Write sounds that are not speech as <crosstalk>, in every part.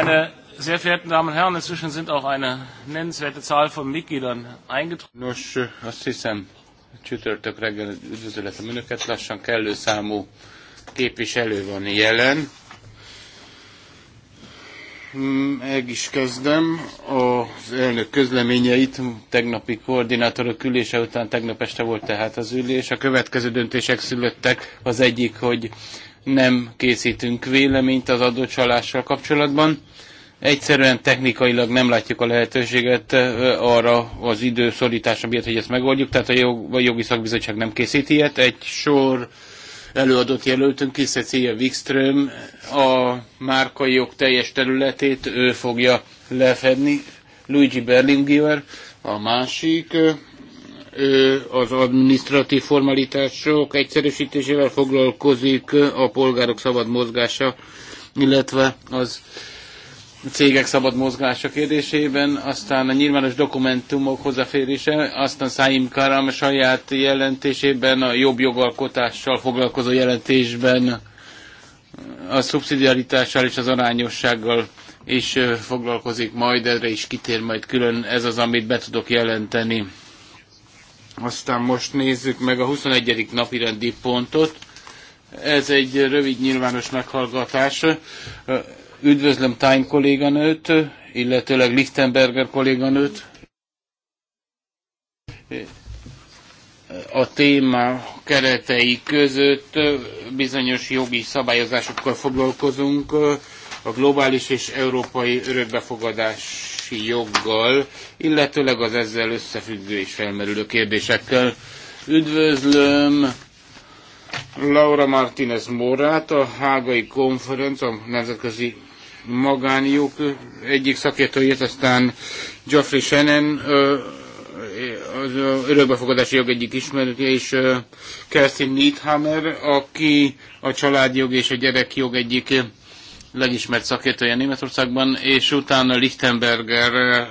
Meine sehr verehrten Damen und Herren, inzwischen sind auch eine nennenswerte Zahl von Mitgliedern eingetroffen. Nos, azt hiszem, csütörtök reggel üdvözöletem önöket, lassan kellő számú képviselő van jelen. Mm, meg is kezdem az elnök közleményeit. Tegnapi koordinátorok ülése után tegnap este volt tehát az ülés. A következő döntések születtek. Az egyik, hogy nem készítünk véleményt az adócsalással kapcsolatban. Egyszerűen technikailag nem látjuk a lehetőséget arra az időszorítása miatt, hogy ezt megoldjuk, tehát a, jog, jogi szakbizottság nem készít ilyet. Egy sor előadott jelöltünk ki, Cecilia Wikström a márkai jog teljes területét ő fogja lefedni, Luigi Berlinguer a másik az administratív formalitások egyszerűsítésével foglalkozik, a polgárok szabad mozgása, illetve az cégek szabad mozgása kérdésében, aztán a nyilvános dokumentumok hozzáférése, aztán Száim Karam saját jelentésében, a jobb jogalkotással foglalkozó jelentésben a szubszidiaritással és az arányossággal és foglalkozik majd, erre is kitér majd külön, ez az, amit be tudok jelenteni. Aztán most nézzük meg a 21. napi rendi pontot. Ez egy rövid nyilvános meghallgatás. Üdvözlöm Time kolléganőt, illetőleg Lichtenberger kolléganőt. A téma keretei között bizonyos jogi szabályozásokkal foglalkozunk, a globális és európai örökbefogadás szerződési joggal, illetőleg az ezzel összefüggő és felmerülő kérdésekkel. Üdvözlöm Laura Martinez Morát, a Hágai Konferenc, a Nemzetközi Magánjog egyik szakértőjét, aztán Geoffrey Shannon, az örökbefogadási jog egyik ismerője, és Kerstin Needhammer, aki a családjog és a gyerekjog egyik legismert szakértője Németországban, és utána Lichtenberger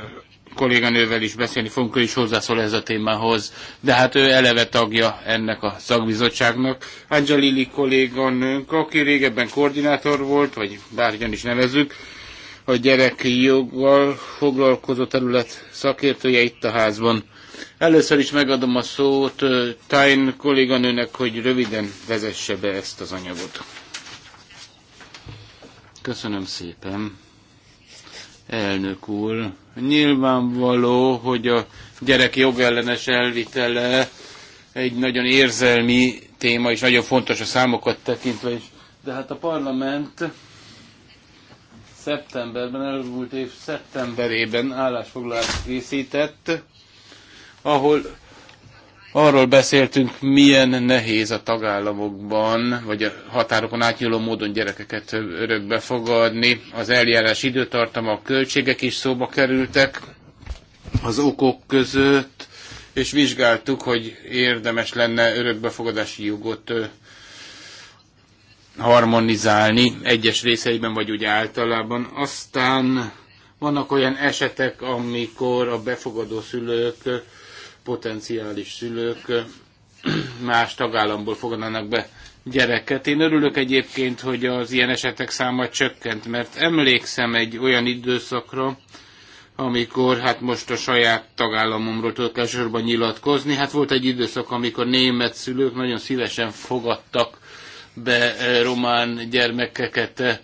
kolléganővel is beszélni fogunk, ő is hozzászól ez a témához, de hát ő eleve tagja ennek a szakbizottságnak. Angelili kolléganőnk, aki régebben koordinátor volt, vagy bárhogyan is nevezzük, a gyereki joggal foglalkozó terület szakértője itt a házban. Először is megadom a szót Tain kolléganőnek, hogy röviden vezesse be ezt az anyagot. Köszönöm szépen. Elnök úr, nyilvánvaló, hogy a gyerek jogellenes elvitele egy nagyon érzelmi téma, és nagyon fontos a számokat tekintve is. De hát a parlament szeptemberben, elmúlt év szeptemberében állásfoglalást készített, ahol Arról beszéltünk, milyen nehéz a tagállamokban, vagy a határokon átnyúló módon gyerekeket örökbe fogadni. Az eljárás időtartama, a költségek is szóba kerültek az okok között, és vizsgáltuk, hogy érdemes lenne örökbefogadási jogot harmonizálni egyes részeiben, vagy úgy általában. Aztán vannak olyan esetek, amikor a befogadó szülők potenciális szülők <clears throat> más tagállamból fogadnának be gyereket. Én örülök egyébként, hogy az ilyen esetek száma csökkent, mert emlékszem egy olyan időszakra, amikor hát most a saját tagállamomról tudok elsősorban nyilatkozni. Hát volt egy időszak, amikor német szülők nagyon szívesen fogadtak be eh, román gyermekeket eh,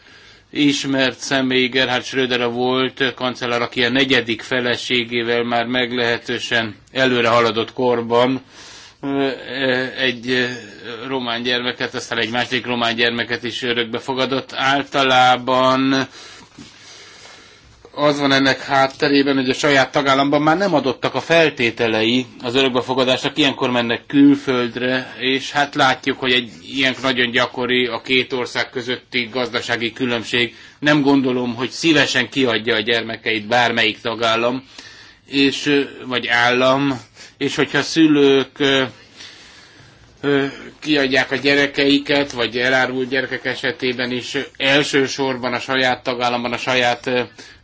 ismert személy Gerhard Schröder volt kancellár, aki a negyedik feleségével már meglehetősen előre haladott korban egy román gyermeket, aztán egy másik román gyermeket is örökbe fogadott. Általában az van ennek hátterében, hogy a saját tagállamban már nem adottak a feltételei az örökbefogadásnak, ilyenkor mennek külföldre, és hát látjuk, hogy egy ilyen nagyon gyakori a két ország közötti gazdasági különbség. Nem gondolom, hogy szívesen kiadja a gyermekeit bármelyik tagállam, és, vagy állam, és hogyha szülők kiadják a gyerekeiket, vagy elárult gyerekek esetében is elsősorban a saját tagállamban, a saját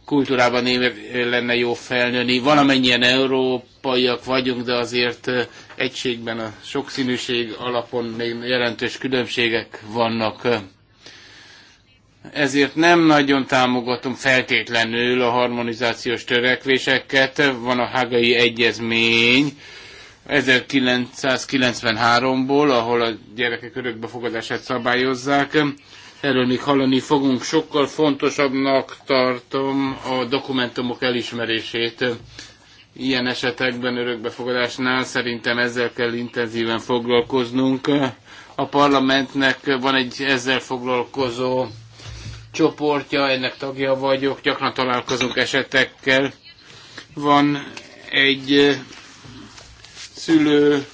kultúrában lenne jó felnőni. Valamennyien európaiak vagyunk, de azért eh, egységben a sokszínűség alapon még jelentős különbségek vannak. Ezért nem nagyon támogatom feltétlenül a harmonizációs törekvéseket. Van a hágai egyezmény 1993-ból, ahol a gyerekek örökbefogadását szabályozzák erről még hallani fogunk. Sokkal fontosabbnak tartom a dokumentumok elismerését ilyen esetekben, örökbefogadásnál. Szerintem ezzel kell intenzíven foglalkoznunk. A parlamentnek van egy ezzel foglalkozó csoportja, ennek tagja vagyok, gyakran találkozunk esetekkel. Van egy szülő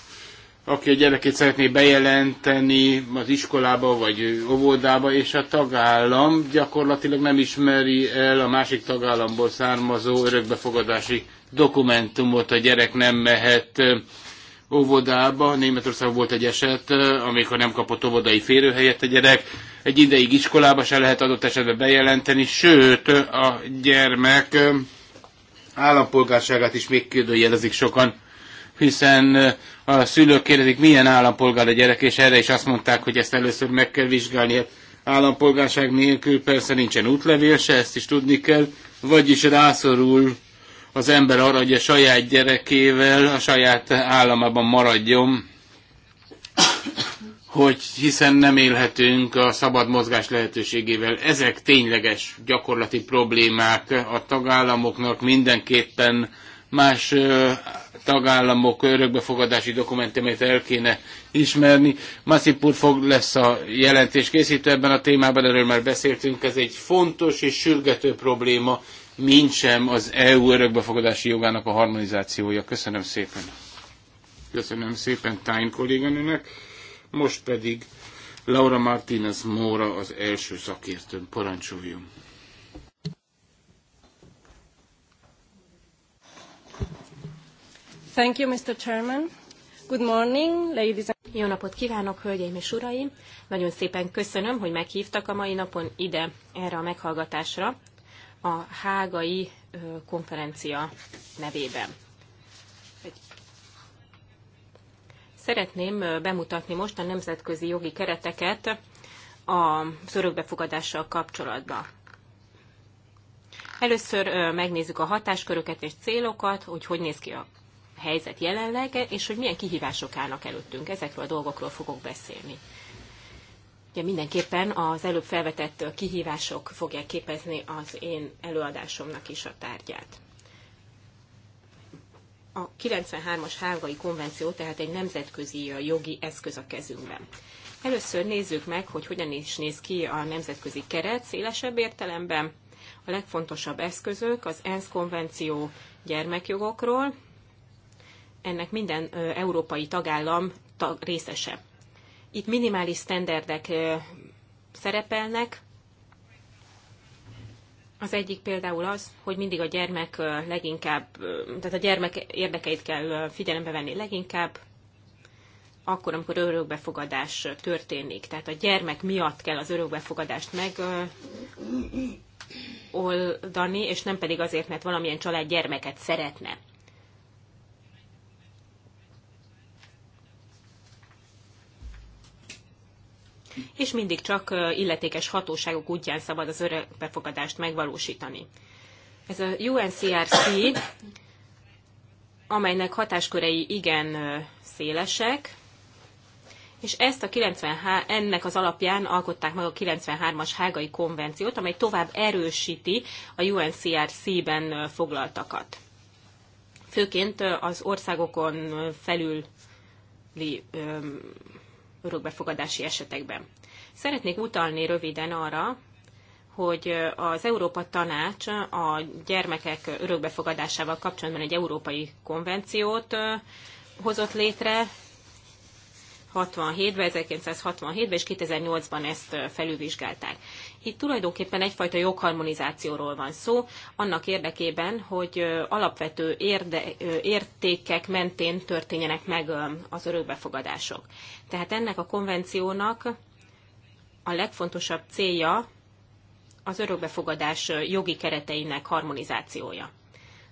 aki a gyerekét szeretné bejelenteni az iskolába vagy óvodába, és a tagállam gyakorlatilag nem ismeri el a másik tagállamból származó örökbefogadási dokumentumot, a gyerek nem mehet óvodába. Németország volt egy eset, amikor nem kapott óvodai férőhelyet a gyerek, egy ideig iskolába se lehet adott esetben bejelenteni, sőt a gyermek állampolgárságát is még kérdőjelezik sokan hiszen a szülők kérdezik, milyen állampolgár a gyerek, és erre is azt mondták, hogy ezt először meg kell vizsgálni. Hát állampolgárság nélkül persze nincsen útlevél se, ezt is tudni kell, vagyis rászorul az ember arra, hogy a saját gyerekével a saját államában maradjon, hogy hiszen nem élhetünk a szabad mozgás lehetőségével. Ezek tényleges gyakorlati problémák a tagállamoknak mindenképpen más tagállamok örökbefogadási dokumentumait el kéne ismerni. úr fog lesz a jelentés készítő ebben a témában, erről már beszéltünk, ez egy fontos és sürgető probléma, mint sem az EU örökbefogadási jogának a harmonizációja. Köszönöm szépen. Köszönöm szépen Tájn kolléganőnek. Most pedig Laura Martínez Móra az első szakértőn parancsoljon. Thank you, Mr. Chairman. Good morning, ladies and... Jó napot kívánok, hölgyeim és uraim! Nagyon szépen köszönöm, hogy meghívtak a mai napon ide, erre a meghallgatásra, a Hágai konferencia nevében. Szeretném bemutatni most a nemzetközi jogi kereteket a örökbefogadással kapcsolatban. Először megnézzük a hatásköröket és célokat, hogy hogy néz ki a helyzet jelenleg, és hogy milyen kihívások állnak előttünk. Ezekről a dolgokról fogok beszélni. Ugye mindenképpen az előbb felvetett kihívások fogják képezni az én előadásomnak is a tárgyát. A 93-as hárgai Konvenció tehát egy nemzetközi jogi eszköz a kezünkben. Először nézzük meg, hogy hogyan is néz ki a nemzetközi keret szélesebb értelemben. A legfontosabb eszközök az ENSZ konvenció gyermekjogokról, ennek minden európai tagállam tag, részese. Itt minimális standardek szerepelnek. Az egyik például az, hogy mindig a gyermek leginkább, tehát a gyermek érdekeit kell figyelembe venni leginkább, akkor, amikor örökbefogadás történik. Tehát a gyermek miatt kell az örökbefogadást megoldani, és nem pedig azért, mert valamilyen család gyermeket szeretne. és mindig csak illetékes hatóságok útján szabad az örökbefogadást megvalósítani. Ez a UNCRC, amelynek hatáskörei igen szélesek, és ezt a 93, ennek az alapján alkották meg a 93-as hágai konvenciót, amely tovább erősíti a UNCRC-ben foglaltakat. Főként az országokon felüli örökbefogadási esetekben. Szeretnék utalni röviden arra, hogy az Európa Tanács a gyermekek örökbefogadásával kapcsolatban egy európai konvenciót hozott létre, 67-ben, 1967-ben és 2008-ban ezt felülvizsgálták. Itt tulajdonképpen egyfajta jogharmonizációról van szó, annak érdekében, hogy alapvető érde, értékek mentén történjenek meg az örökbefogadások. Tehát ennek a konvenciónak a legfontosabb célja az örökbefogadás jogi kereteinek harmonizációja.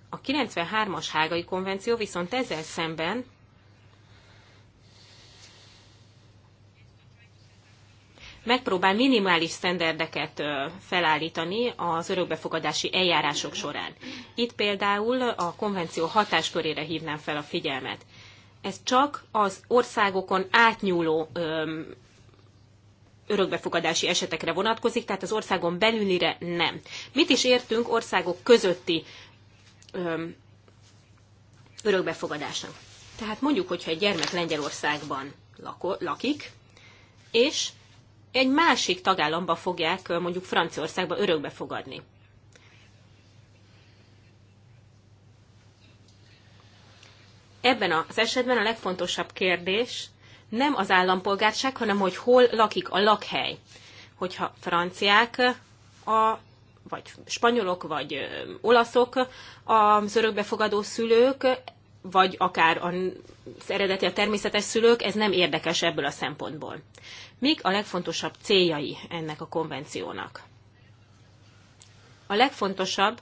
A 93-as hágai konvenció viszont ezzel szemben megpróbál minimális sztenderdeket felállítani az örökbefogadási eljárások során. Itt például a konvenció hatáskörére hívnám fel a figyelmet. Ez csak az országokon átnyúló örökbefogadási esetekre vonatkozik, tehát az országon belülire nem. Mit is értünk országok közötti örökbefogadásnak? Tehát mondjuk, hogyha egy gyermek Lengyelországban lakik, és egy másik tagállamba fogják mondjuk Franciaországba örökbe fogadni. Ebben az esetben a legfontosabb kérdés nem az állampolgárság, hanem hogy hol lakik a lakhely. Hogyha franciák a vagy spanyolok, vagy olaszok az örökbefogadó szülők, vagy akár az eredeti a természetes szülők, ez nem érdekes ebből a szempontból. Mik a legfontosabb céljai ennek a konvenciónak? A legfontosabb,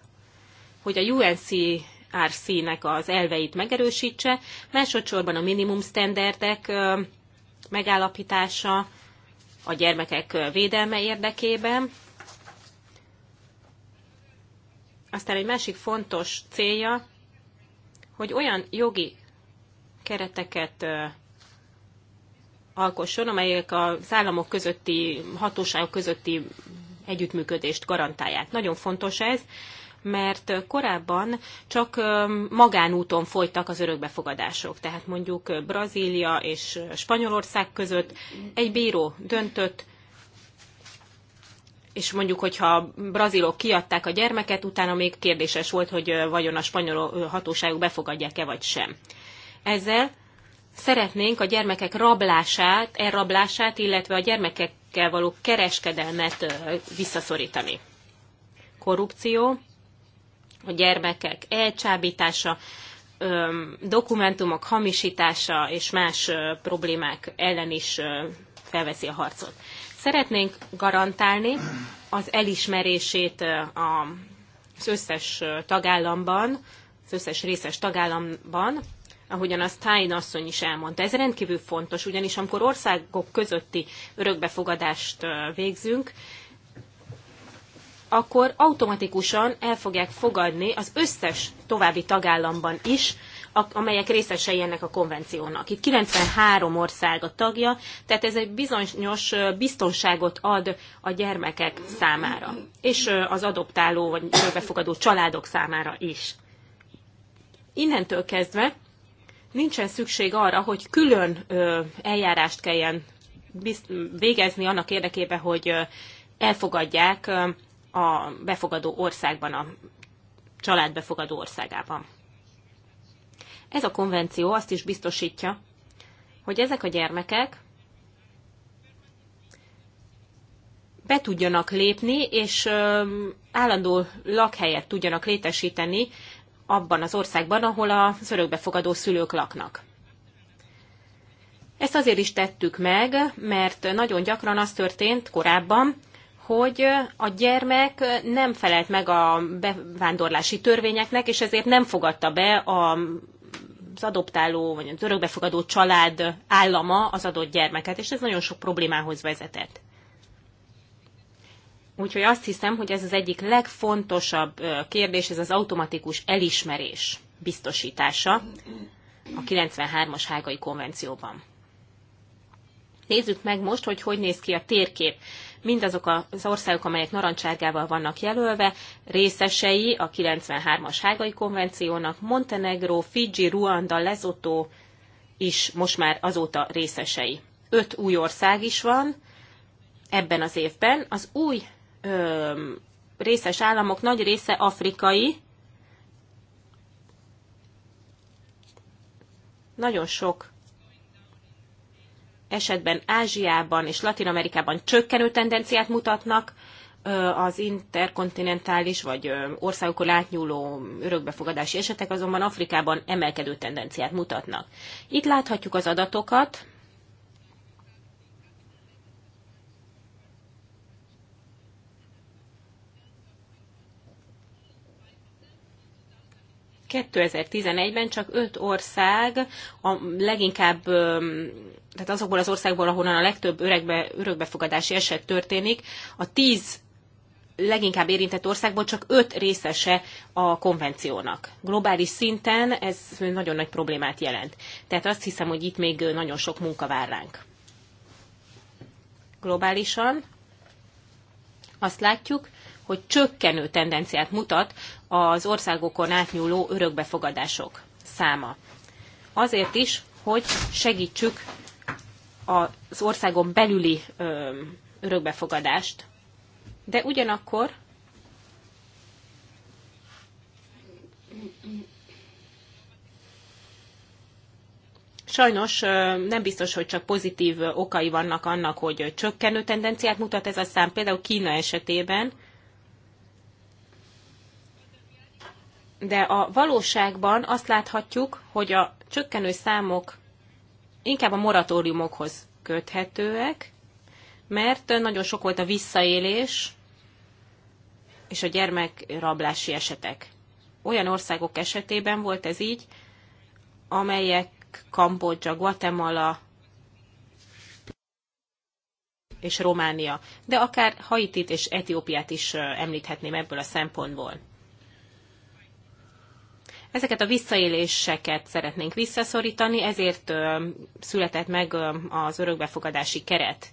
hogy a UNCRC-nek az elveit megerősítse, másodszorban a minimum standardek megállapítása a gyermekek védelme érdekében, aztán egy másik fontos célja hogy olyan jogi kereteket alkosson, amelyek az államok közötti, hatóságok közötti együttműködést garantálják. Nagyon fontos ez, mert korábban csak magánúton folytak az örökbefogadások. Tehát mondjuk Brazília és Spanyolország között egy bíró döntött, és mondjuk, hogyha a brazilok kiadták a gyermeket, utána még kérdéses volt, hogy vajon a spanyol hatóságok befogadják-e vagy sem. Ezzel szeretnénk a gyermekek rablását, elrablását, illetve a gyermekekkel való kereskedelmet visszaszorítani. Korrupció, a gyermekek elcsábítása, dokumentumok hamisítása és más problémák ellen is felveszi a harcot. Szeretnénk garantálni az elismerését az összes tagállamban, az összes részes tagállamban, ahogyan azt Tájn asszony is elmondta. Ez rendkívül fontos, ugyanis amikor országok közötti örökbefogadást végzünk, akkor automatikusan el fogják fogadni az összes további tagállamban is amelyek részesei ennek a konvenciónak. Itt 93 ország a tagja, tehát ez egy bizonyos biztonságot ad a gyermekek számára, és az adoptáló vagy befogadó családok számára is. Innentől kezdve nincsen szükség arra, hogy külön eljárást kelljen végezni annak érdekében, hogy elfogadják a befogadó országban, a családbefogadó országában. Ez a konvenció azt is biztosítja, hogy ezek a gyermekek be tudjanak lépni, és állandó lakhelyet tudjanak létesíteni abban az országban, ahol a örökbefogadó szülők laknak. Ezt azért is tettük meg, mert nagyon gyakran az történt korábban, hogy a gyermek nem felelt meg a bevándorlási törvényeknek, és ezért nem fogadta be a az adoptáló vagy az örökbefogadó család állama az adott gyermeket, és ez nagyon sok problémához vezetett. Úgyhogy azt hiszem, hogy ez az egyik legfontosabb kérdés, ez az automatikus elismerés biztosítása a 93-as hágai konvencióban. Nézzük meg most, hogy hogy néz ki a térkép mindazok az országok, amelyek narancsárgával vannak jelölve, részesei a 93-as Hágai konvenciónak, Montenegro, Fiji, Ruanda, Lesotho is most már azóta részesei. Öt új ország is van ebben az évben. Az új ö, részes államok nagy része afrikai, nagyon sok esetben Ázsiában és Latin Amerikában csökkenő tendenciát mutatnak az interkontinentális vagy országokon átnyúló örökbefogadási esetek azonban Afrikában emelkedő tendenciát mutatnak. Itt láthatjuk az adatokat, 2011-ben csak öt ország, a leginkább, tehát azokból az országból, ahonnan a legtöbb öregbe, örökbefogadási eset történik, a tíz leginkább érintett országból csak öt részese a konvenciónak. Globális szinten ez nagyon nagy problémát jelent. Tehát azt hiszem, hogy itt még nagyon sok munka vár ránk. Globálisan azt látjuk, hogy csökkenő tendenciát mutat az országokon átnyúló örökbefogadások száma. Azért is, hogy segítsük az országon belüli örökbefogadást, de ugyanakkor Sajnos nem biztos, hogy csak pozitív okai vannak annak, hogy csökkenő tendenciát mutat ez a szám. Például Kína esetében de a valóságban azt láthatjuk, hogy a csökkenő számok inkább a moratóriumokhoz köthetőek, mert nagyon sok volt a visszaélés és a gyermekrablási esetek. Olyan országok esetében volt ez így, amelyek Kambodzsa, Guatemala és Románia, de akár Haitit és Etiópiát is említhetném ebből a szempontból. Ezeket a visszaéléseket szeretnénk visszaszorítani, ezért született meg az örökbefogadási keret.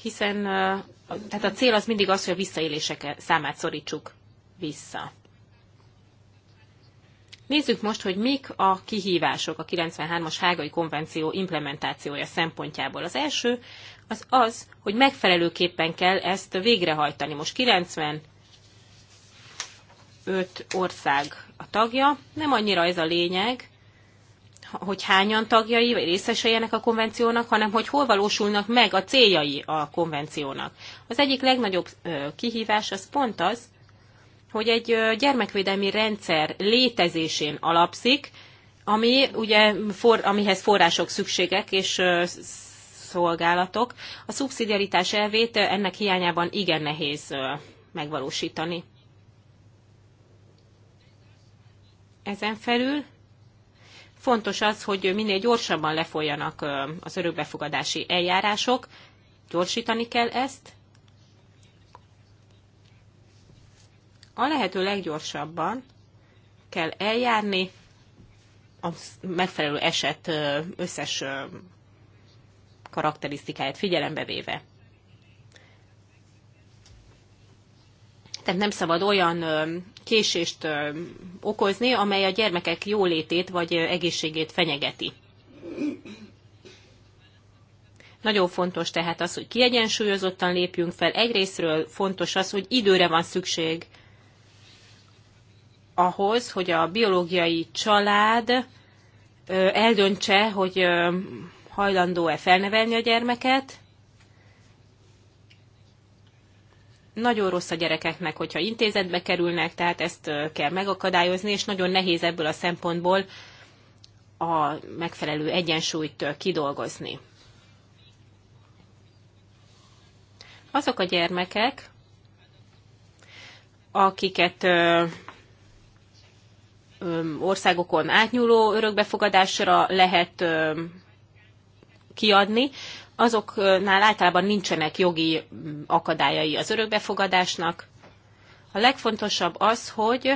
Hiszen tehát a cél az mindig az, hogy a visszaélések számát szorítsuk vissza. Nézzük most, hogy mik a kihívások a 93-as Hágai Konvenció implementációja szempontjából. Az első az az, hogy megfelelőképpen kell ezt végrehajtani. Most 90 öt ország a tagja. Nem annyira ez a lényeg, hogy hányan tagjai vagy részesei ennek a konvenciónak, hanem hogy hol valósulnak meg a céljai a konvenciónak. Az egyik legnagyobb kihívás az pont az, hogy egy gyermekvédelmi rendszer létezésén alapszik, ami ugye for, amihez források szükségek és szolgálatok. A szubszidiaritás elvét ennek hiányában igen nehéz megvalósítani. Ezen felül fontos az, hogy minél gyorsabban lefolyjanak az örökbefogadási eljárások, gyorsítani kell ezt. A lehető leggyorsabban kell eljárni a megfelelő eset összes karakterisztikáját figyelembe véve. Tehát nem szabad olyan késést okozni, amely a gyermekek jólétét vagy egészségét fenyegeti. Nagyon fontos tehát az, hogy kiegyensúlyozottan lépjünk fel. Egyrésztről fontos az, hogy időre van szükség ahhoz, hogy a biológiai család eldöntse, hogy hajlandó-e felnevelni a gyermeket, nagyon rossz a gyerekeknek, hogyha intézetbe kerülnek, tehát ezt kell megakadályozni, és nagyon nehéz ebből a szempontból a megfelelő egyensúlyt kidolgozni. Azok a gyermekek, akiket országokon átnyúló örökbefogadásra lehet kiadni, azoknál általában nincsenek jogi mm, akadályai az örökbefogadásnak. A legfontosabb az, hogy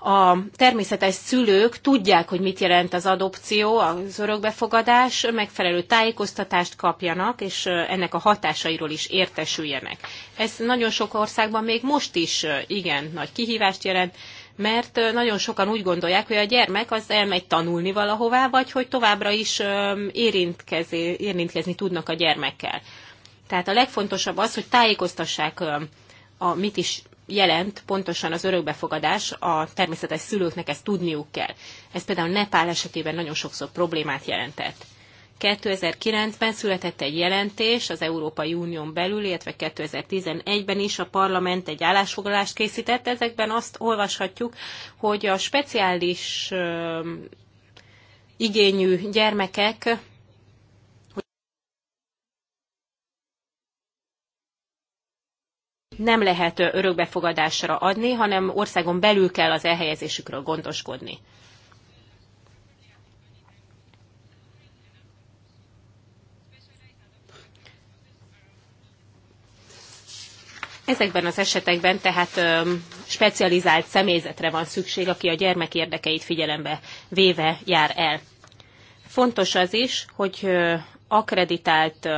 a természetes szülők tudják, hogy mit jelent az adopció, az örökbefogadás, megfelelő tájékoztatást kapjanak, és ennek a hatásairól is értesüljenek. Ez nagyon sok országban még most is igen nagy kihívást jelent, mert nagyon sokan úgy gondolják, hogy a gyermek az elmegy tanulni valahová, vagy hogy továbbra is érintkezni, érintkezni tudnak a gyermekkel. Tehát a legfontosabb az, hogy tájékoztassák a mit is jelent pontosan az örökbefogadás, a természetes szülőknek ezt tudniuk kell. Ez például Nepál esetében nagyon sokszor problémát jelentett. 2009-ben született egy jelentés az Európai Unión belül, illetve 2011-ben is a parlament egy állásfoglalást készített. Ezekben azt olvashatjuk, hogy a speciális igényű gyermekek nem lehet örökbefogadásra adni, hanem országon belül kell az elhelyezésükről gondoskodni. Ezekben az esetekben tehát specializált személyzetre van szükség, aki a gyermek érdekeit figyelembe véve jár el. Fontos az is, hogy akreditált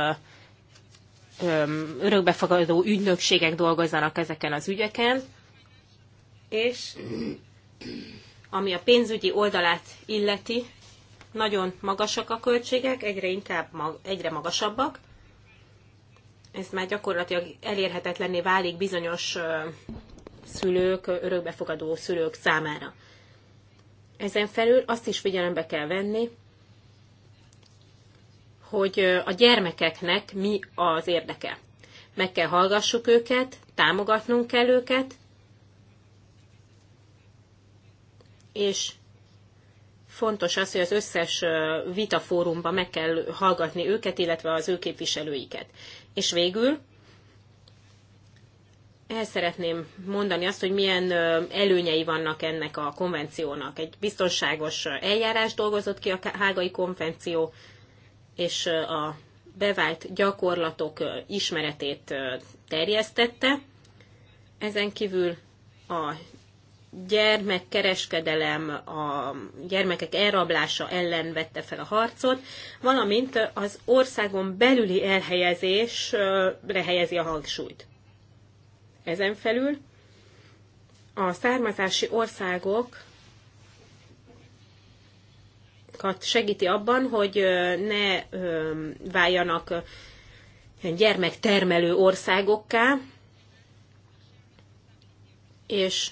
örökbefogadó ügynökségek dolgozzanak ezeken az ügyeken, és ami a pénzügyi oldalát illeti, nagyon magasak a költségek, egyre inkább, egyre magasabbak, ez már gyakorlatilag elérhetetlenné válik bizonyos szülők, örökbefogadó szülők számára. Ezen felül azt is figyelembe kell venni, hogy a gyermekeknek mi az érdeke. Meg kell hallgassuk őket, támogatnunk kell őket, és fontos az, hogy az összes vitafórumban meg kell hallgatni őket, illetve az ő képviselőiket. És végül el szeretném mondani azt, hogy milyen előnyei vannak ennek a konvenciónak. Egy biztonságos eljárás dolgozott ki a hágai konvenció, és a bevált gyakorlatok ismeretét terjesztette. Ezen kívül a gyermekkereskedelem, a gyermekek elrablása ellen vette fel a harcot, valamint az országon belüli elhelyezésre helyezi a hangsúlyt. Ezen felül a származási országok segíti abban, hogy ne váljanak gyermektermelő országokká, és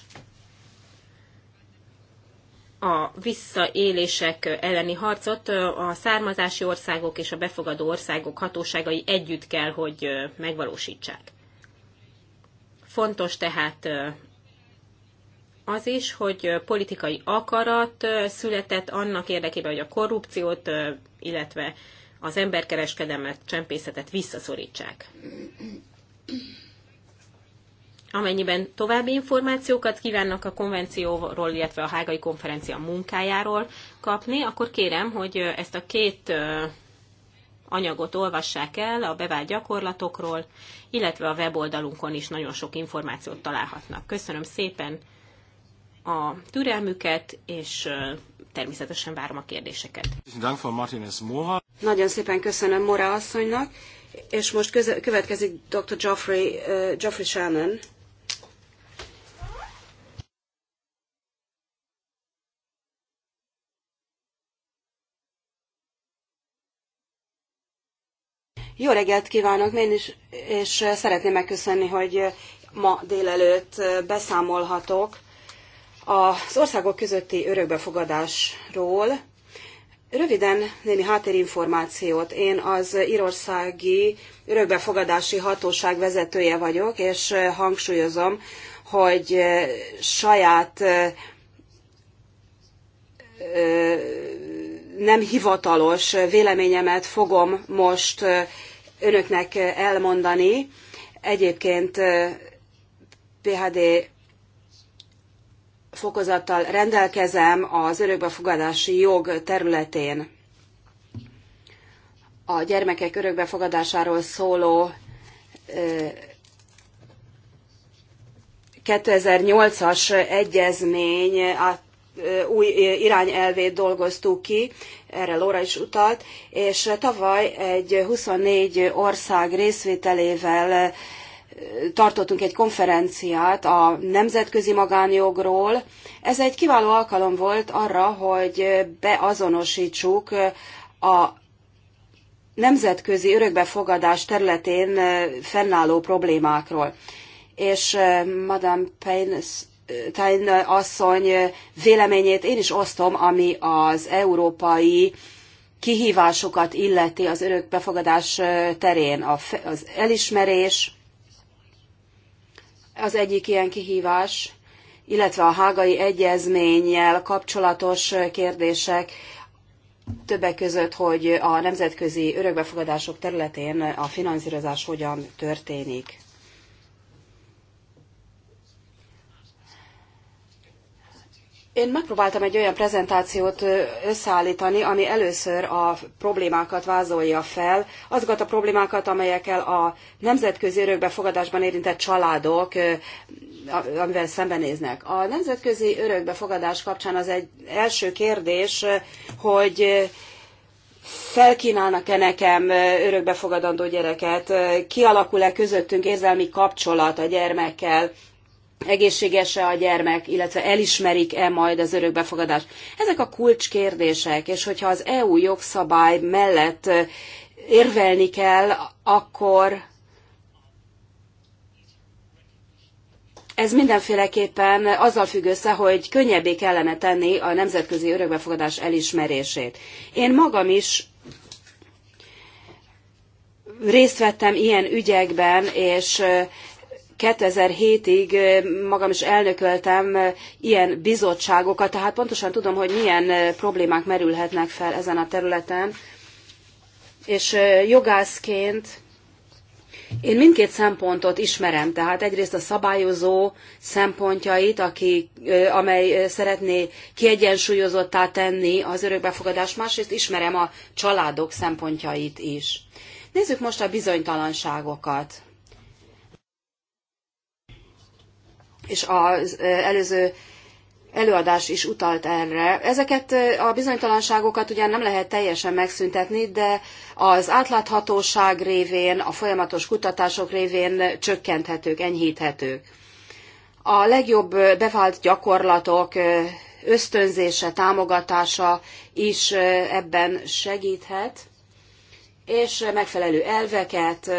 a visszaélések elleni harcot a származási országok és a befogadó országok hatóságai együtt kell, hogy megvalósítsák. Fontos tehát az is, hogy politikai akarat született annak érdekében, hogy a korrupciót, illetve az emberkereskedelmet, csempészetet visszaszorítsák. Amennyiben további információkat kívánnak a konvencióról, illetve a hágai konferencia munkájáról kapni, akkor kérem, hogy ezt a két anyagot olvassák el a bevált gyakorlatokról, illetve a weboldalunkon is nagyon sok információt találhatnak. Köszönöm szépen a türelmüket, és természetesen várom a kérdéseket. Nagyon szépen köszönöm Mora asszonynak, és most köze- következik dr. Geoffrey, uh, Geoffrey Shannon. Jó reggelt kívánok én is, és szeretném megköszönni, hogy ma délelőtt beszámolhatok az országok közötti örökbefogadásról. Röviden némi háttérinformációt. Én az Írországi Örökbefogadási Hatóság vezetője vagyok, és hangsúlyozom, hogy saját nem hivatalos véleményemet fogom most önöknek elmondani. Egyébként PHD fokozattal rendelkezem az örökbefogadási jog területén. A gyermekek örökbefogadásáról szóló 2008-as egyezmény új irányelvét dolgoztuk ki, erre Lóra is utalt, és tavaly egy 24 ország részvételével tartottunk egy konferenciát a nemzetközi magánjogról. Ez egy kiváló alkalom volt arra, hogy beazonosítsuk a nemzetközi örökbefogadás területén fennálló problémákról. És Madame Payne Tain asszony véleményét én is osztom, ami az európai kihívásokat illeti az befogadás terén. Az elismerés az egyik ilyen kihívás, illetve a hágai egyezménnyel kapcsolatos kérdések, többek között, hogy a nemzetközi örökbefogadások területén a finanszírozás hogyan történik. Én megpróbáltam egy olyan prezentációt összeállítani, ami először a problémákat vázolja fel, azokat a problémákat, amelyekkel a nemzetközi örökbefogadásban érintett családok amivel szembenéznek. A nemzetközi örökbefogadás kapcsán az egy első kérdés, hogy felkínálnak-e nekem örökbefogadandó gyereket, kialakul-e közöttünk érzelmi kapcsolat a gyermekkel, egészséges-e a gyermek, illetve elismerik-e majd az örökbefogadást. Ezek a kulcskérdések, és hogyha az EU jogszabály mellett érvelni kell, akkor ez mindenféleképpen azzal függ össze, hogy könnyebbé kellene tenni a nemzetközi örökbefogadás elismerését. Én magam is részt vettem ilyen ügyekben, és 2007-ig magam is elnököltem ilyen bizottságokat, tehát pontosan tudom, hogy milyen problémák merülhetnek fel ezen a területen. És jogászként én mindkét szempontot ismerem, tehát egyrészt a szabályozó szempontjait, aki, amely szeretné kiegyensúlyozottá tenni az örökbefogadást, másrészt ismerem a családok szempontjait is. Nézzük most a bizonytalanságokat. és az előző előadás is utalt erre. Ezeket a bizonytalanságokat ugye nem lehet teljesen megszüntetni, de az átláthatóság révén, a folyamatos kutatások révén csökkenthetők, enyhíthetők. A legjobb bevált gyakorlatok ösztönzése, támogatása is ebben segíthet, és megfelelő elveket,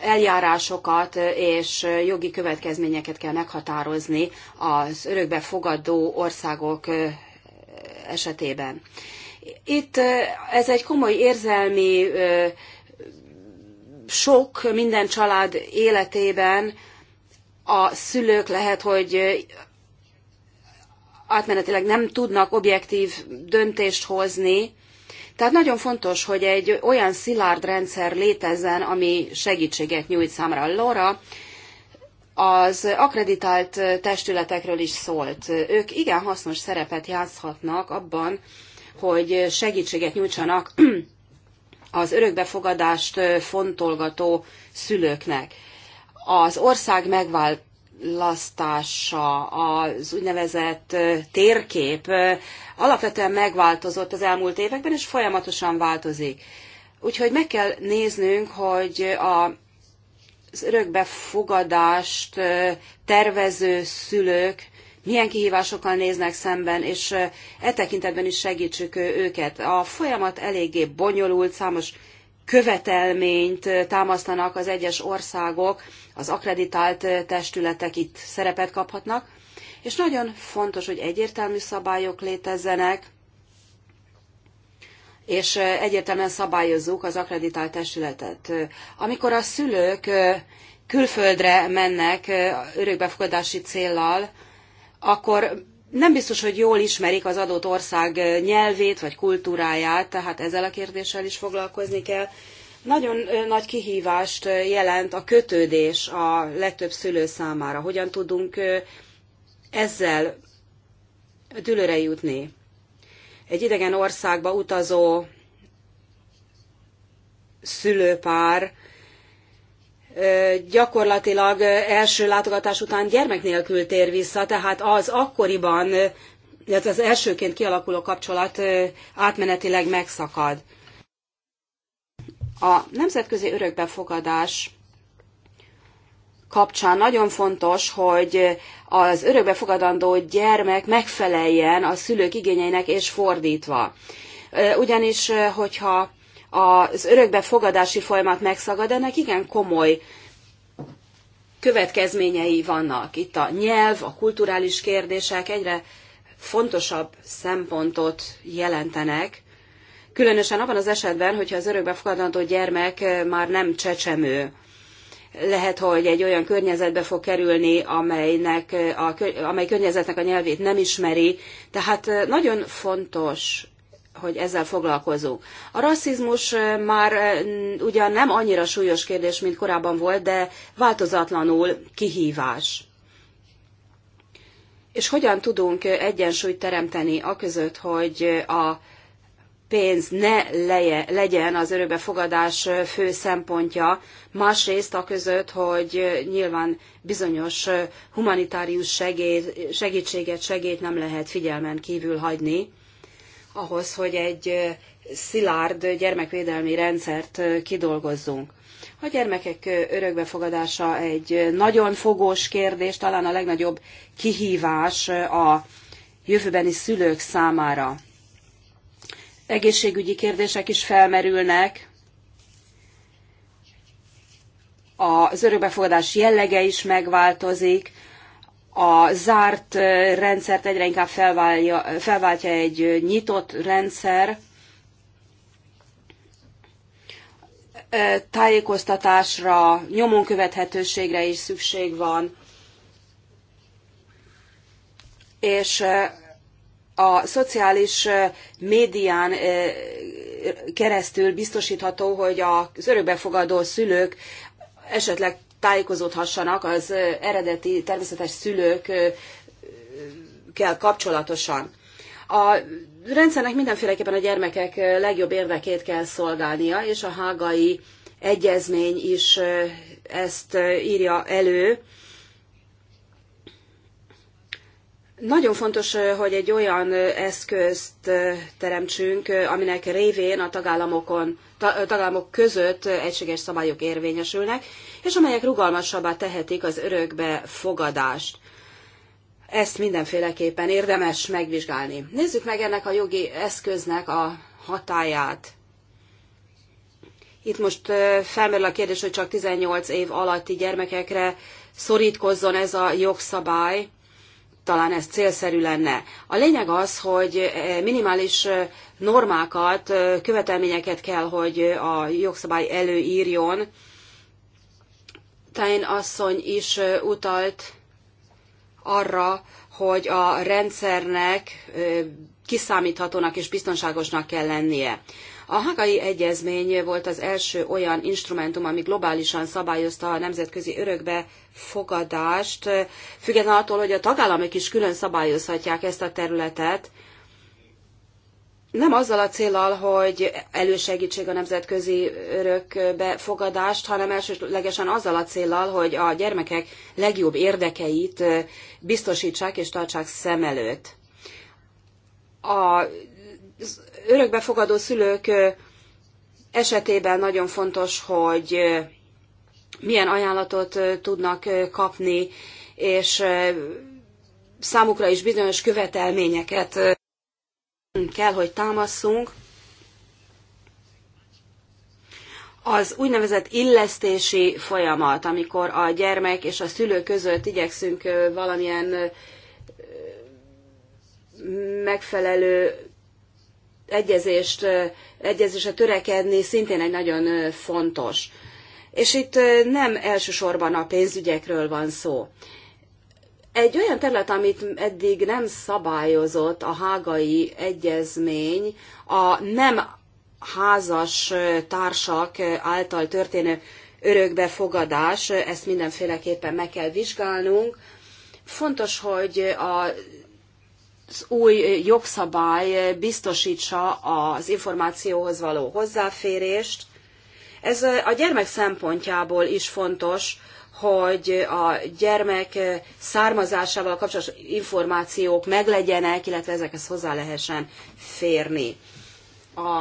eljárásokat és jogi következményeket kell meghatározni az örökbe fogadó országok esetében. Itt ez egy komoly érzelmi sok minden család életében a szülők lehet, hogy átmenetileg nem tudnak objektív döntést hozni, tehát nagyon fontos, hogy egy olyan szilárd rendszer létezzen, ami segítséget nyújt számra. Lora, az akreditált testületekről is szólt. Ők igen hasznos szerepet játszhatnak abban, hogy segítséget nyújtsanak <clears throat> az örökbefogadást fontolgató szülőknek. Az ország megvált választása, az úgynevezett térkép alapvetően megváltozott az elmúlt években, és folyamatosan változik. Úgyhogy meg kell néznünk, hogy a az örökbefogadást tervező szülők milyen kihívásokkal néznek szemben, és e tekintetben is segítsük őket. A folyamat eléggé bonyolult, számos követelményt támasztanak az egyes országok, az akreditált testületek itt szerepet kaphatnak, és nagyon fontos, hogy egyértelmű szabályok létezzenek, és egyértelműen szabályozzuk az akreditált testületet. Amikor a szülők külföldre mennek örökbefogadási céllal, akkor nem biztos, hogy jól ismerik az adott ország nyelvét vagy kultúráját, tehát ezzel a kérdéssel is foglalkozni kell. Nagyon nagy kihívást jelent a kötődés a legtöbb szülő számára. Hogyan tudunk ezzel dülőre jutni? Egy idegen országba utazó szülőpár gyakorlatilag első látogatás után gyermek nélkül tér vissza, tehát az akkoriban, illetve az elsőként kialakuló kapcsolat átmenetileg megszakad. A nemzetközi örökbefogadás kapcsán nagyon fontos, hogy az örökbefogadandó gyermek megfeleljen a szülők igényeinek és fordítva. Ugyanis, hogyha az örökbefogadási fogadási folyamat megszagad, ennek igen komoly következményei vannak. Itt a nyelv, a kulturális kérdések egyre fontosabb szempontot jelentenek, különösen abban az esetben, hogyha az örökbefogadandó gyermek már nem csecsemő. Lehet, hogy egy olyan környezetbe fog kerülni, amelynek a, amely környezetnek a nyelvét nem ismeri. Tehát nagyon fontos hogy ezzel foglalkozunk. A rasszizmus már ugyan nem annyira súlyos kérdés, mint korábban volt, de változatlanul kihívás. És hogyan tudunk egyensúlyt teremteni aközött, hogy a pénz ne leje, legyen az örökbefogadás fő szempontja, másrészt a között, hogy nyilván bizonyos humanitárius segéd, segítséget, segét nem lehet figyelmen kívül hagyni, ahhoz, hogy egy szilárd gyermekvédelmi rendszert kidolgozzunk. A gyermekek örökbefogadása egy nagyon fogós kérdés, talán a legnagyobb kihívás a jövőbeni szülők számára. Egészségügyi kérdések is felmerülnek, az örökbefogadás jellege is megváltozik, a zárt eh, rendszert egyre inkább felválja, felváltja egy eh, nyitott rendszer, eh, tájékoztatásra, nyomon követhetőségre is szükség van, és a szociális médián keresztül biztosítható, hogy az örökbefogadó szülők esetleg tájékozódhassanak az eredeti természetes szülőkkel kapcsolatosan. A rendszernek mindenféleképpen a gyermekek legjobb érdekét kell szolgálnia, és a hágai egyezmény is ezt írja elő, Nagyon fontos, hogy egy olyan eszközt teremtsünk, aminek révén a tagállamokon, tagállamok között egységes szabályok érvényesülnek, és amelyek rugalmasabbá tehetik az örökbe fogadást. Ezt mindenféleképpen érdemes megvizsgálni. Nézzük meg ennek a jogi eszköznek a hatáját. Itt most felmerül a kérdés, hogy csak 18 év alatti gyermekekre szorítkozzon ez a jogszabály talán ez célszerű lenne. A lényeg az, hogy eh, minimális eh, normákat, eh, követelményeket kell, hogy a jogszabály előírjon. Tájén asszony is utalt arra, hogy a rendszernek kiszámíthatónak és biztonságosnak kell lennie. A hagai egyezmény volt az első olyan instrumentum, ami globálisan szabályozta a nemzetközi örökbe fogadást, függetlenül attól, hogy a tagállamok is külön szabályozhatják ezt a területet, nem azzal a célral, hogy elősegítsék a nemzetközi örökbefogadást, hanem elsőlegesen azzal a célral, hogy a gyermekek legjobb érdekeit biztosítsák és tartsák szem előtt. A az örökbefogadó szülők esetében nagyon fontos, hogy milyen ajánlatot tudnak kapni, és számukra is bizonyos követelményeket kell, hogy támaszunk. Az úgynevezett illesztési folyamat, amikor a gyermek és a szülő között igyekszünk valamilyen megfelelő egyezést, egyezésre törekedni szintén egy nagyon fontos. És itt nem elsősorban a pénzügyekről van szó. Egy olyan terület, amit eddig nem szabályozott a hágai egyezmény, a nem házas társak által történő örökbefogadás, ezt mindenféleképpen meg kell vizsgálnunk. Fontos, hogy a az új jogszabály biztosítsa az információhoz való hozzáférést. Ez a gyermek szempontjából is fontos, hogy a gyermek származásával kapcsolatos információk meglegyenek, illetve ezekhez hozzá lehessen férni. A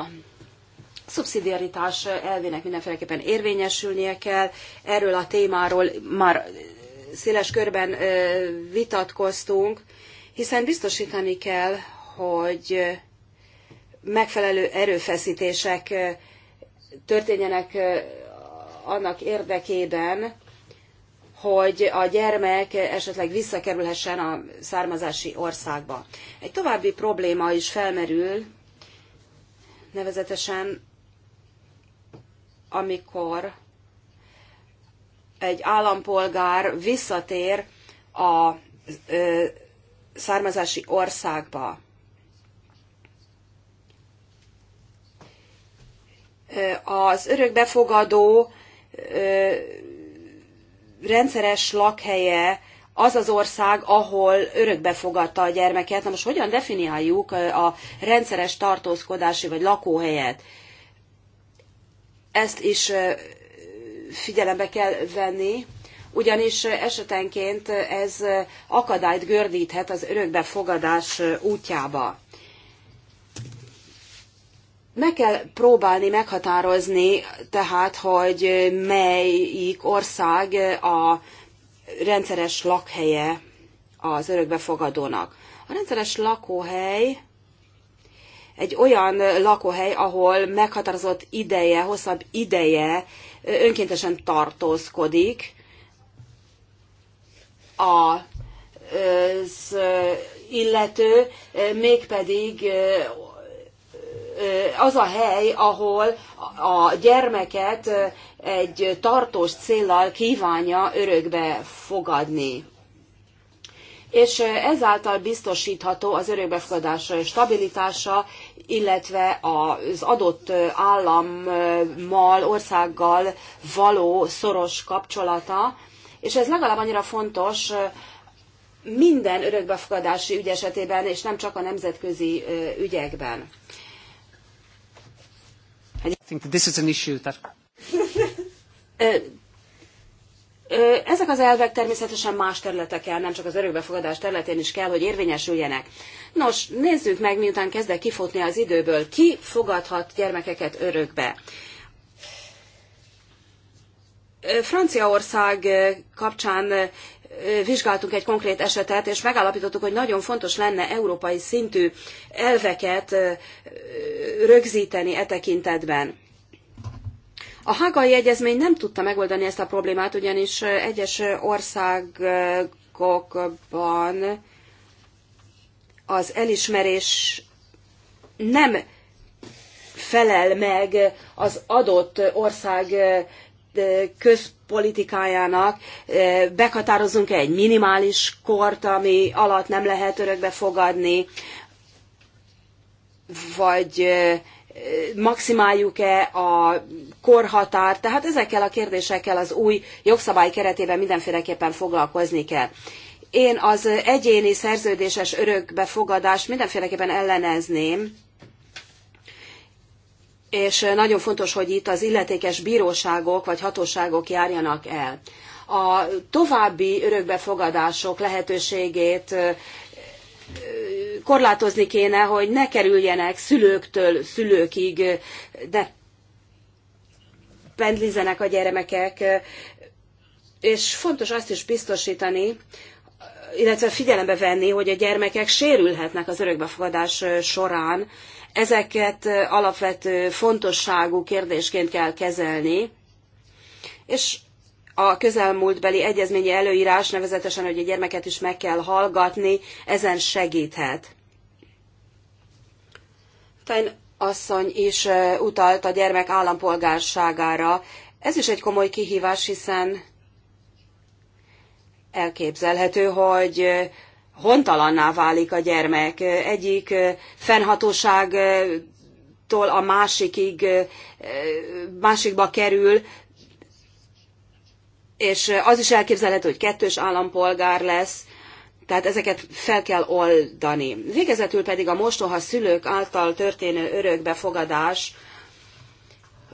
szubszidiaritás elvének mindenféleképpen érvényesülnie kell. Erről a témáról már széles körben vitatkoztunk, hiszen biztosítani kell, hogy megfelelő erőfeszítések történjenek annak érdekében, hogy a gyermek esetleg visszakerülhessen a származási országba. Egy további probléma is felmerül, nevezetesen amikor egy állampolgár visszatér a származási országba. Az örökbefogadó rendszeres lakhelye az az ország, ahol örökbefogadta a gyermeket. Na most hogyan definiáljuk a rendszeres tartózkodási vagy lakóhelyet? Ezt is figyelembe kell venni ugyanis esetenként ez akadályt gördíthet az örökbefogadás útjába. Meg kell próbálni meghatározni tehát, hogy melyik ország a rendszeres lakhelye az örökbefogadónak. A rendszeres lakóhely egy olyan lakóhely, ahol meghatározott ideje, hosszabb ideje önkéntesen tartózkodik, a az illető, mégpedig az a hely, ahol a gyermeket egy tartós céllal kívánja örökbe fogadni. És ezáltal biztosítható az örökbefogadása stabilitása, illetve az adott állammal, országgal való szoros kapcsolata, és ez legalább annyira fontos minden örökbefogadási ügy esetében, és nem csak a nemzetközi ügyekben. Ezek az elvek természetesen más területeken, nem csak az örökbefogadás területén is kell, hogy érvényesüljenek. Nos, nézzük meg, miután kezdek kifutni az időből, ki fogadhat gyermekeket örökbe. Franciaország eh, kapcsán eh, vizsgáltunk egy konkrét esetet, és megállapítottuk, hogy nagyon fontos lenne európai szintű elveket eh, rögzíteni e tekintetben. A hágai egyezmény nem tudta megoldani ezt a problémát, ugyanis egyes országokban az elismerés nem felel meg az adott ország közpolitikájának meghatározunk -e egy minimális kort, ami alatt nem lehet örökbe fogadni, vagy maximáljuk-e a korhatár, tehát ezekkel a kérdésekkel az új jogszabály keretében mindenféleképpen foglalkozni kell. Én az egyéni szerződéses örökbefogadást mindenféleképpen ellenezném, és nagyon fontos, hogy itt az illetékes bíróságok vagy hatóságok járjanak el. A további örökbefogadások lehetőségét korlátozni kéne, hogy ne kerüljenek szülőktől szülőkig, de pendlizenek a gyermekek, és fontos azt is biztosítani, illetve figyelembe venni, hogy a gyermekek sérülhetnek az örökbefogadás során, Ezeket alapvető fontosságú kérdésként kell kezelni, és a közelmúltbeli egyezményi előírás, nevezetesen, hogy a gyermeket is meg kell hallgatni, ezen segíthet. Fein asszony is utalt a gyermek állampolgárságára. Ez is egy komoly kihívás, hiszen elképzelhető, hogy hontalanná válik a gyermek. Egyik fennhatóságtól a másikig, másikba kerül, és az is elképzelhető, hogy kettős állampolgár lesz, tehát ezeket fel kell oldani. Végezetül pedig a mostoha szülők által történő örökbefogadás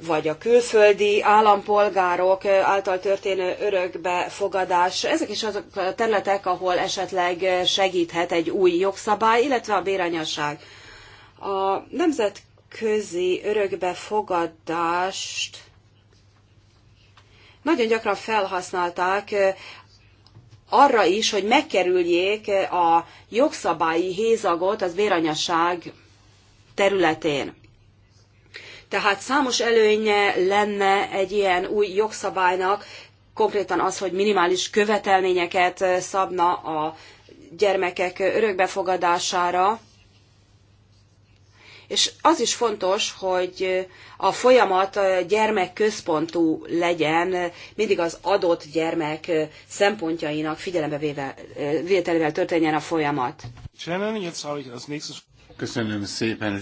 vagy a külföldi állampolgárok által történő örökbefogadás, ezek is azok a területek, ahol esetleg segíthet egy új jogszabály, illetve a béranyaság. A nemzetközi örökbefogadást nagyon gyakran felhasználták arra is, hogy megkerüljék a jogszabályi hézagot az véranyasság területén. Tehát számos előnye lenne egy ilyen új jogszabálynak, konkrétan az, hogy minimális követelményeket szabna a gyermekek örökbefogadására. És az is fontos, hogy a folyamat gyermekközpontú legyen, mindig az adott gyermek szempontjainak figyelembe vételével történjen a folyamat. Köszönöm szépen.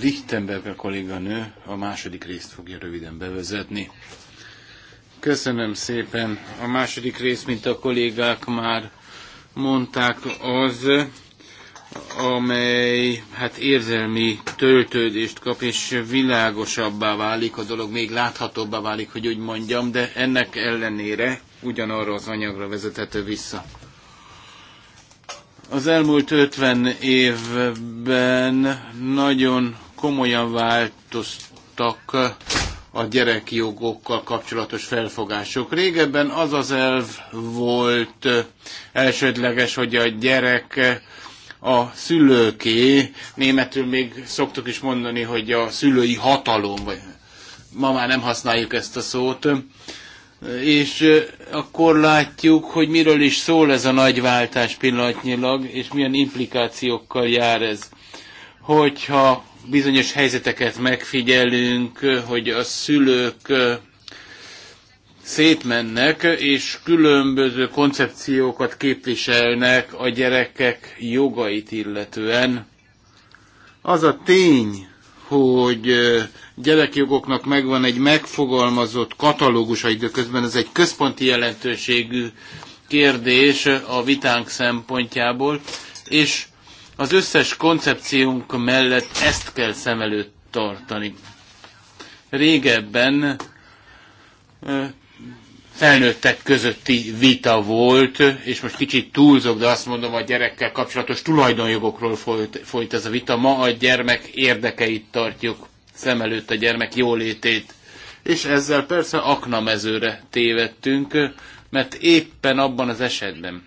a kolléganő a második részt fogja röviden bevezetni. Köszönöm szépen. A második rész, mint a kollégák már mondták, az, amely hát érzelmi töltődést kap, és világosabbá válik a dolog, még láthatóbbá válik, hogy úgy mondjam, de ennek ellenére ugyanarra az anyagra vezethető vissza. Az elmúlt 50 évben nagyon komolyan változtak a gyerekjogokkal kapcsolatos felfogások. Régebben az az elv volt elsődleges, hogy a gyerek a szülőké, németül még szoktuk is mondani, hogy a szülői hatalom, vagy ma már nem használjuk ezt a szót, és akkor látjuk, hogy miről is szól ez a nagy váltás pillanatnyilag, és milyen implikációkkal jár ez. Hogyha bizonyos helyzeteket megfigyelünk, hogy a szülők szétmennek, és különböző koncepciókat képviselnek a gyerekek jogait illetően. Az a tény, hogy gyerekjogoknak megvan egy megfogalmazott katalógusa időközben, ez egy központi jelentőségű kérdés a vitánk szempontjából, és az összes koncepciónk mellett ezt kell szem előtt tartani. Régebben felnőttek közötti vita volt, és most kicsit túlzok, de azt mondom, a gyerekkel kapcsolatos tulajdonjogokról folyt, folyt ez a vita. Ma a gyermek érdekeit tartjuk szem előtt a gyermek jólétét. És ezzel persze aknamezőre tévedtünk, mert éppen abban az esetben,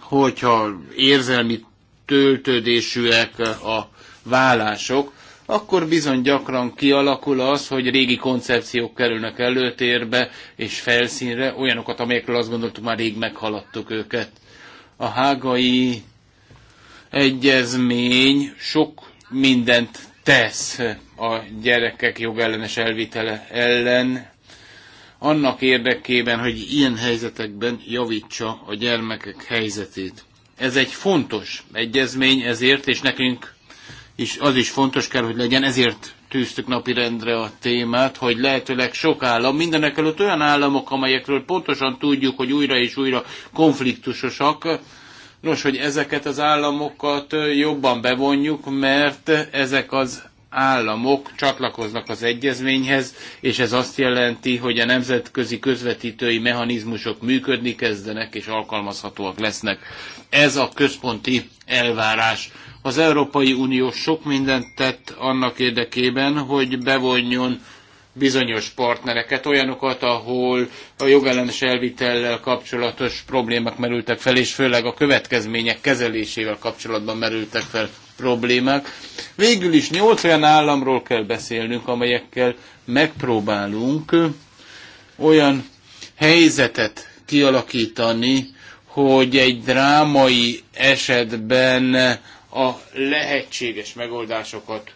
hogyha érzelmi töltődésűek a vállások, akkor bizony gyakran kialakul az, hogy régi koncepciók kerülnek előtérbe és felszínre, olyanokat, amelyekről azt gondoltuk, már rég meghaladtuk őket. A hágai egyezmény sok mindent tesz a gyerekek jogellenes elvitele ellen, annak érdekében, hogy ilyen helyzetekben javítsa a gyermekek helyzetét. Ez egy fontos egyezmény ezért, és nekünk is az is fontos kell, hogy legyen, ezért tűztük napirendre a témát, hogy lehetőleg sok állam, mindenek előtt olyan államok, amelyekről pontosan tudjuk, hogy újra és újra konfliktusosak, Nos, hogy ezeket az államokat jobban bevonjuk, mert ezek az államok csatlakoznak az egyezményhez, és ez azt jelenti, hogy a nemzetközi közvetítői mechanizmusok működni kezdenek és alkalmazhatóak lesznek. Ez a központi elvárás. Az Európai Unió sok mindent tett annak érdekében, hogy bevonjon bizonyos partnereket, olyanokat, ahol a jogellenes elvitellel kapcsolatos problémák merültek fel, és főleg a következmények kezelésével kapcsolatban merültek fel problémák. Végül is nyolc olyan államról kell beszélnünk, amelyekkel megpróbálunk olyan helyzetet kialakítani, hogy egy drámai esetben a lehetséges megoldásokat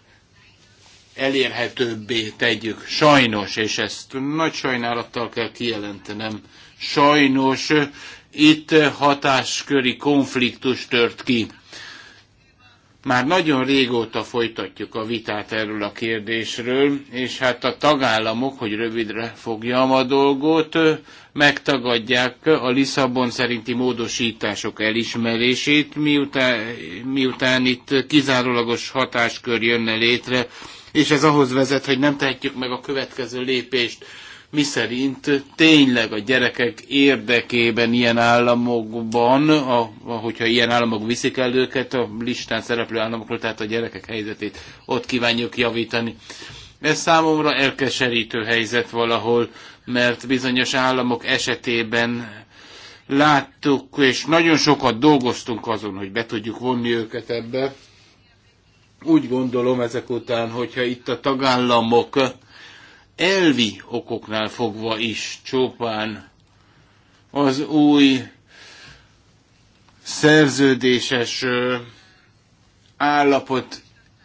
elérhetőbbé tegyük. Sajnos, és ezt nagy sajnálattal kell kijelentenem, sajnos itt hatásköri konfliktus tört ki már nagyon régóta folytatjuk a vitát erről a kérdésről, és hát a tagállamok, hogy rövidre fogjam a dolgot, megtagadják a Lisszabon szerinti módosítások elismerését, miután, miután itt kizárólagos hatáskör jönne létre, és ez ahhoz vezet, hogy nem tehetjük meg a következő lépést miszerint tényleg a gyerekek érdekében ilyen államokban, a, hogyha ilyen államok viszik el őket a listán szereplő államokról, tehát a gyerekek helyzetét ott kívánjuk javítani. Ez számomra elkeserítő helyzet valahol, mert bizonyos államok esetében láttuk, és nagyon sokat dolgoztunk azon, hogy be tudjuk vonni őket ebbe. Úgy gondolom ezek után, hogyha itt a tagállamok elvi okoknál fogva is csupán az új szerződéses állapot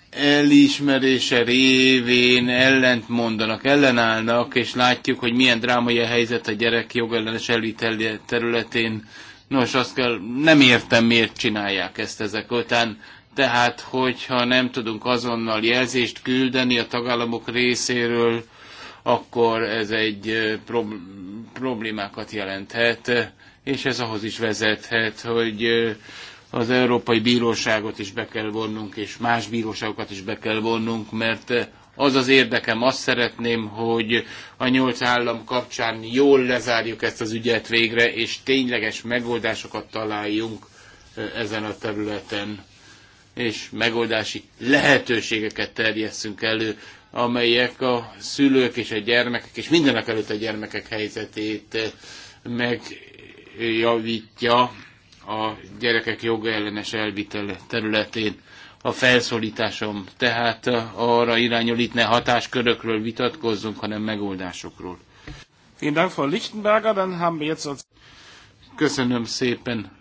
elismerése révén ellent mondanak, ellenállnak, és látjuk, hogy milyen drámai a helyzet a gyerek jogellenes elvitelje területén. Nos, azt kell, nem értem, miért csinálják ezt ezek után. Tehát, hogyha nem tudunk azonnal jelzést küldeni a tagállamok részéről, akkor ez egy problémákat jelenthet, és ez ahhoz is vezethet, hogy az Európai Bíróságot is be kell vonnunk, és más bíróságokat is be kell vonnunk, mert az az érdekem, azt szeretném, hogy a nyolc állam kapcsán jól lezárjuk ezt az ügyet végre, és tényleges megoldásokat találjunk ezen a területen, és megoldási lehetőségeket terjesszünk elő amelyek a szülők és a gyermekek, és mindenek előtt a gyermekek helyzetét eh, megjavítja a gyerekek jogellenes elvitele területén. A felszólításom tehát arra irányul, itt ne hatáskörökről vitatkozzunk, hanem megoldásokról. Köszönöm szépen.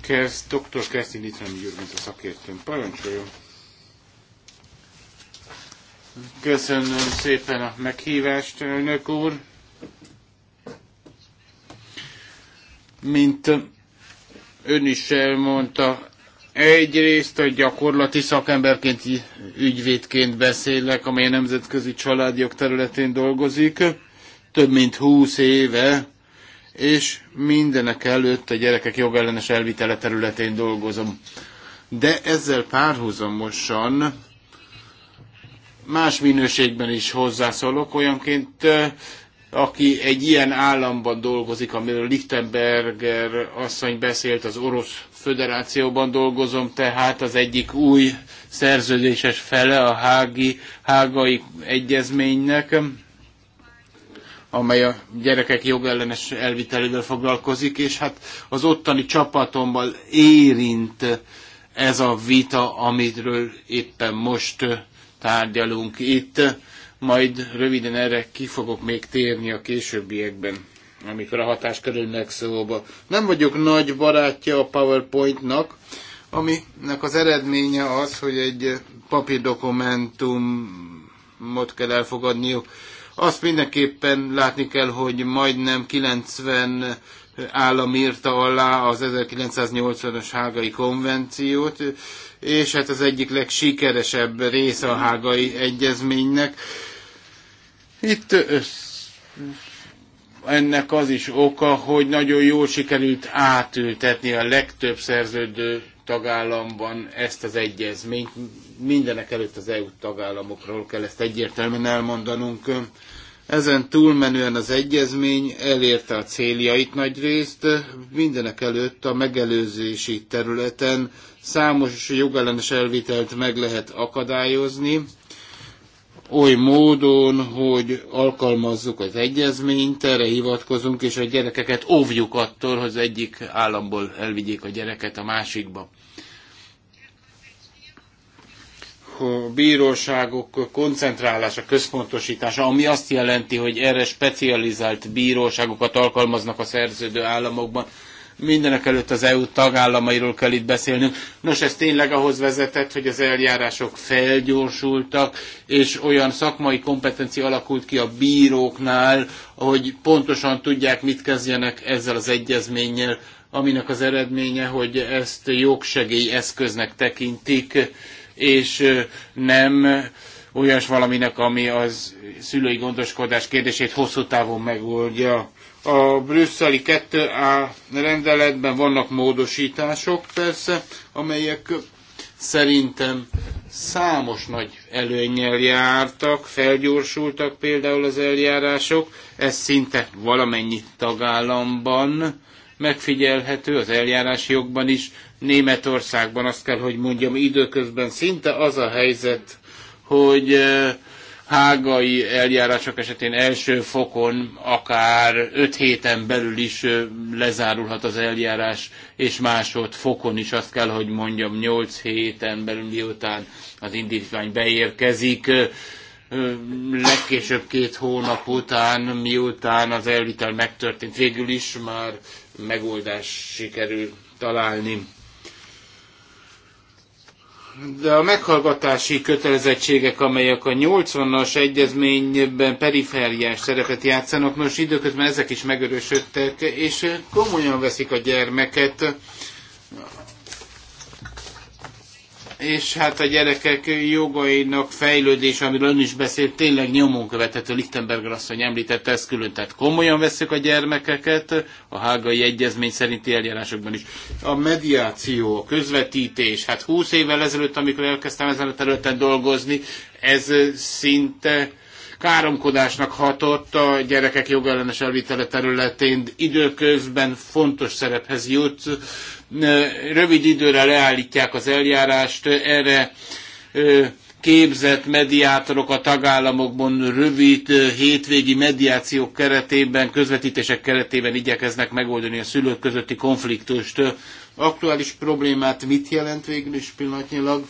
Kersz, dr. Kerstin Itrami Jürgens a szakértőm. Parancsoljon! Köszönöm szépen a meghívást, elnök úr. Mint ön is elmondta, egyrészt a gyakorlati szakemberként, ügyvédként beszélek, amely a nemzetközi családjog területén dolgozik, több mint húsz éve, és mindenek előtt a gyerekek jogellenes elvitele területén dolgozom. De ezzel párhuzamosan más minőségben is hozzászólok, olyanként, aki egy ilyen államban dolgozik, amiről Lichtenberger asszony beszélt, az Orosz Föderációban dolgozom, tehát az egyik új szerződéses fele a hági, hágai egyezménynek, amely a gyerekek jogellenes elvitelével foglalkozik, és hát az ottani csapatomban érint ez a vita, amiről éppen most tárgyalunk itt, majd röviden erre ki fogok még térni a későbbiekben, amikor a hatás kerülnek szóba. Nem vagyok nagy barátja a PowerPointnak, aminek az eredménye az, hogy egy papírdokumentumot kell elfogadniuk. Azt mindenképpen látni kell, hogy majdnem 90 állam írta alá az 1980-as hágai konvenciót, és hát az egyik legsikeresebb része a hágai egyezménynek. Itt ennek az is oka, hogy nagyon jól sikerült átültetni a legtöbb szerződő tagállamban ezt az egyezményt. Mindenek előtt az EU tagállamokról kell ezt egyértelműen elmondanunk. Ezen túlmenően az egyezmény elérte a céljait nagy részt, mindenek előtt a megelőzési területen számos jogellenes elvitelt meg lehet akadályozni, oly módon, hogy alkalmazzuk az egyezményt, erre hivatkozunk, és a gyerekeket óvjuk attól, hogy az egyik államból elvigyék a gyereket a másikba. bíróságok koncentrálása, központosítása, ami azt jelenti, hogy erre specializált bíróságokat alkalmaznak a szerződő államokban. Mindenek előtt az EU tagállamairól kell itt beszélnünk. Nos, ez tényleg ahhoz vezetett, hogy az eljárások felgyorsultak, és olyan szakmai kompetencia alakult ki a bíróknál, hogy pontosan tudják, mit kezdjenek ezzel az egyezménnyel, aminek az eredménye, hogy ezt jogsegély eszköznek tekintik és nem olyas valaminek, ami az szülői gondoskodás kérdését hosszú távon megoldja. A brüsszeli 2A rendeletben vannak módosítások persze, amelyek szerintem számos nagy előnyel jártak, felgyorsultak például az eljárások, ez szinte valamennyi tagállamban megfigyelhető, az eljárási jogban is, Németországban azt kell, hogy mondjam, időközben szinte az a helyzet, hogy eh, hágai eljárások esetén első fokon akár 5 héten belül is eh, lezárulhat az eljárás, és másod fokon is azt kell, hogy mondjam, 8 héten belül, miután az indítvány beérkezik, eh, legkésőbb két hónap után, miután az elvitel megtörtént, végül is már megoldás sikerül találni de a meghallgatási kötelezettségek, amelyek a 80-as egyezményben perifériás szerepet játszanak, most időközben ezek is megerősödtek, és komolyan veszik a gyermeket, és hát a gyerekek jogainak fejlődés, amiről ön is beszélt, tényleg nyomon követhető Lichtenberger asszony említette ezt külön, tehát komolyan veszük a gyermekeket, a hágai egyezmény szerinti eljárásokban is. A mediáció, a közvetítés, hát 20 évvel ezelőtt, amikor elkezdtem ezen a területen dolgozni, ez szinte káromkodásnak hatott a gyerekek jogellenes elvitele területén, időközben fontos szerephez jut, rövid időre leállítják az eljárást, erre képzett mediátorok a tagállamokban rövid hétvégi mediációk keretében, közvetítések keretében igyekeznek megoldani a szülők közötti konfliktust. Aktuális problémát mit jelent végül is pillanatnyilag?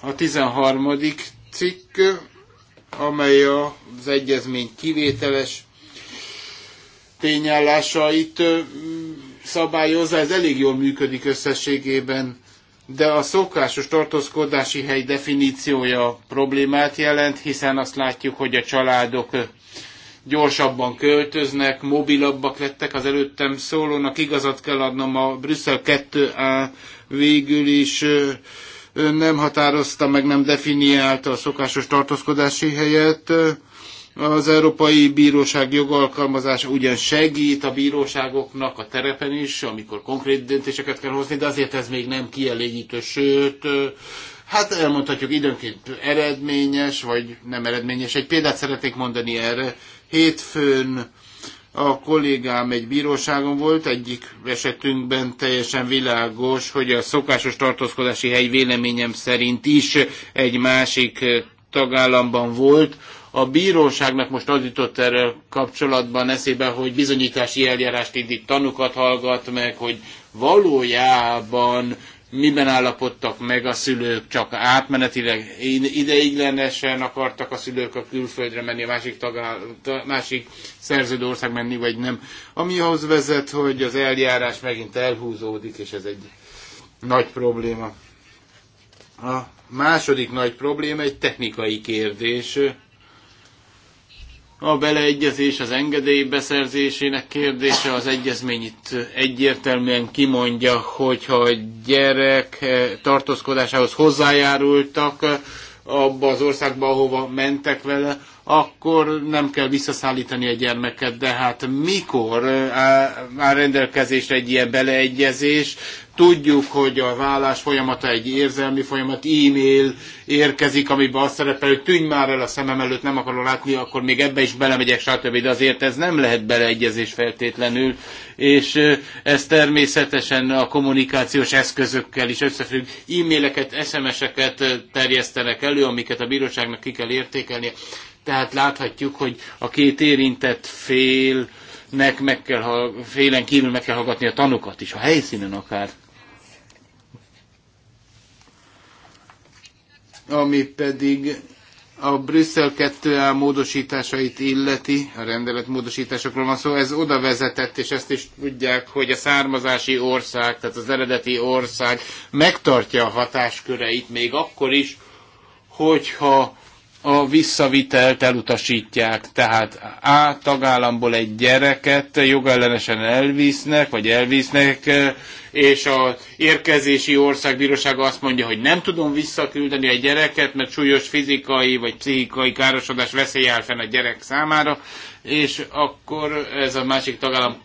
A 13. cikk amely az egyezmény kivételes tényállásait szabályozza, ez elég jól működik összességében, de a szokásos tartózkodási hely definíciója problémát jelent, hiszen azt látjuk, hogy a családok gyorsabban költöznek, mobilabbak lettek az előttem szólónak, igazat kell adnom, a Brüsszel 2A végül is Ön nem határozta meg, nem definiálta a szokásos tartózkodási helyet. Az Európai Bíróság jogalkalmazása ugyan segít a bíróságoknak a terepen is, amikor konkrét döntéseket kell hozni, de azért ez még nem kielégítő, sőt, hát elmondhatjuk időnként eredményes, vagy nem eredményes. Egy példát szeretnék mondani erre. Hétfőn a kollégám egy bíróságon volt, egyik esetünkben teljesen világos, hogy a szokásos tartózkodási hely véleményem szerint is egy másik tagállamban volt. A bíróságnak most az jutott erről kapcsolatban eszébe, hogy bizonyítási eljárást indít, tanukat hallgat meg, hogy valójában miben állapodtak meg a szülők, csak átmenetileg ideiglenesen akartak a szülők a külföldre menni, a másik, a másik szerződő ország menni, vagy nem. Ami ahhoz vezet, hogy az eljárás megint elhúzódik, és ez egy nagy probléma. A második nagy probléma egy technikai kérdés, a beleegyezés az engedély beszerzésének kérdése, az egyezmény itt egyértelműen kimondja, hogyha a gyerek eh, tartózkodásához hozzájárultak eh, abba az országba, ahova mentek vele, akkor nem kell visszaszállítani a gyermeket, de hát mikor eh, áll rendelkezésre egy ilyen beleegyezés, tudjuk, hogy a vállás folyamata egy érzelmi folyamat, e-mail érkezik, amiben azt szerepel, hogy tűnj már el a szemem előtt, nem akarom látni, akkor még ebbe is belemegyek, stb. De azért ez nem lehet beleegyezés feltétlenül, és eh, ez természetesen a kommunikációs eszközökkel is összefügg. E-maileket, SMS-eket eh, terjesztenek elő, amiket a bíróságnak ki kell értékelnie. Tehát láthatjuk, hogy a két érintett félnek meg kell, félen kívül meg kell hallgatni a tanukat is, a helyszínen akár. Ami pedig a Brüsszel 2A módosításait illeti, a rendelet módosításokról van szó, ez oda vezetett, és ezt is tudják, hogy a származási ország, tehát az eredeti ország megtartja a hatásköreit még akkor is, hogyha a visszavitelt elutasítják, tehát A tagállamból egy gyereket jogellenesen elvisznek, vagy elvisznek és a érkezési ország azt mondja, hogy nem tudom visszaküldeni a gyereket, mert súlyos fizikai vagy pszichikai károsodás veszély áll fenn a gyerek számára, és akkor ez a másik tagállam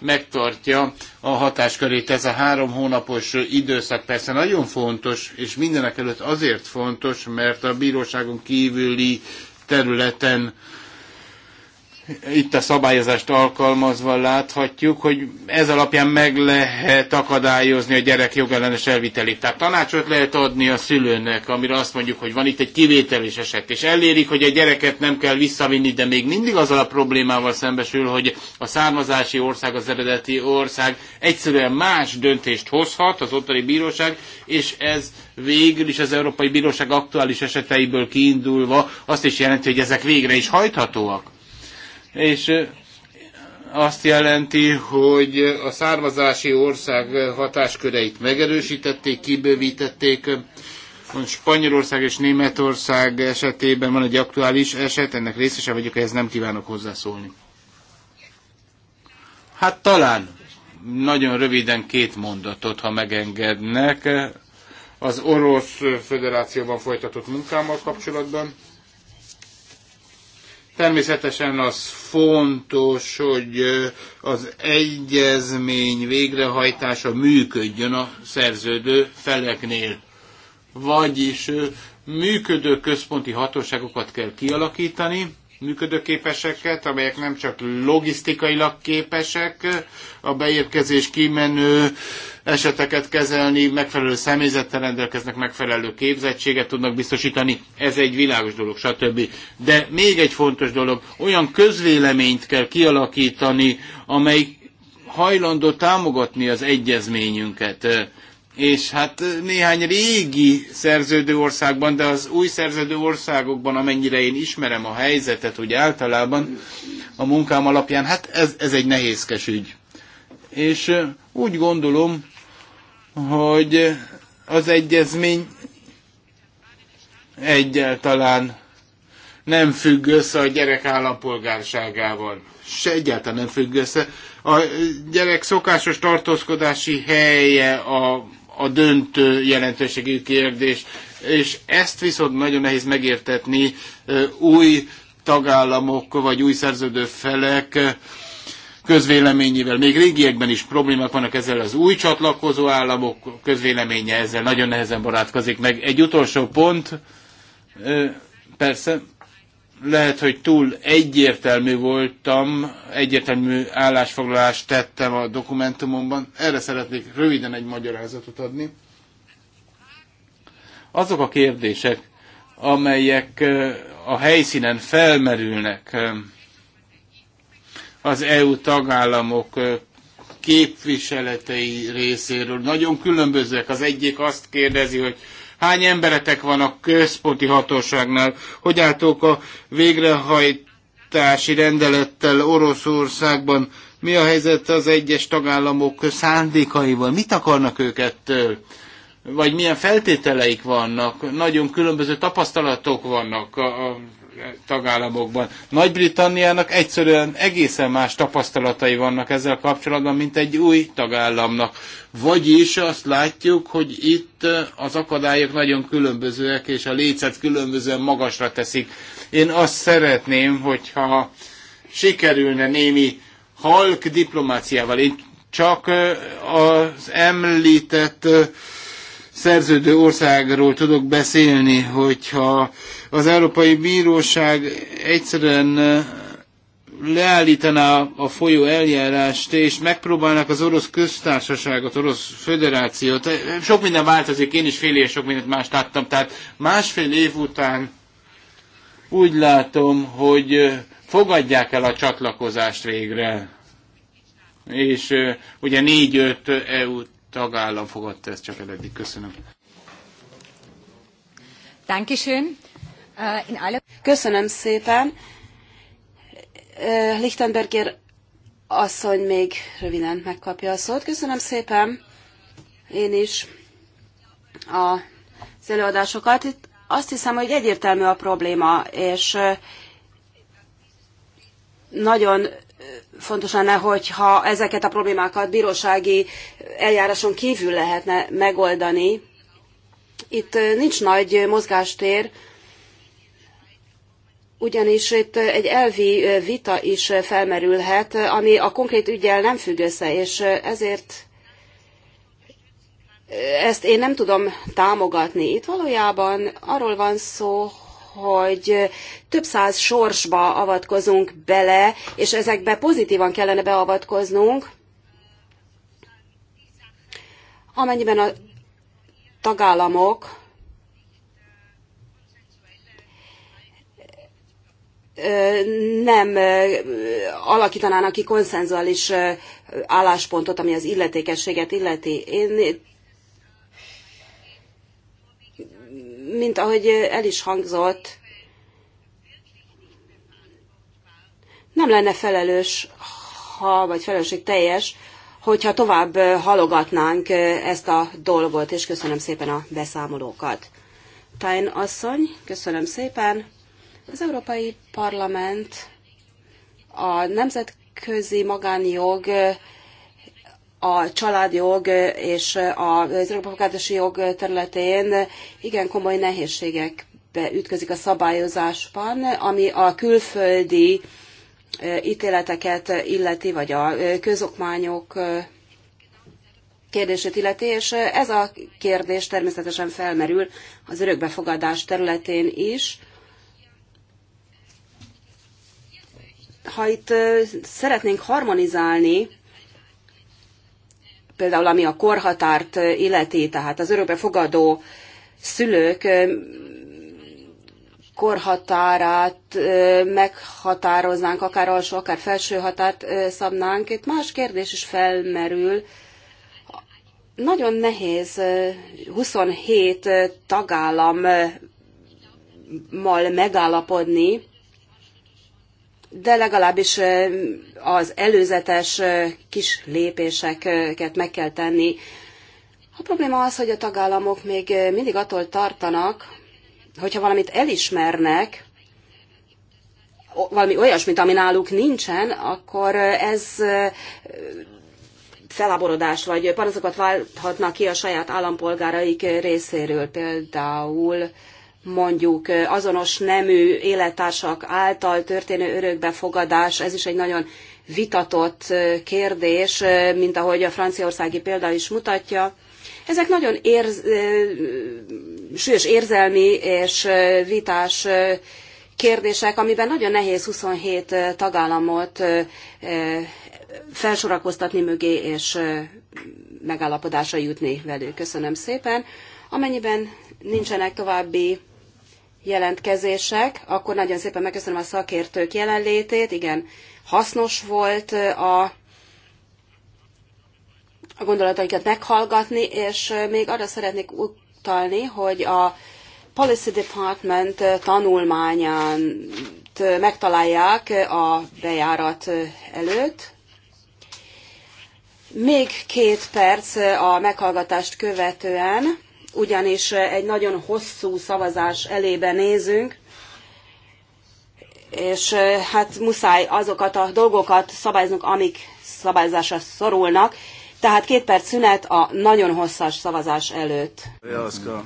megtartja a hatáskörét. Ez a három hónapos időszak persze nagyon fontos, és mindenek előtt azért fontos, mert a bíróságon kívüli területen itt a szabályozást alkalmazva láthatjuk, hogy ez alapján meg lehet akadályozni a gyerek jogellenes elvitelét. Tehát tanácsot lehet adni a szülőnek, amire azt mondjuk, hogy van itt egy kivételés eset, és elérik, hogy a gyereket nem kell visszavinni, de még mindig azzal a problémával szembesül, hogy a származási ország, az eredeti ország egyszerűen más döntést hozhat az ottani bíróság, és ez végül is az Európai Bíróság aktuális eseteiből kiindulva azt is jelenti, hogy ezek végre is hajthatóak és azt jelenti, hogy a származási ország hatásköreit megerősítették, kibővítették. Spanyolország és Németország esetében van egy aktuális eset, ennek részese vagyok, ehhez nem kívánok hozzászólni. Hát talán nagyon röviden két mondatot, ha megengednek, az Orosz Föderációban folytatott munkámmal kapcsolatban. Természetesen az fontos, hogy az egyezmény végrehajtása működjön a szerződő feleknél. Vagyis működő központi hatóságokat kell kialakítani, működőképeseket, amelyek nem csak logisztikailag képesek a beérkezés kimenő eseteket kezelni, megfelelő személyzettel rendelkeznek, megfelelő képzettséget tudnak biztosítani, ez egy világos dolog, stb. De még egy fontos dolog, olyan közvéleményt kell kialakítani, amely hajlandó támogatni az egyezményünket és hát néhány régi szerződő országban, de az új szerződő országokban, amennyire én ismerem a helyzetet, hogy általában a munkám alapján, hát ez, ez egy nehézkes ügy. És úgy gondolom, hogy az egyezmény egyáltalán nem függ össze a gyerek állampolgárságával. Se egyáltalán nem függ össze. A gyerek szokásos tartózkodási helye a a döntő jelentőségű kérdés, és ezt viszont nagyon nehéz megértetni új tagállamok vagy új szerződő felek közvéleményével. Még régiekben is problémák vannak ezzel az új csatlakozó államok közvéleménye ezzel nagyon nehezen barátkozik meg. Egy utolsó pont, persze, lehet, hogy túl egyértelmű voltam, egyértelmű állásfoglalást tettem a dokumentumomban. Erre szeretnék röviden egy magyarázatot adni. Azok a kérdések, amelyek eh, a helyszínen felmerülnek, eh, az EU tagállamok eh, képviseletei részéről. Nagyon különbözőek. Az egyik azt kérdezi, hogy Hány emberetek van a központi hatóságnál? Hogy álltok a végrehajtási rendelettel Oroszországban? Mi a helyzet az egyes tagállamok szándékaival? Mit akarnak ők ettől? Vagy milyen feltételeik vannak? Nagyon különböző tapasztalatok vannak a tagállamokban. Nagy-Britanniának egyszerűen egészen más tapasztalatai vannak ezzel kapcsolatban, mint egy új tagállamnak. Vagyis azt látjuk, hogy itt az akadályok nagyon különbözőek, és a lécet különbözően magasra teszik. Én azt szeretném, hogyha sikerülne némi halk diplomáciával. Én csak az említett szerződő országról tudok beszélni, hogyha az Európai Bíróság egyszerűen leállítaná a folyó eljárást, és megpróbálnak az orosz köztársaságot, orosz föderációt. Sok minden változik, én is fél év sok mindent más láttam, tehát másfél év után úgy látom, hogy fogadják el a csatlakozást végre. És ugye négy-öt EU tagállam fogadta ezt csak eddig. Köszönöm. Dankeschön. Uh, Köszönöm szépen. Uh, Lichtenberger asszony még röviden megkapja a szót. Köszönöm szépen. Én is az előadásokat. Itt azt hiszem, hogy egyértelmű a probléma, és uh, nagyon fontos lenne, hogyha ezeket a problémákat bírósági eljáráson kívül lehetne megoldani. Itt nincs nagy mozgástér, ugyanis itt egy elvi vita is felmerülhet, ami a konkrét ügyel nem függ össze, és ezért ezt én nem tudom támogatni. Itt valójában arról van szó, hogy több száz sorsba avatkozunk bele, és ezekbe pozitívan kellene beavatkoznunk, amennyiben a tagállamok nem alakítanának ki konszenzuális álláspontot, ami az illetékességet illeti. Én, mint ahogy el is hangzott, nem lenne felelős, ha, vagy felelősség teljes, hogyha tovább halogatnánk ezt a dolgot, és köszönöm szépen a beszámolókat. Tájn asszony, köszönöm szépen. Az Európai Parlament a nemzetközi magánjog, a családjog és az európai jog területén igen komoly nehézségekbe ütközik a szabályozásban, ami a külföldi ítéleteket illeti, vagy a közokmányok kérdését illeti, és ez a kérdés természetesen felmerül az örökbefogadás területén is, ha itt szeretnénk harmonizálni, például ami a korhatárt illeti, tehát az örökbe fogadó szülők korhatárát meghatároznánk, akár alsó, akár felső határt szabnánk. Itt más kérdés is felmerül. Nagyon nehéz 27 tagállammal megállapodni, de legalábbis az előzetes kis lépéseket meg kell tenni. A probléma az, hogy a tagállamok még mindig attól tartanak, hogyha valamit elismernek, valami olyasmit, ami náluk nincsen, akkor ez felaborodás vagy panaszokat válthatnak ki a saját állampolgáraik részéről. Például mondjuk azonos nemű élettársak által történő örökbefogadás, ez is egy nagyon vitatott kérdés, mint ahogy a franciaországi példa is mutatja. Ezek nagyon érz, sűrűs érzelmi és vitás kérdések, amiben nagyon nehéz 27 tagállamot felsorakoztatni mögé és megállapodásra jutni velük. Köszönöm szépen. Amennyiben nincsenek további jelentkezések, akkor nagyon szépen megköszönöm a szakértők jelenlétét, igen, hasznos volt eh, a a gondolataikat meghallgatni, és eh, még arra szeretnék utalni, hogy a Policy Department eh, tanulmányán megtalálják a bejárat előtt. Még két perc a meghallgatást követően ugyanis egy nagyon hosszú szavazás elébe nézünk, és hát muszáj azokat a dolgokat szabályoznunk, amik szabályozásra szorulnak. Tehát két perc szünet a nagyon hosszas szavazás előtt. Jaszka.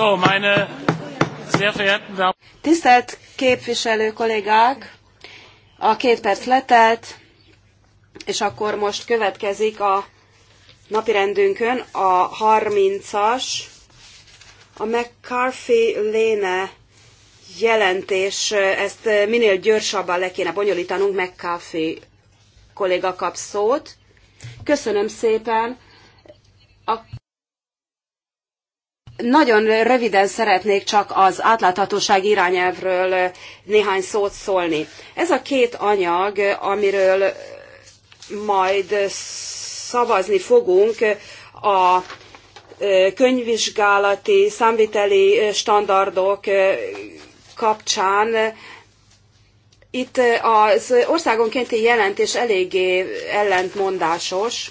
So, meine sehr verehrten Damen. Tisztelt képviselő kollégák, a két perc letelt, és akkor most következik a napirendünkön a 30-as, a McCarthy-Léne jelentés, ezt minél gyorsabban le kéne bonyolítanunk, McCarthy kolléga kap szót. Köszönöm szépen! Nagyon röviden szeretnék csak az átláthatóság irányelvről néhány szót szólni. Ez a két anyag, amiről majd szavazni fogunk, a könyvvizsgálati, számviteli standardok kapcsán itt az országonkénti jelentés eléggé ellentmondásos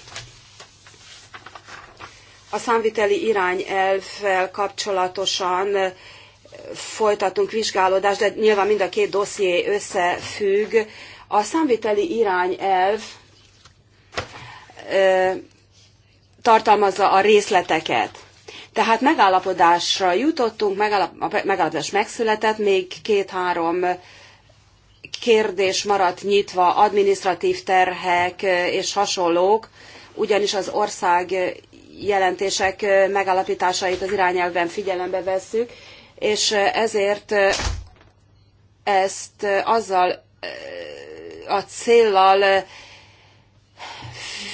a számviteli irányelvvel kapcsolatosan folytatunk vizsgálódást, de nyilván mind a két dosszié összefügg. A számviteli irányelv tartalmazza a részleteket. Tehát megállapodásra jutottunk, megállapodás megszületett, még két-három kérdés maradt nyitva, administratív terhek és hasonlók, ugyanis az ország jelentések megalapításait az irányelvben figyelembe vesszük, és ezért ezt azzal a céllal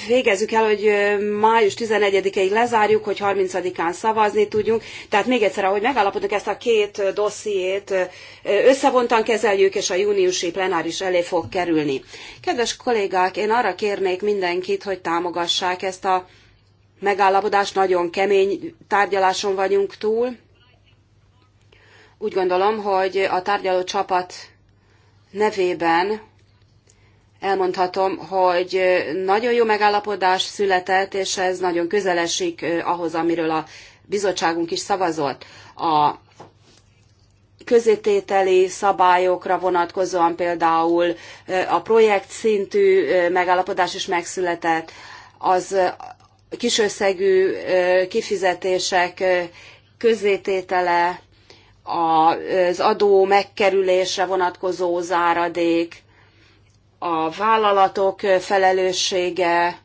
végezzük el, hogy május 11-ig lezárjuk, hogy 30-án szavazni tudjunk. Tehát még egyszer, ahogy megállapodunk ezt a két dossziét, összevontan kezeljük, és a júniusi plenáris elé fog kerülni. Kedves kollégák, én arra kérnék mindenkit, hogy támogassák ezt a megállapodás, nagyon kemény tárgyaláson vagyunk túl. Úgy gondolom, hogy a tárgyaló csapat nevében elmondhatom, hogy nagyon jó megállapodás született, és ez nagyon közelesik eh, ahhoz, amiről a bizottságunk is szavazott. A közétételi szabályokra vonatkozóan például eh, a projekt szintű eh, megállapodás is megszületett, az kisösszegű kifizetések közzététele, az adó megkerülésre vonatkozó záradék, a vállalatok felelőssége,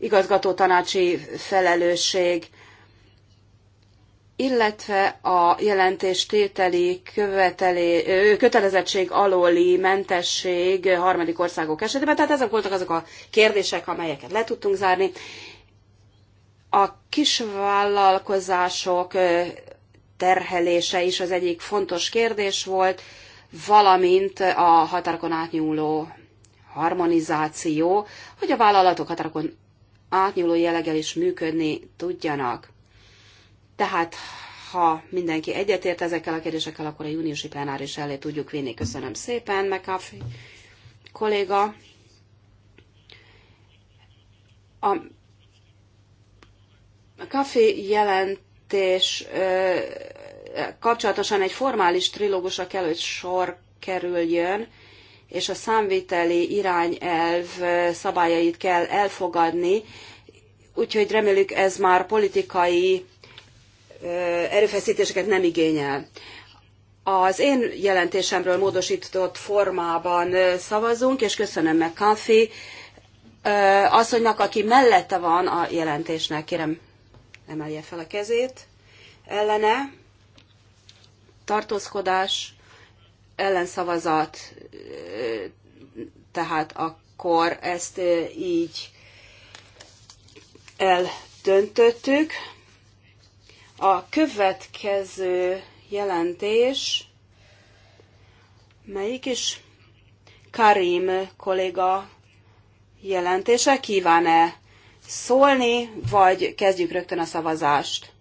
igazgatótanácsi felelősség, illetve a jelentéstételi követelé, kötelezettség alóli mentesség harmadik országok esetében. Tehát ezek voltak azok a kérdések, amelyeket le tudtunk zárni. A kisvállalkozások terhelése is az egyik fontos kérdés volt, valamint a határokon átnyúló harmonizáció, hogy a vállalatok határokon átnyúló jelleggel is működni tudjanak. Tehát ha mindenki egyetért ezekkel a kérdésekkel, akkor a júniusi plenáris elé tudjuk vinni. Köszönöm szépen, McAfee kolléga. A McAfee jelentés kapcsolatosan egy formális trilógusra kell, hogy sor kerüljön, és a számviteli irányelv szabályait kell elfogadni, úgyhogy reméljük ez már politikai erőfeszítéseket nem igényel. Az én jelentésemről módosított formában szavazunk, és köszönöm meg Kanfi asszonynak, aki mellette van a jelentésnek. Kérem, emelje fel a kezét. Ellene tartózkodás, ellenszavazat, tehát akkor ezt így eldöntöttük. A következő jelentés, melyik is Karim kolléga jelentése, kíván-e szólni, vagy kezdjük rögtön a szavazást?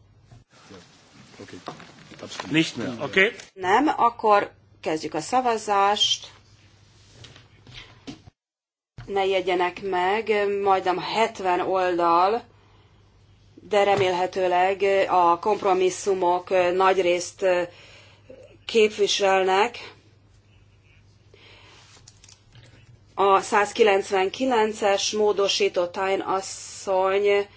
Nem, akkor kezdjük a szavazást. Ne jegyenek meg, majdnem 70 oldal de remélhetőleg a kompromisszumok nagy részt képviselnek a 199-es módosított asszony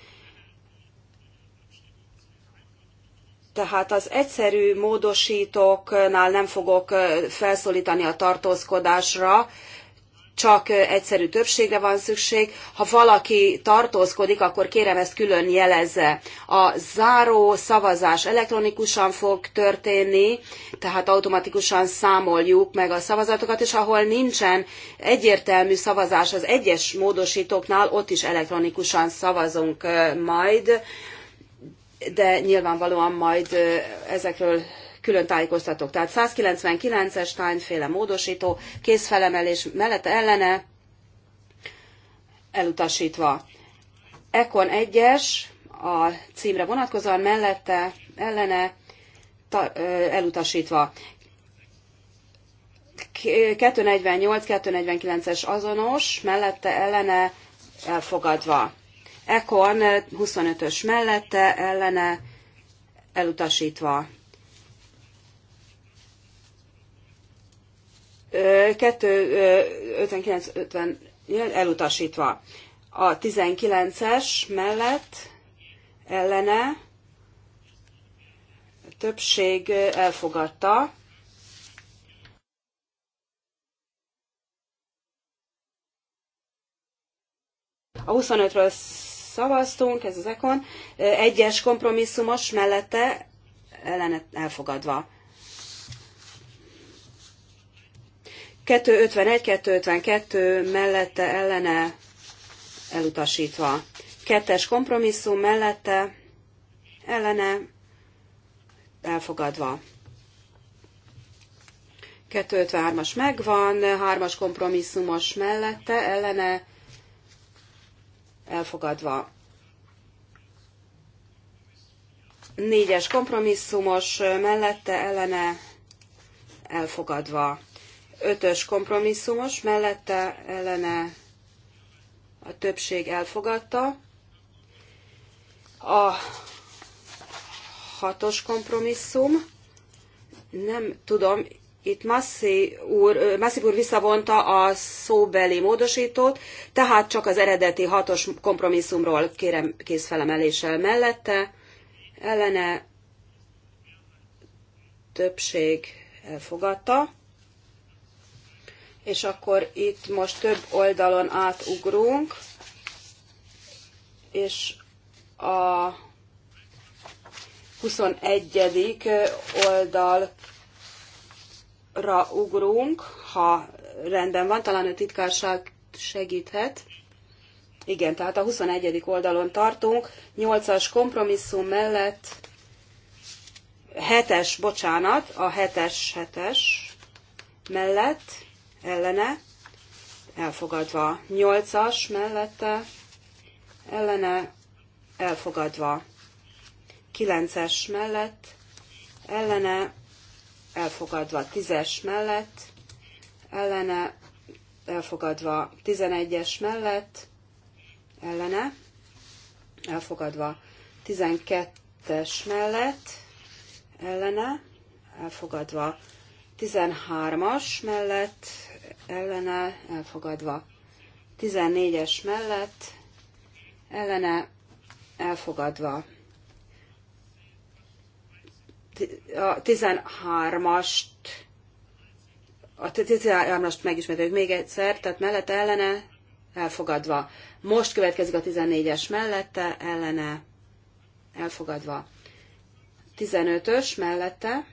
Tehát az egyszerű módosítóknál nem fogok felszólítani a tartózkodásra, csak egyszerű többségre van szükség. Ha valaki tartózkodik, akkor kérem ezt külön jelezze. A záró szavazás elektronikusan fog történni, tehát automatikusan számoljuk meg a szavazatokat, és ahol nincsen egyértelmű szavazás az egyes módosítóknál, ott is elektronikusan szavazunk majd, de nyilvánvalóan majd ezekről külön tájékoztatok. Tehát 199-es tányféle módosító, készfelemelés mellette ellene elutasítva. Ekon 1-es a címre vonatkozóan mellette ellene ta, elutasítva. 248-249-es azonos, mellette ellene elfogadva. Ekon 25-ös mellette ellene elutasítva. 259-50 elutasítva. A 19-es mellett ellene többség elfogadta. A 25-ről szavaztunk, ez az ekon, egyes kompromisszumos mellette ellene elfogadva. 251-252 mellette ellene elutasítva. Kettes kompromisszum mellette ellene elfogadva. 253-as megvan, 3-as kompromisszumos mellette ellene elfogadva. 4-es kompromisszumos mellette ellene elfogadva. Ötös kompromisszumos, mellette ellene a többség elfogadta. A hatos kompromisszum, nem tudom, itt Masszi úr, Masszi úr visszavonta a szóbeli módosítót, tehát csak az eredeti hatos kompromisszumról kérem kézfelemeléssel mellette, ellene többség elfogadta és akkor itt most több oldalon átugrunk, és a 21. oldalra ugrunk, ha rendben van, talán a titkárság segíthet. Igen, tehát a 21. oldalon tartunk, 8-as kompromisszum mellett, 7-es, bocsánat, a 7-es, 7-es mellett, ellene, elfogadva 8-as mellette, ellene, elfogadva 9-es mellett, ellene, elfogadva 10-es mellett, ellene, elfogadva 11-es mellett, ellene, elfogadva 12-es mellett, ellene, elfogadva 13-as mellett, ellene elfogadva. 14-es mellett ellene elfogadva. A 13-ast a 13-ast megismételjük még egyszer, tehát mellett ellene elfogadva. Most következik a 14-es mellette, ellene elfogadva. 15-ös mellette,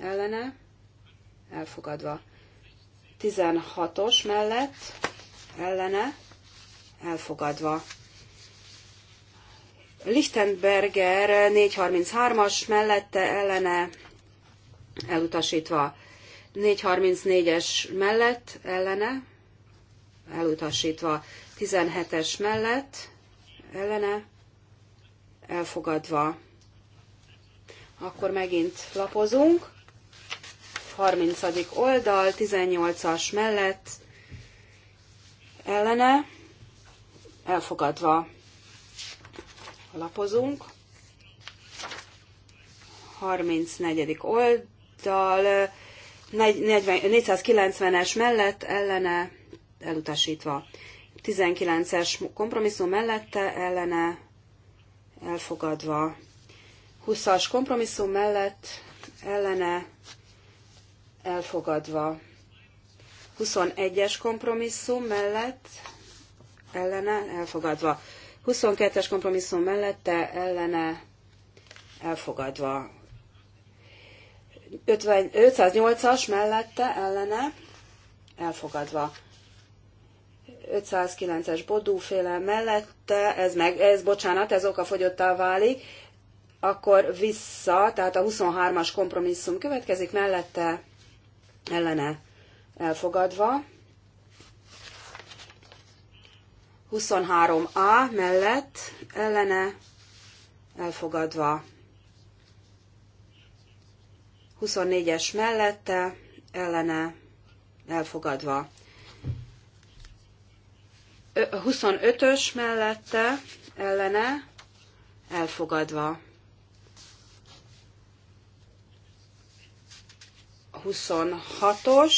ellene elfogadva. 16-os mellett ellene elfogadva. Lichtenberger 433-as mellette ellene elutasítva. 434-es mellett ellene elutasítva. 17-es mellett ellene elfogadva. Akkor megint lapozunk. 30. oldal, 18-as mellett ellene elfogadva lapozunk. 34. oldal, 490-es mellett ellene elutasítva. 19-es kompromisszum mellette ellene elfogadva. 20-as kompromisszum mellett ellene elfogadva. 21-es kompromisszum mellett ellene elfogadva. 22-es kompromisszum mellette ellene elfogadva. 50, 508-as mellette ellene elfogadva. 509-es bodúféle mellette, ez meg, ez bocsánat, ez okafogyottá válik, akkor vissza, tehát a 23-as kompromisszum következik mellette, ellene elfogadva. 23A mellett ellene elfogadva. 24-es mellette ellene elfogadva. 25-ös mellette ellene elfogadva. 26-os,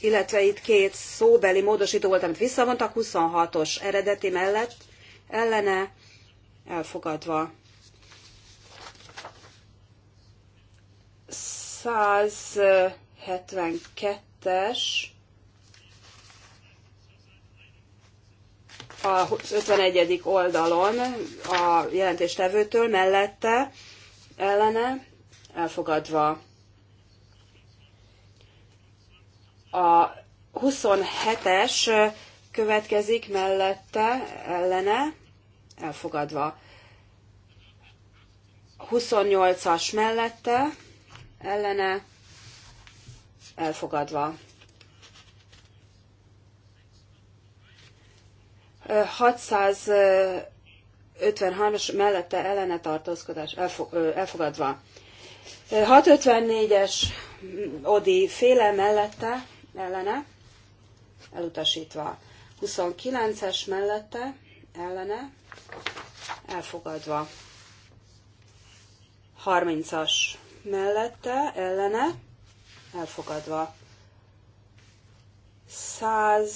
illetve itt két szóbeli módosító volt, amit visszavontak, 26-os eredeti mellett ellene elfogadva. 172-es az 51. oldalon a jelentéstevőtől mellette ellene elfogadva. A 27-es következik mellette, ellene, elfogadva. 28-as mellette, ellene, elfogadva. 653-as mellette ellene tartózkodás elfogadva. 654-es Odi féle mellette ellene, elutasítva. 29-es mellette, ellene, elfogadva. 30-as mellette, ellene, elfogadva. 100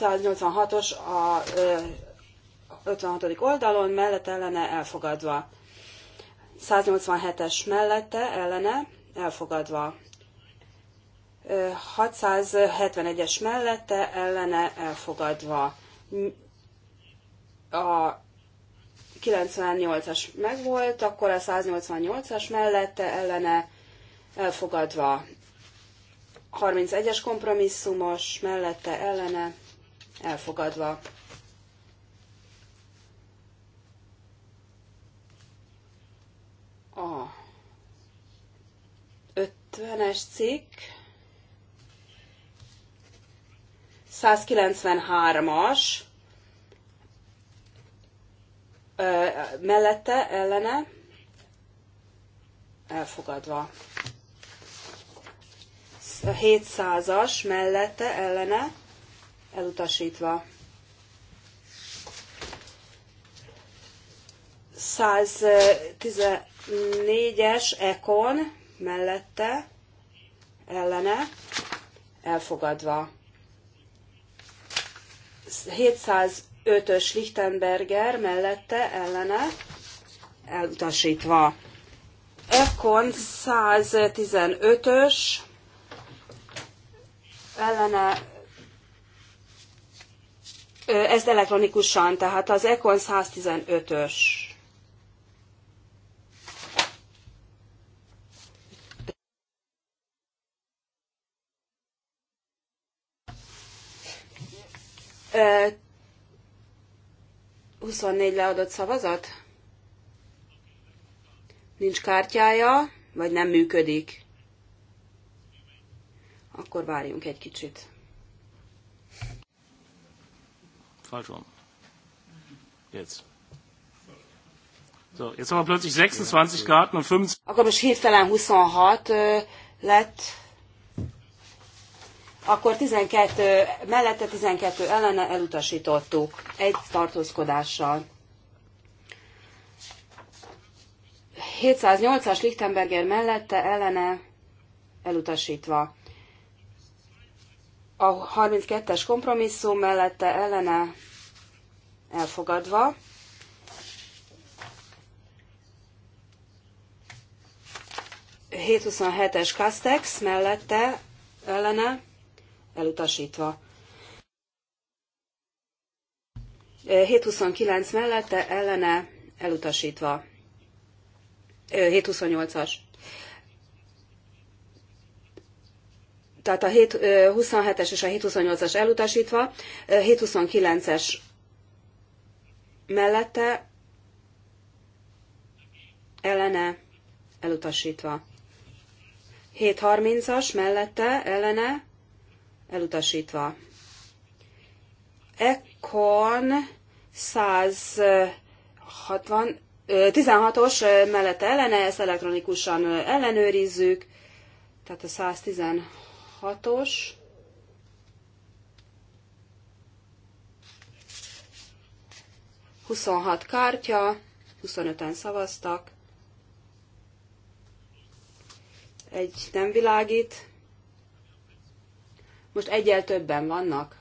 186-os a 56. oldalon, mellett ellene elfogadva. 187-es mellette ellene elfogadva. 671-es mellette ellene elfogadva. A 98-as megvolt, akkor a 188-as mellette ellene elfogadva. 31-es kompromisszumos mellette ellene elfogadva. A 70-es cikk, 193-as, mellette, ellene, elfogadva. 700-as mellette, ellene, elutasítva. 114-es Ekon mellette, ellene, elfogadva. 705-ös Lichtenberger mellette, ellene, elutasítva. Ekon 115-ös ellene ezt elektronikusan, tehát az Ekon 115-ös 24 leadott szavazat? Nincs kártyája, vagy nem működik? Akkor várjunk egy kicsit. Falsch Jetzt. So, jetzt haben wir plötzlich 26 Karten und 25. Akkor most hirtelen 26 lett akkor 12, mellette 12 ellene elutasítottuk egy tartózkodással. 708-as Lichtenberger mellette ellene elutasítva. A 32-es kompromisszum mellette ellene elfogadva. es Castex mellette ellene elutasítva. 729 mellette ellene elutasítva. 728-as. Tehát a 27 es és a 728-as elutasítva, 729-es mellette ellene elutasítva. 730-as mellette ellene elutasítva. Ekkon 160, 16-os mellette ellene, ezt elektronikusan ellenőrizzük, tehát a 116-os. Huszonhat kártya, 25-en szavaztak. Egy nem világít. Most egyel többen vannak.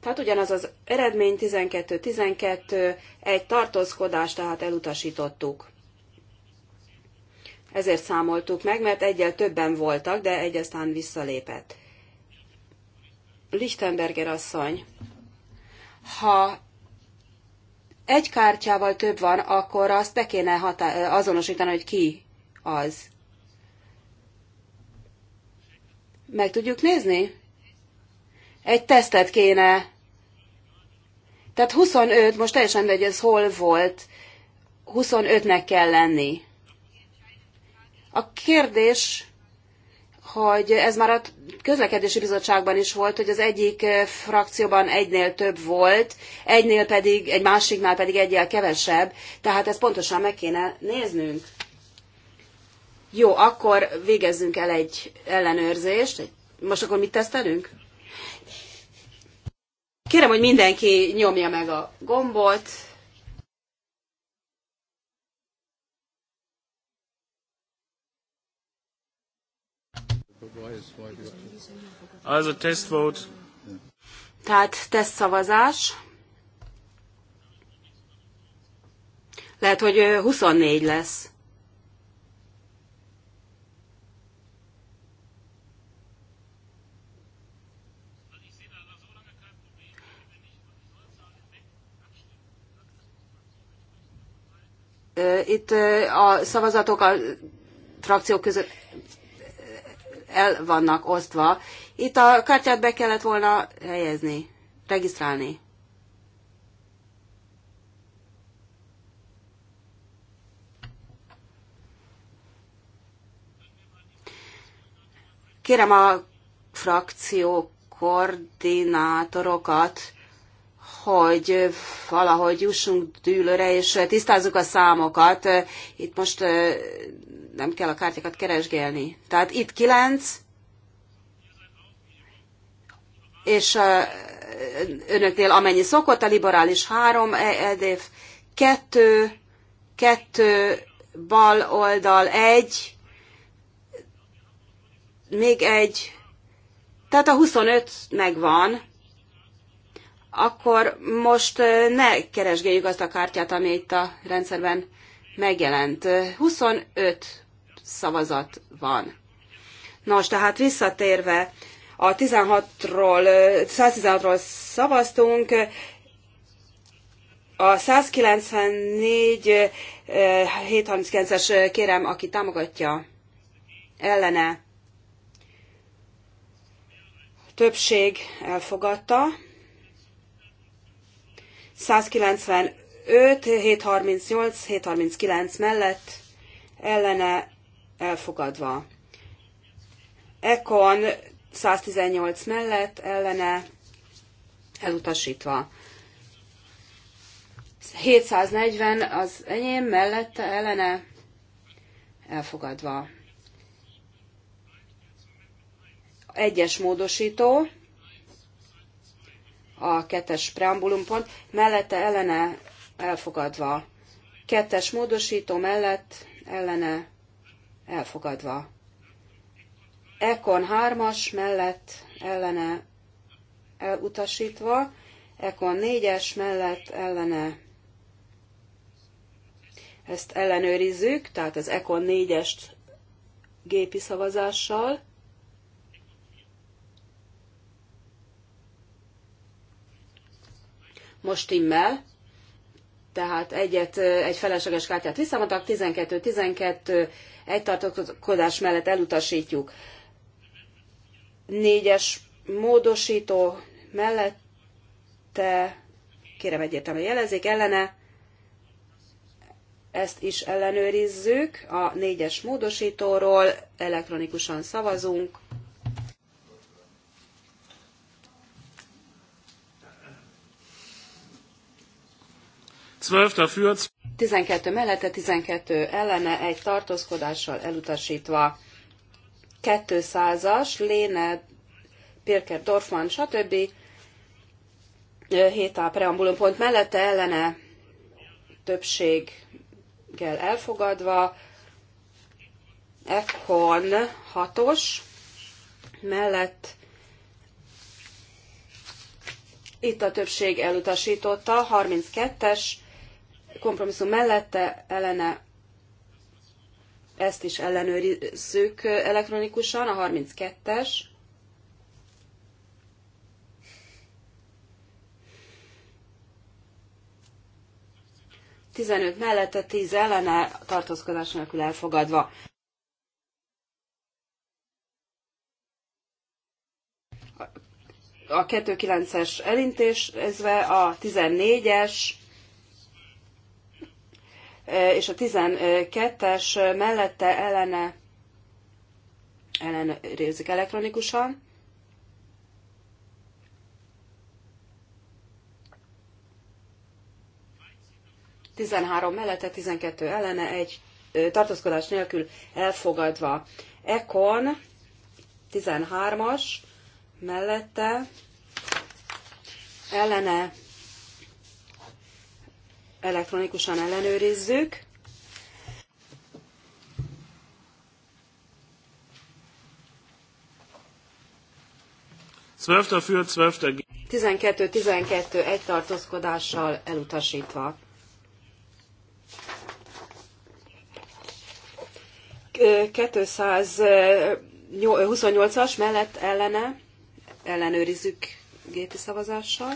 Tehát ugyanaz az eredmény 12-12, egy tartózkodás, tehát elutasítottuk. Ezért számoltuk meg, mert egyel többen voltak, de egy aztán visszalépett. Lichtenberger asszony, ha egy kártyával több van, akkor azt be kéne azonosítani, hogy ki az. Meg tudjuk nézni? Egy tesztet kéne. Tehát 25, most teljesen mindegy, ez hol volt, 25-nek kell lenni. A kérdés, hogy ez már a közlekedési bizottságban is volt, hogy az egyik eh, frakcióban egynél több volt, egynél pedig, egy másiknál pedig egyel kevesebb, tehát ezt pontosan meg kéne néznünk. Jó, akkor végezzünk el egy ellenőrzést. Most akkor mit tesztelünk? Kérem, hogy mindenki nyomja meg a gombot. a test vote. Tehát szavazás. Lehet, hogy 24 lesz. Itt a szavazatok a frakciók között el vannak osztva. Itt a kártyát be kellett volna helyezni, regisztrálni. Kérem a frakció koordinátorokat, hogy valahogy jussunk dűlőre, és tisztázzuk a számokat. Itt most nem kell a kártyákat keresgélni. Tehát itt kilenc, és önöknél amennyi szokott, a liberális három, EDF e kettő, kettő, bal oldal egy, még egy, tehát a 25 megvan, akkor most ne keresgéljük azt a kártyát, ami itt a rendszerben megjelent. 25 szavazat van. Nos, tehát visszatérve, a 16-ról, 116-ról szavaztunk, a 194 739-es kérem, aki támogatja ellene többség elfogadta. 195, 738, 739 mellett ellene elfogadva. Ekon 118 mellett ellene elutasítva. 740 az enyém mellette ellene elfogadva. Egyes módosító a kettes preambulumpont, mellette ellene elfogadva. Kettes módosító mellett ellene elfogadva. Ekon 3 mellett ellene elutasítva, Ekon négyes mellett ellene ezt ellenőrizzük, tehát az Ekon 4 gépi szavazással. most timmel, tehát egyet, egy felesleges kártyát visszamadtak, 12-12 egy tartókodás mellett elutasítjuk. Négyes módosító mellette, kérem egyértelműen jelezzék, ellene, ezt is ellenőrizzük, a négyes módosítóról elektronikusan szavazunk. 12 dafür. 12 mellette, 12 ellene, egy tartózkodással elutasítva. 200-as, Léne, Pirker, Dorfman, stb. 7A preambulum pont mellette, ellene, többséggel elfogadva. Ekon 6-os, mellett itt a többség elutasította, 32-es, kompromisszum mellette ellene ezt is ellenőrizzük elektronikusan, a 32-es. Tizenöt mellette, tíz ellene, tartózkodás nélkül elfogadva. A 2.9-es elintézve, a 14-es és a 12-es mellette ellene ellenőrizzük elektronikusan. Tizenhárom mellette, 12 ellene, egy tartózkodás nélkül elfogadva. Ekon 13-as mellette ellene elektronikusan ellenőrizzük. Dafür, 12 12 egy tartózkodással elutasítva. Ö, 228-as mellett ellene ellenőrizzük gépi szavazással.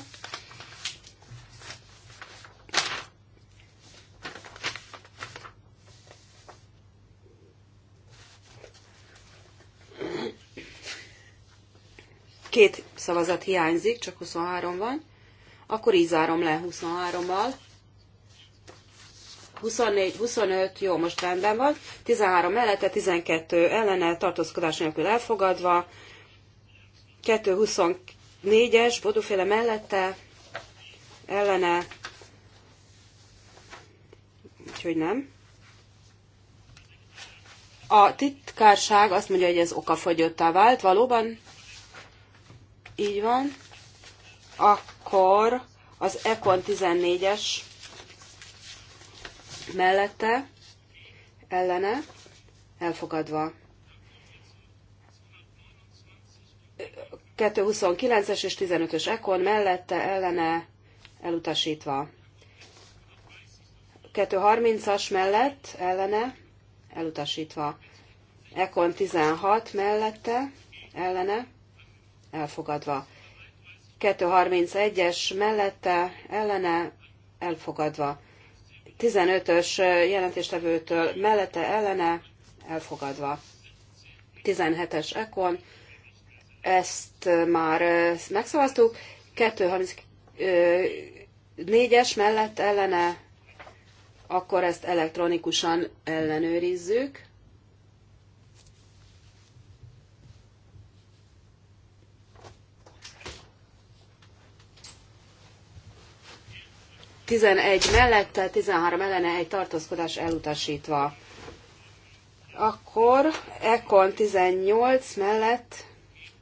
két szavazat hiányzik, csak 23 van, akkor így zárom le 23-mal. 24, 25, jó, most rendben van. 13 mellette, 12 ellene, tartózkodás nélkül elfogadva. 2, 24-es, bodóféle mellette, ellene. Úgyhogy nem. A titkárság azt mondja, hogy ez okafogyottá vált, valóban így van. Akkor az Econ 14-es mellette, ellene, elfogadva. 229-es és 15-ös Econ mellette, ellene, elutasítva. 230-as mellett, ellene, elutasítva. Econ 16 mellette, ellene, elfogadva. 231-es mellette ellene elfogadva. 15-ös jelentéstevőtől mellette ellene elfogadva. 17-es ekon, ezt már megszavaztuk. 234-es mellett ellene, akkor ezt elektronikusan ellenőrizzük. 11 mellette, 13 ellene egy tartózkodás elutasítva. Akkor Ekon 18 mellett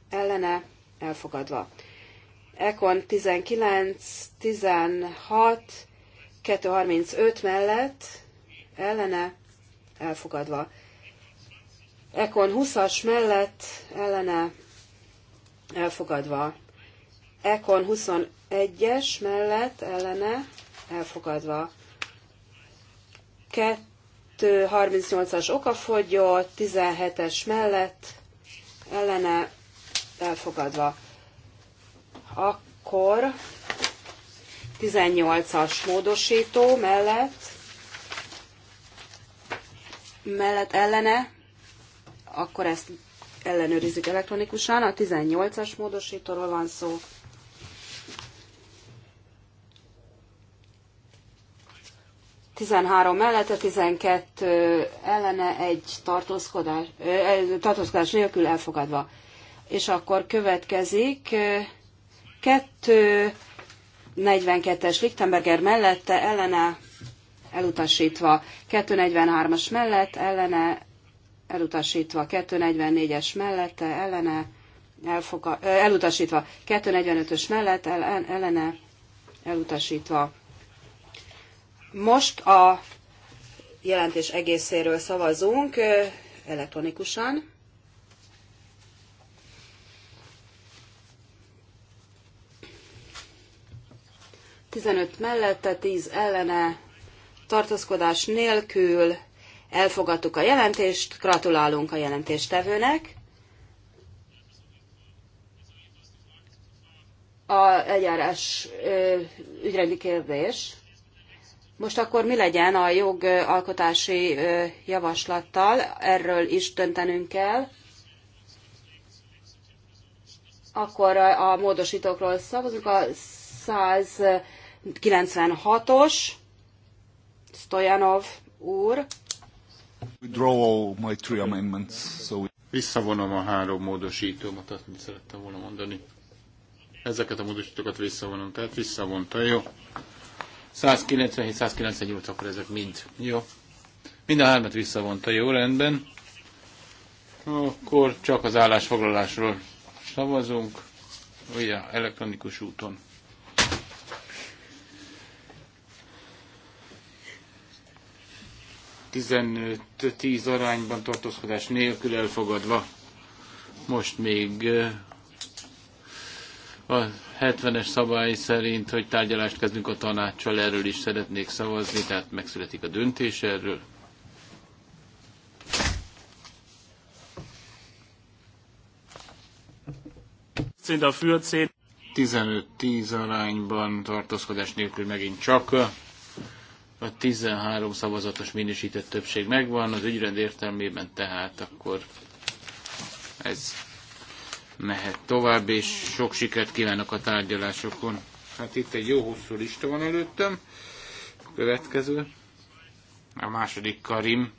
ellene elfogadva. Ekon 19, 16, 235 mellett ellene elfogadva. Ekon 20-as mellett ellene elfogadva. Ekon 21-es mellett ellene elfogadva. 238-as okafogyó, 17-es mellett ellene elfogadva. Akkor 18-as módosító mellett mellett ellene, akkor ezt ellenőrizzük elektronikusan. A 18-as módosítóról van szó. 13 mellette, 12 ellene, egy tartózkodás, tartózkodás nélkül elfogadva. És akkor következik 2 42-es Lichtenberger mellette, ellene elutasítva, 243-as mellett, ellene elutasítva, 244-es mellette, ellene elfoga, elutasítva, 245-ös mellett, ellene elutasítva. Most a jelentés egészéről szavazunk elektronikusan. Tizenöt mellette, tíz ellene, tartózkodás nélkül elfogadtuk a jelentést, gratulálunk a jelentéstevőnek. A eljárás ügyrendi kérdés. Most akkor mi legyen a jogalkotási javaslattal? Erről is döntenünk kell. Akkor a módosítókról szavazunk. A 196-os Stojanov úr. Visszavonom a három módosítómat, azt szerettem volna mondani. Ezeket a módosítókat visszavonom, tehát visszavonta, jó? 197, 198, akkor ezek mind. Jó. Mind a hármat visszavonta, jó rendben. Akkor csak az állásfoglalásról szavazunk, ugye elektronikus úton. Tizenöt-tíz arányban tartózkodás nélkül elfogadva. Most még a 70-es szabály szerint, hogy tárgyalást kezdünk a tanácssal, erről is szeretnék szavazni, tehát megszületik a döntés erről. Dafür 10. 15-10 arányban tartózkodás nélkül megint csak a 13 szavazatos minősített többség megvan, az ügyrend értelmében tehát akkor ez mehet tovább, és sok sikert kívánok a tárgyalásokon. Hát itt egy jó hosszú lista van előttem. Következő. A második Karim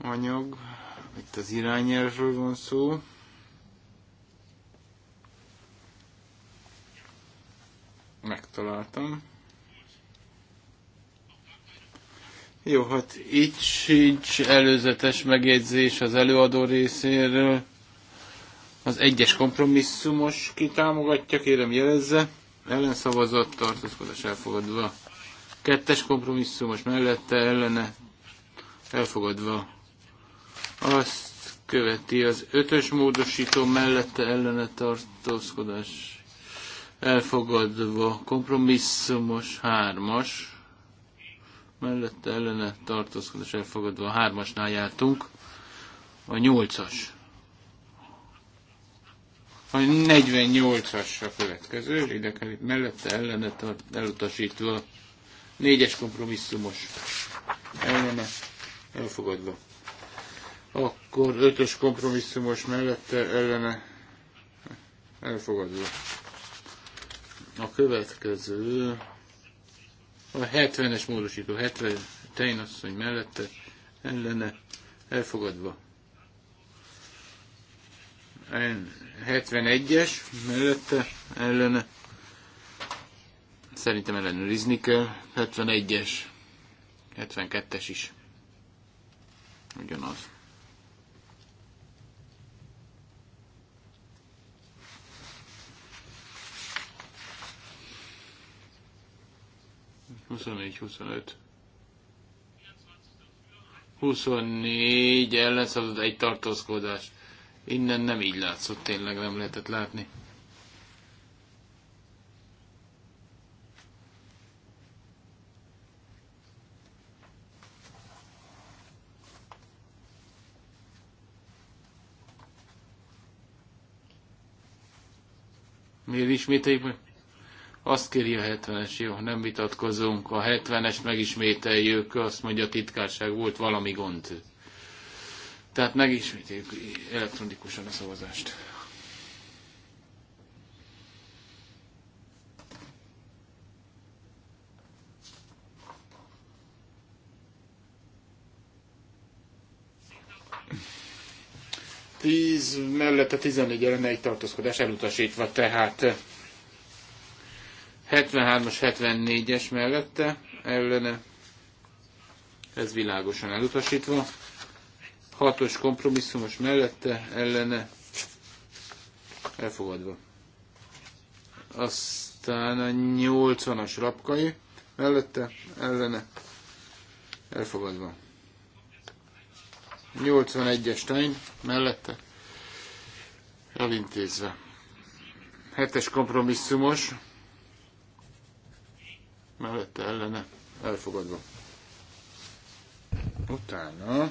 anyag. Itt az irányelvről van szó. Megtaláltam. Jó, hát itt sincs előzetes megjegyzés az előadó részéről. Az egyes kompromisszumos kitámogatja, kérem jelezze. Ellenszavazat, tartózkodás elfogadva. Kettes kompromisszumos mellette, ellene elfogadva. Azt követi az ötös módosító mellette ellene tartózkodás elfogadva. Kompromisszumos hármas mellette ellene tartózkodás elfogadva. A hármasnál jártunk. A nyolcas. A 48-as a következő, ide kell itt mellette ellene tart, elutasítva. Négyes kompromisszumos ellene elfogadva. Akkor ötös kompromisszumos mellette ellene elfogadva. A következő a 70-es módosító, 70 teinasszony mellette ellene elfogadva. 71-es mellette ellene. Szerintem ellenőrizni kell. 71-es, 72-es is. Ugyanaz. 24-25. 24 ellen szavazott egy tartózkodás. Innen nem így látszott, tényleg nem lehetett látni. Miért ismételjük meg? Azt kéri a 70-es, jó, nem vitatkozunk, a 70-est megismételjük, azt mondja a titkárság, volt valami gond. Tehát megismételjük elektronikusan a szavazást. Tíz mellette 14 ellen egy tartózkodás elutasítva, tehát 73-as, 74-es mellette ellene. Ez világosan elutasítva. 6-os kompromisszumos mellette ellene. Elfogadva. Aztán a 80-as rapkai mellette ellene. Elfogadva. 81-es Stein mellette elintézve. 7-es kompromisszumos mellette ellene elfogadva. Utána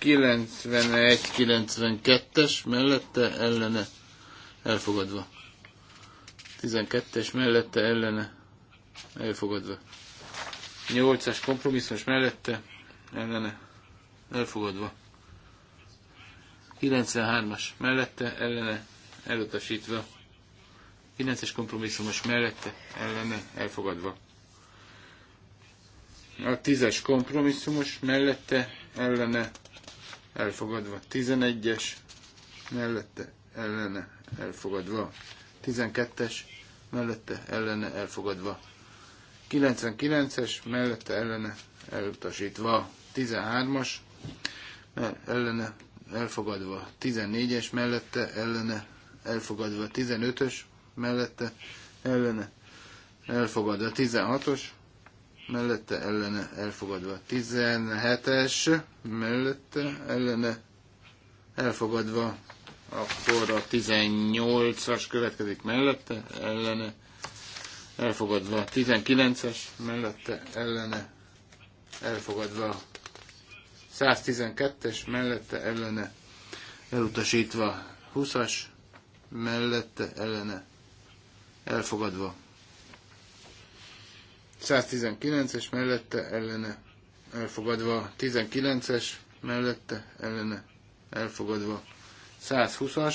91-92-es mellette ellene elfogadva. 12-es mellette ellene elfogadva. 8-as kompromisszumos mellette ellene elfogadva. 93-as mellette ellene elutasítva. 9-es kompromisszumos mellette ellene elfogadva. A 10-es kompromisszumos mellette ellene elfogadva. 11-es mellette ellene elfogadva. 12-es mellette ellene elfogadva. 99-es mellette ellene elutasítva. 13-as ellene elfogadva. 14-es mellette ellene elfogadva. 15-ös mellette ellene elfogadva. 16-os mellette ellene elfogadva. 17-es mellette ellene elfogadva. Akkor a 18-as következik mellette ellene elfogadva. 19-es mellette ellene elfogadva. 112-es mellette ellene elutasítva. 20-as mellette ellene elfogadva. 119-es mellette ellene elfogadva, 19-es mellette ellene elfogadva, 120-as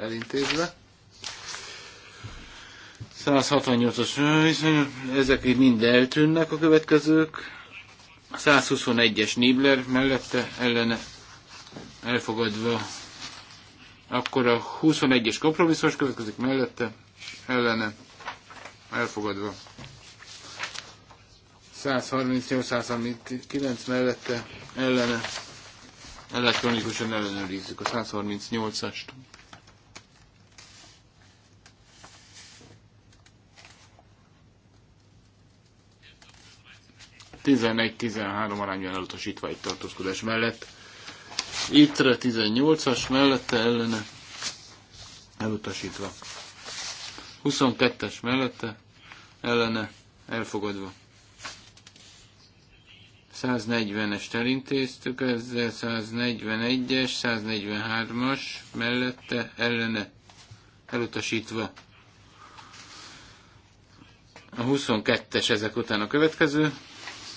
elintézve. 168-as, ezek így mind eltűnnek a következők. 121-es Nibler mellette ellene elfogadva. Akkor a 21-es kompromisszos következik mellette ellene elfogadva. 138-139 mellette ellene elektronikusan ellenőrizzük a 138-ast. Tizenegy-tizenhárom arányban elutasítva egy tartózkodás mellett. Ittre 18-as mellette ellene elutasítva. 22-es mellette ellene elfogadva. 140-es terintéztük ezzel 141-es, 143-as mellette ellene elutasítva. A 22-es ezek után a következő,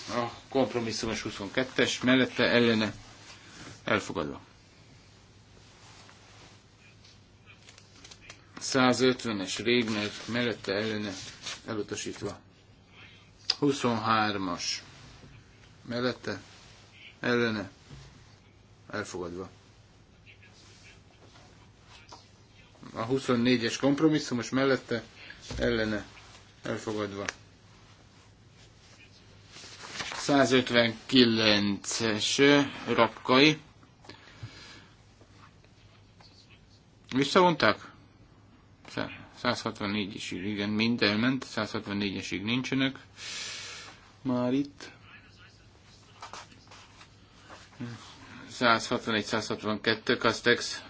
a kompromisszumos 22-es mellette ellene elfogadva. 150-es Régner mellette ellene elutasítva. 23-as mellette ellene elfogadva. A 24-es kompromisszumos mellette ellene elfogadva. 159-es rapkai. Visszavonták? 164 is igen, mind elment, 164-esig nincsenek már itt. 161-162 Castex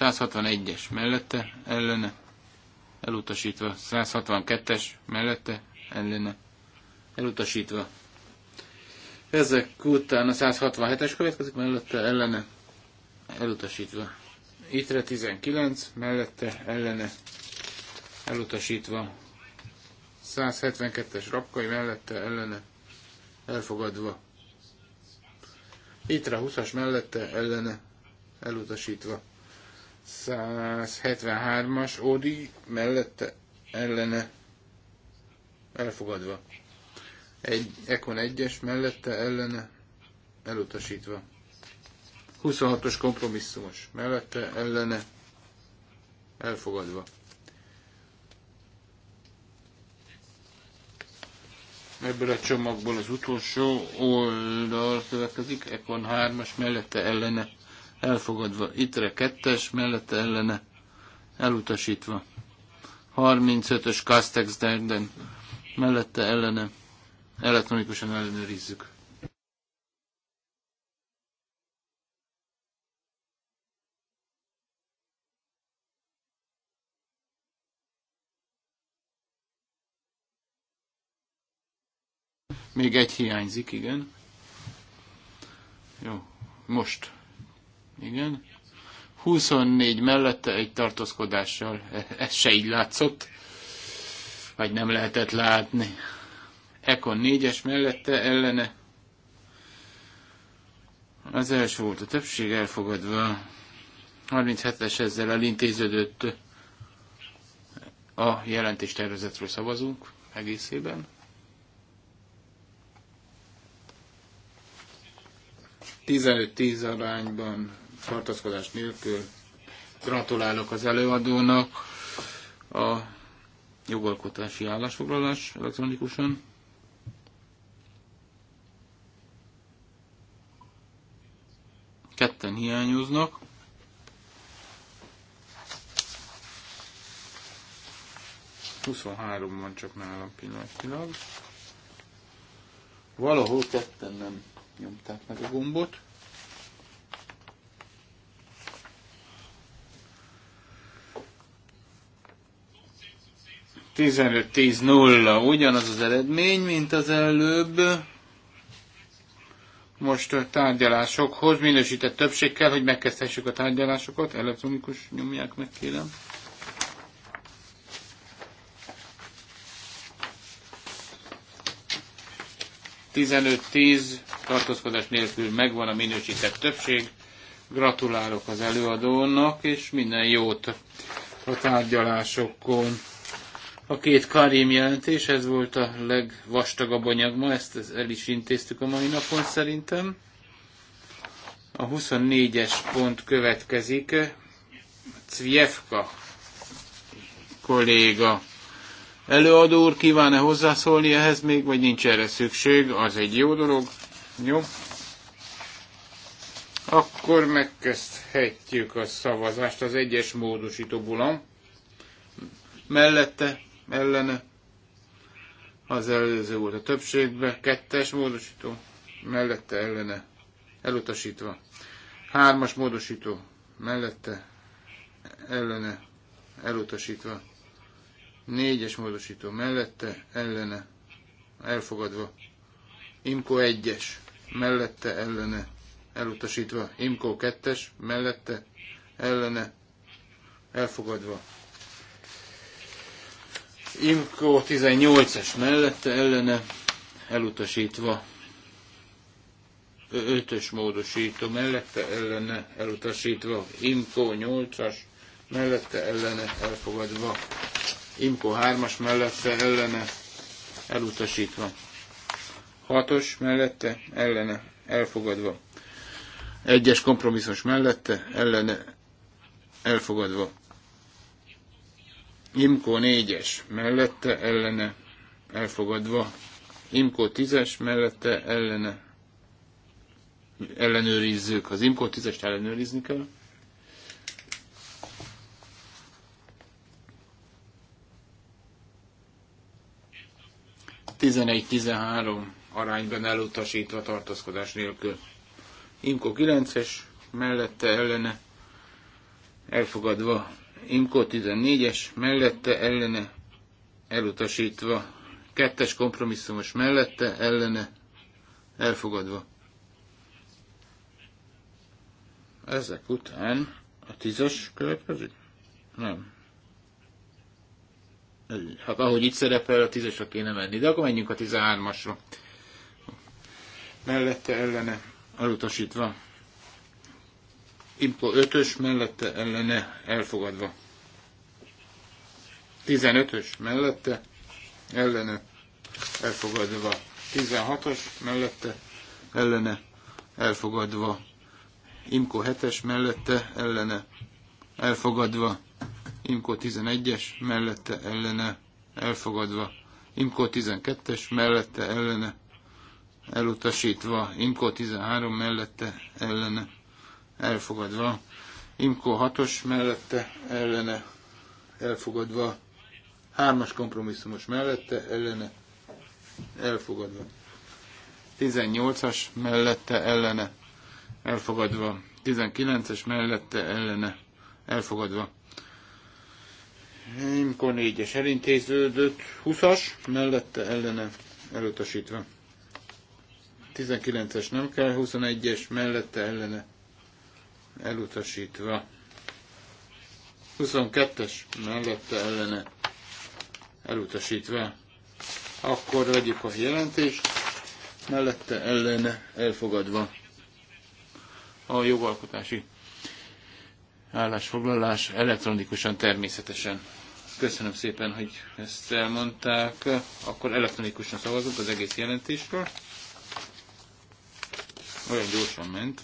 161-es mellette, ellene, elutasítva, 162-es mellette, ellene, elutasítva. Ezek után a 167-es következik mellette, ellene, elutasítva. Itre 19, mellette ellene elutasítva. 172-es rapkai mellette ellene elfogadva. Itre 20-as mellette ellene elutasítva. 173-as Odi mellette ellene elfogadva. Egy, Ekon 1-es mellette ellene elutasítva. 26-os kompromisszumos mellette ellene elfogadva. Ebből a csomagból az utolsó oldal következik, Ekon 3-as mellette ellene elfogadva, Itre 2-es mellette ellene elutasítva. 35-ös Castex Derden mellette ellene elektronikusan ellenőrizzük. Még egy hiányzik, igen. Jó, most. Igen. 24 mellette egy tartózkodással. E, ez se így látszott. Vagy nem lehetett látni. Ekon 4-es mellette ellene. Az első volt a többség elfogadva. 37-es ezzel elintéződött a jelentéstervezetről szavazunk egészében. 15-10 arányban tartozkodás nélkül. Gratulálok az előadónak a jogalkotási állásfoglalás elektronikusan. Ketten hiányoznak. Huszonhárom van csak nálam pillanatilag. Valahol ketten nem nyomták meg a gombot. Tizenöt tíz nulla, ugyanaz az eredmény, mint az előbb. Most a tárgyalásokhoz minősített többség kell, hogy megkezdhessük a tárgyalásokat. Elektronikus nyomják meg, kérem. Tizenöt tíz tartózkodás nélkül megvan a minősített többség. Gratulálok az előadónak, és minden jót a tárgyalásokon. A két Karim jelentés, ez volt a legvastagabb anyag ma, ezt el is intéztük a mai napon szerintem. A 24-es pont következik. Cvjevka kolléga. Előadó úr, kíván-e hozzászólni ehhez még, vagy nincs erre szükség? Az egy jó dolog. Jó. Akkor megkezdhetjük a szavazást az egyes módosító bulam. Mellette, ellene, az előző volt a többségbe, kettes módosító, mellette, ellene, elutasítva. Hármas módosító, mellette, ellene, elutasítva. Négyes módosító, mellette, ellene, elfogadva. Imko egyes mellette ellene elutasítva, Imkó 2-es, mellette ellene elfogadva. Imkó 18-es mellette ellene elutasítva. 5-ös módosító mellette ellene elutasítva. Imkó 8-as mellette ellene elfogadva. Imkó 3-as mellette ellene elutasítva. Hatos mellette ellene elfogadva. Egyes kompromisszos mellette ellene elfogadva. Imko 4-es mellette ellene elfogadva. Imko 10-es mellette ellene ellenőrizzük. Az Imko 10-est ellenőrizni kell. Tizenegy, tizenhárom arányban elutasítva tartózkodás nélkül. Imko 9-es, mellette ellene elfogadva. Imko 14-es, mellette ellene elutasítva. Kettes kompromisszumos mellette ellene elfogadva. Ezek után a tízes következik? Nem. Hát ahogy itt szerepel, a tízesre kéne menni, de akkor menjünk a 13-asra mellette ellene elutasítva. Impo 5-ös mellette ellene elfogadva. 15-ös mellette ellene elfogadva. 16-os mellette ellene elfogadva. Imko 7-es mellette ellene elfogadva. Imko 11-es mellette ellene elfogadva. Imko 12-es mellette ellene elutasítva, Imko 13 mellette ellene elfogadva, Imko 6-os mellette ellene elfogadva, 3-as kompromisszumos mellette ellene elfogadva, 18-as mellette ellene elfogadva, 19-es mellette ellene elfogadva. Imkor 4-es elintéződött, 20-as mellette ellene elutasítva. 19-es nem kell, 21-es mellette ellene elutasítva. 22-es mellette ellene elutasítva. Akkor vegyük a jelentést, mellette ellene elfogadva a jogalkotási állásfoglalás elektronikusan természetesen. Köszönöm szépen, hogy ezt elmondták. Akkor elektronikusan szavazunk az egész jelentésről. Olyan gyorsan ment.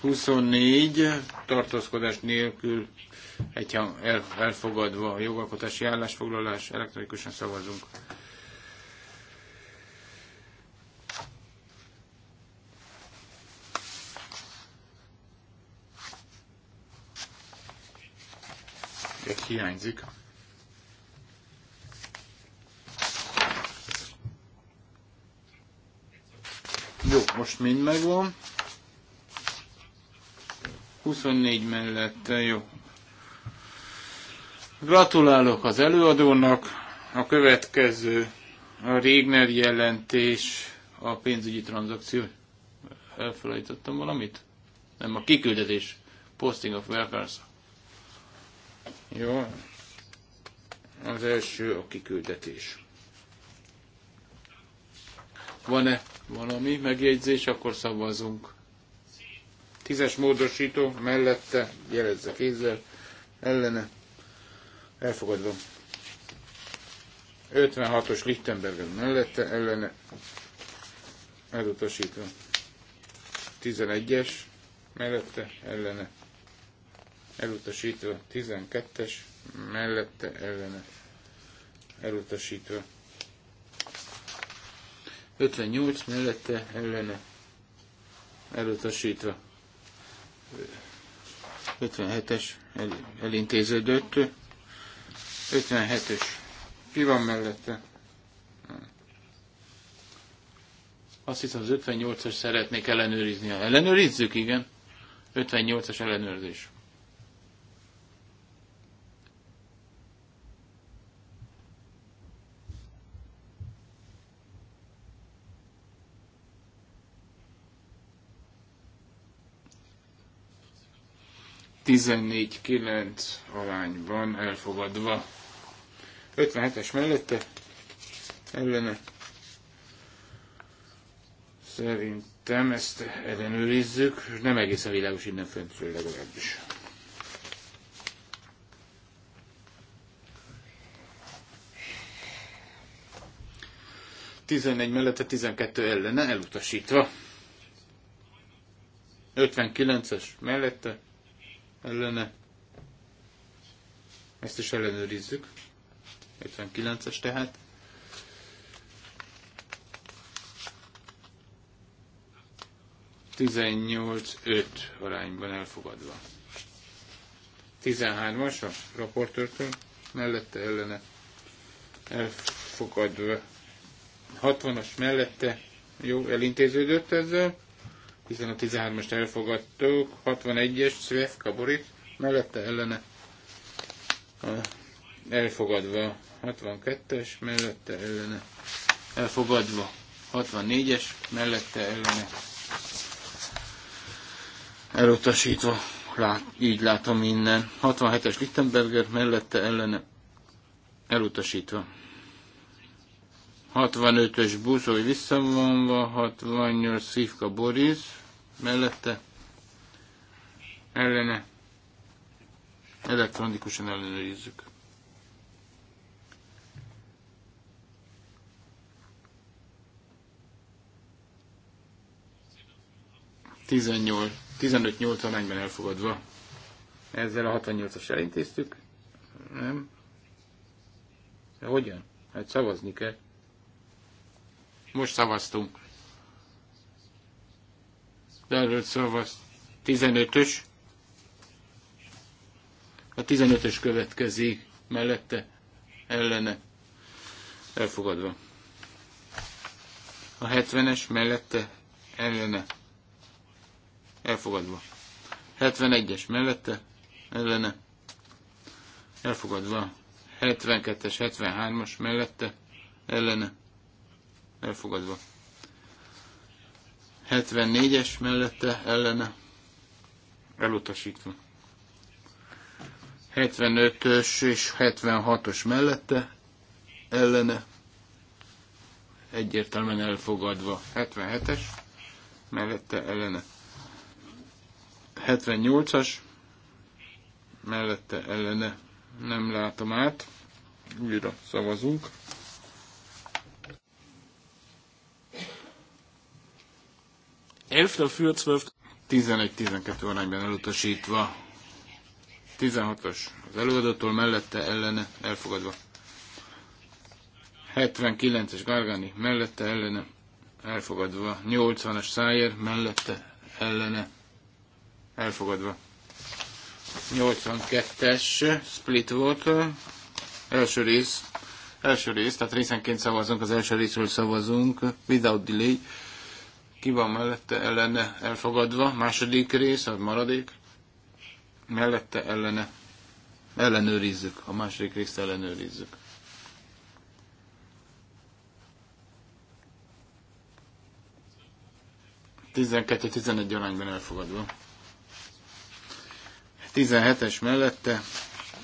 Huszonnégy tartózkodás nélkül egy elfogadva a jogalkotási állásfoglalás, elektronikusan szavazunk. Egy hiányzik. Jó, most mind megvan. 24 mellette, jó. Gratulálok az előadónak. A következő a Régner jelentés a pénzügyi tranzakció. Elfelejtettem valamit? Nem, a kiküldetés. Posting of Welfare. Jó. Az első a kiküldetés. Van-e valami megjegyzés, akkor szavazunk. Tízes módosító mellette, jelezze kézzel, ellene. Elfogadva. 56-os Lichtenberger mellette, ellene. Elutasítva. 11-es mellette, ellene. Elutasítva. 12-es mellette, ellene. Elutasítva. 58 mellette ellene elutasítva. 57-es el, elintéződött. 57-ös. Ki van mellette? Azt hiszem az 58-as szeretnék ellenőrizni. Ellenőrizzük, igen. 58-as ellenőrzés. 14-9 arányban elfogadva. 57-es mellette ellene. Szerintem ezt ellenőrizzük, nem egészen világos innen föntről legalábbis. Tizenegy mellette 12 ellene elutasítva. 59-es mellette ellene. Ezt is ellenőrizzük. 59-es tehát. Tizennyolc öt arányban elfogadva. 13-as a raportőrtől, mellette ellene elfogadva. 60-as mellette, jó, elintéződött ezzel hiszen a 13-est elfogadtuk, 61-es Svefka Kaborit, mellette ellene a elfogadva, 62-es mellette ellene elfogadva, 64-es mellette ellene elutasítva, lát, így látom minden, 67-es Lichtenberger mellette ellene elutasítva. 65-ös busz, visszavonva, 68 Szívka Boris, mellette ellene elektronikusan ellenőrizzük. Tizennyolc, 15-8 arányban elfogadva. Ezzel a 68-as elintéztük? Nem? De hogyan? Hát szavazni kell. Most szavaztunk erről szavaz. 15-ös. A 15-ös következik mellette, ellene. Elfogadva. A 70-es mellette, ellene. Elfogadva. 71-es mellette, ellene. Elfogadva. 72-es, 73-as mellette, ellene. Elfogadva. 74-es mellette ellene elutasítva. 75-ös és 76-os mellette ellene egyértelműen elfogadva. 77-es mellette ellene. 78-as mellette ellene nem látom át. Újra szavazunk. 11 dafür, 12. 11-12 arányban elutasítva. 16-os az előadótól mellette ellene elfogadva. 79-es Gargani mellette ellene elfogadva. 80-as Szájer mellette ellene elfogadva. 82-es split volt. Első rész. Első rész, tehát részenként szavazunk, az első részről szavazunk. Without delay ki van mellette ellene elfogadva? Második rész, a maradék. Mellette ellene. Ellenőrizzük. A második részt ellenőrizzük. Tizenkettő, tizenegy arányban elfogadva. 17-es mellette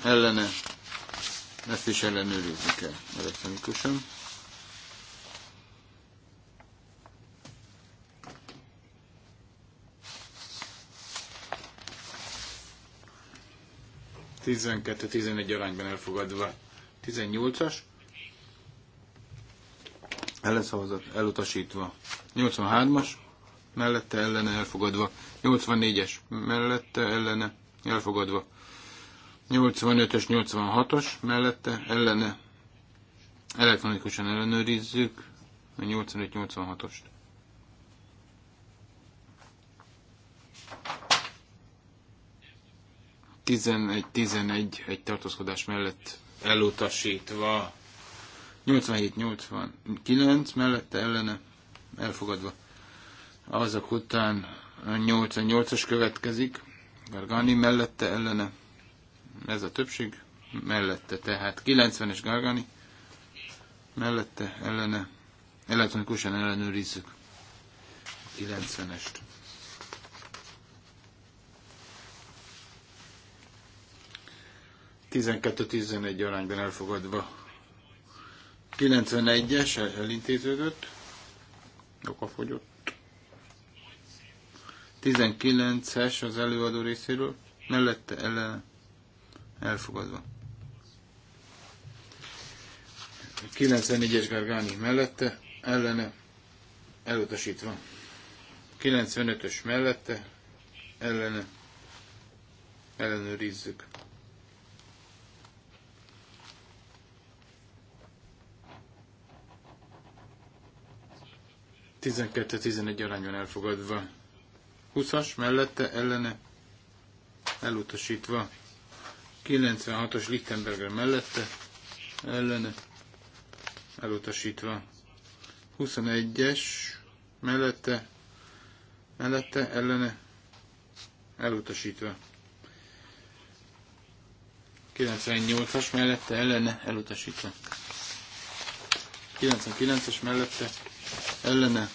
ellene ezt is ellenőrizni kell elektronikusan. 12-11 arányban elfogadva. 18-as, ellenszavazat elutasítva. 83-as, mellette ellene elfogadva. 84-es, mellette ellene elfogadva. 85-ös, 86-os, mellette ellene elektronikusan ellenőrizzük a 85-86-ost. 11-11 egy tartózkodás mellett elutasítva. 87-89 mellette ellene elfogadva. Azok után 88-as következik. Gargani mellette ellene. Ez a többség. Mellette tehát 90-es Gargani. Mellette ellene. Elektronikusan ellenőrizzük. 90-est. 12-11 arányban elfogadva. 91-es elintéződött, okafogyott. 19-es az előadó részéről, mellette ele elfogadva. 94-es Gargáni mellette, ellene elutasítva. 95-ös mellette, ellene ellenőrizzük. 12-11 arányban elfogadva. 20-as mellette ellene elutasítva. 96-os Lichtenberger mellette ellene elutasítva. 21-es mellette mellette ellene elutasítva. 98-as mellette ellene elutasítva. 99-es mellette ellene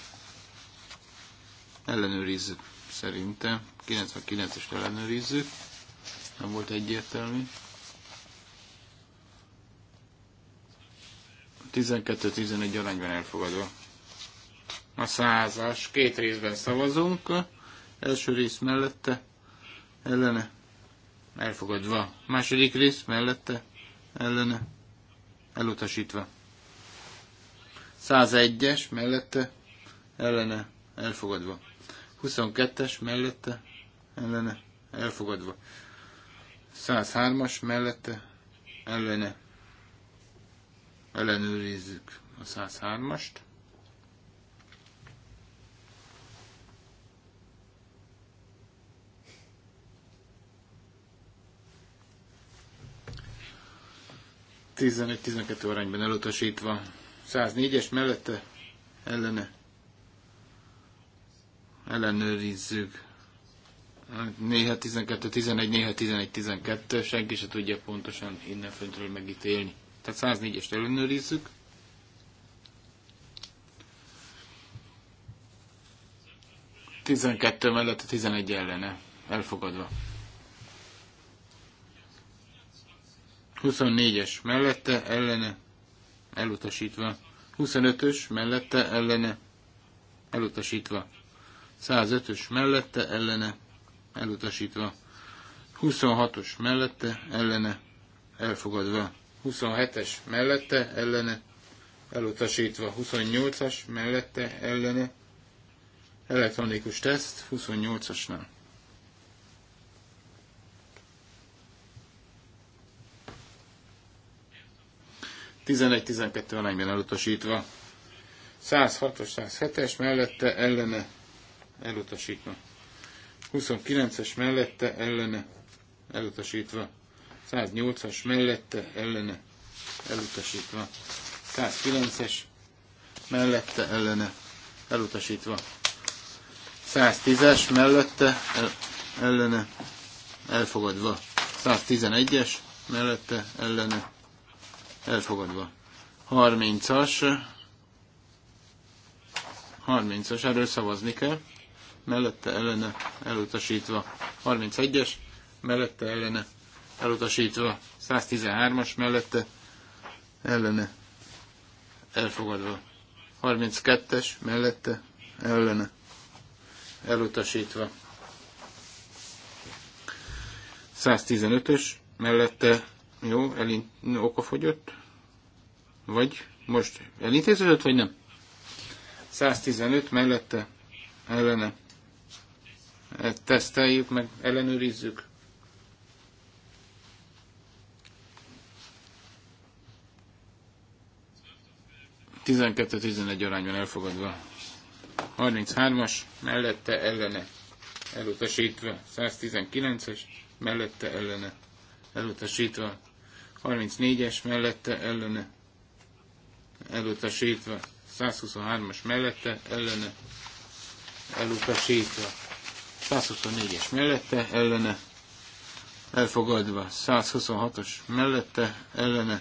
ellenőrizzük szerintem. 99-est ellenőrizzük. Nem volt egyértelmű. 12-11 arányban elfogadva. A százas. Két részben szavazunk. Első rész mellette ellene elfogadva. Második rész mellette ellene elutasítva. 101-es mellette ellene elfogadva. 22-es mellette ellene elfogadva. 103-as mellette ellene ellenőrizzük a 103-ast. Tizenegy-tizenkettő arányban elutasítva. 104-es mellette ellene ellenőrizzük. Néha 12, 11, néha 11, 12, senki se tudja pontosan innen föntről megítélni. Tehát 104-est ellenőrizzük. Tizenkettő mellett a tizenegy ellene. Elfogadva. 24-es mellette, ellene, elutasítva. 25-ös mellette ellene elutasítva. 105-ös mellette ellene elutasítva. 26-os mellette ellene elfogadva. 27-es mellette ellene elutasítva. 28-as mellette ellene elektronikus teszt 28-asnál. 11-12 arányban elutasítva. 106-os, 107-es mellette ellene elutasítva. 29-es mellette ellene elutasítva. 108-as mellette ellene elutasítva. 109-es mellette ellene elutasítva. 110-es mellette ellene elfogadva. 111-es mellette ellene elfogadva. 30-as, 30-as, erről szavazni kell, mellette ellene elutasítva. 31-es, mellette ellene elutasítva. 113-as, mellette ellene elfogadva. 32-es, mellette ellene elutasítva. 115-ös, mellette jó, elint, okafogyott. Vagy most elintéződött, vagy nem? 115 mellette ellene. Ezt teszteljük meg, ellenőrizzük. Tizenkettő 11 arányban elfogadva. 33-as, mellette ellene. Elutasítva. 119-es, mellette ellene. Elutasítva. 34-es mellette ellene elutasítva, 123-as mellette ellene elutasítva, 124-es mellette ellene elfogadva, 126-os mellette ellene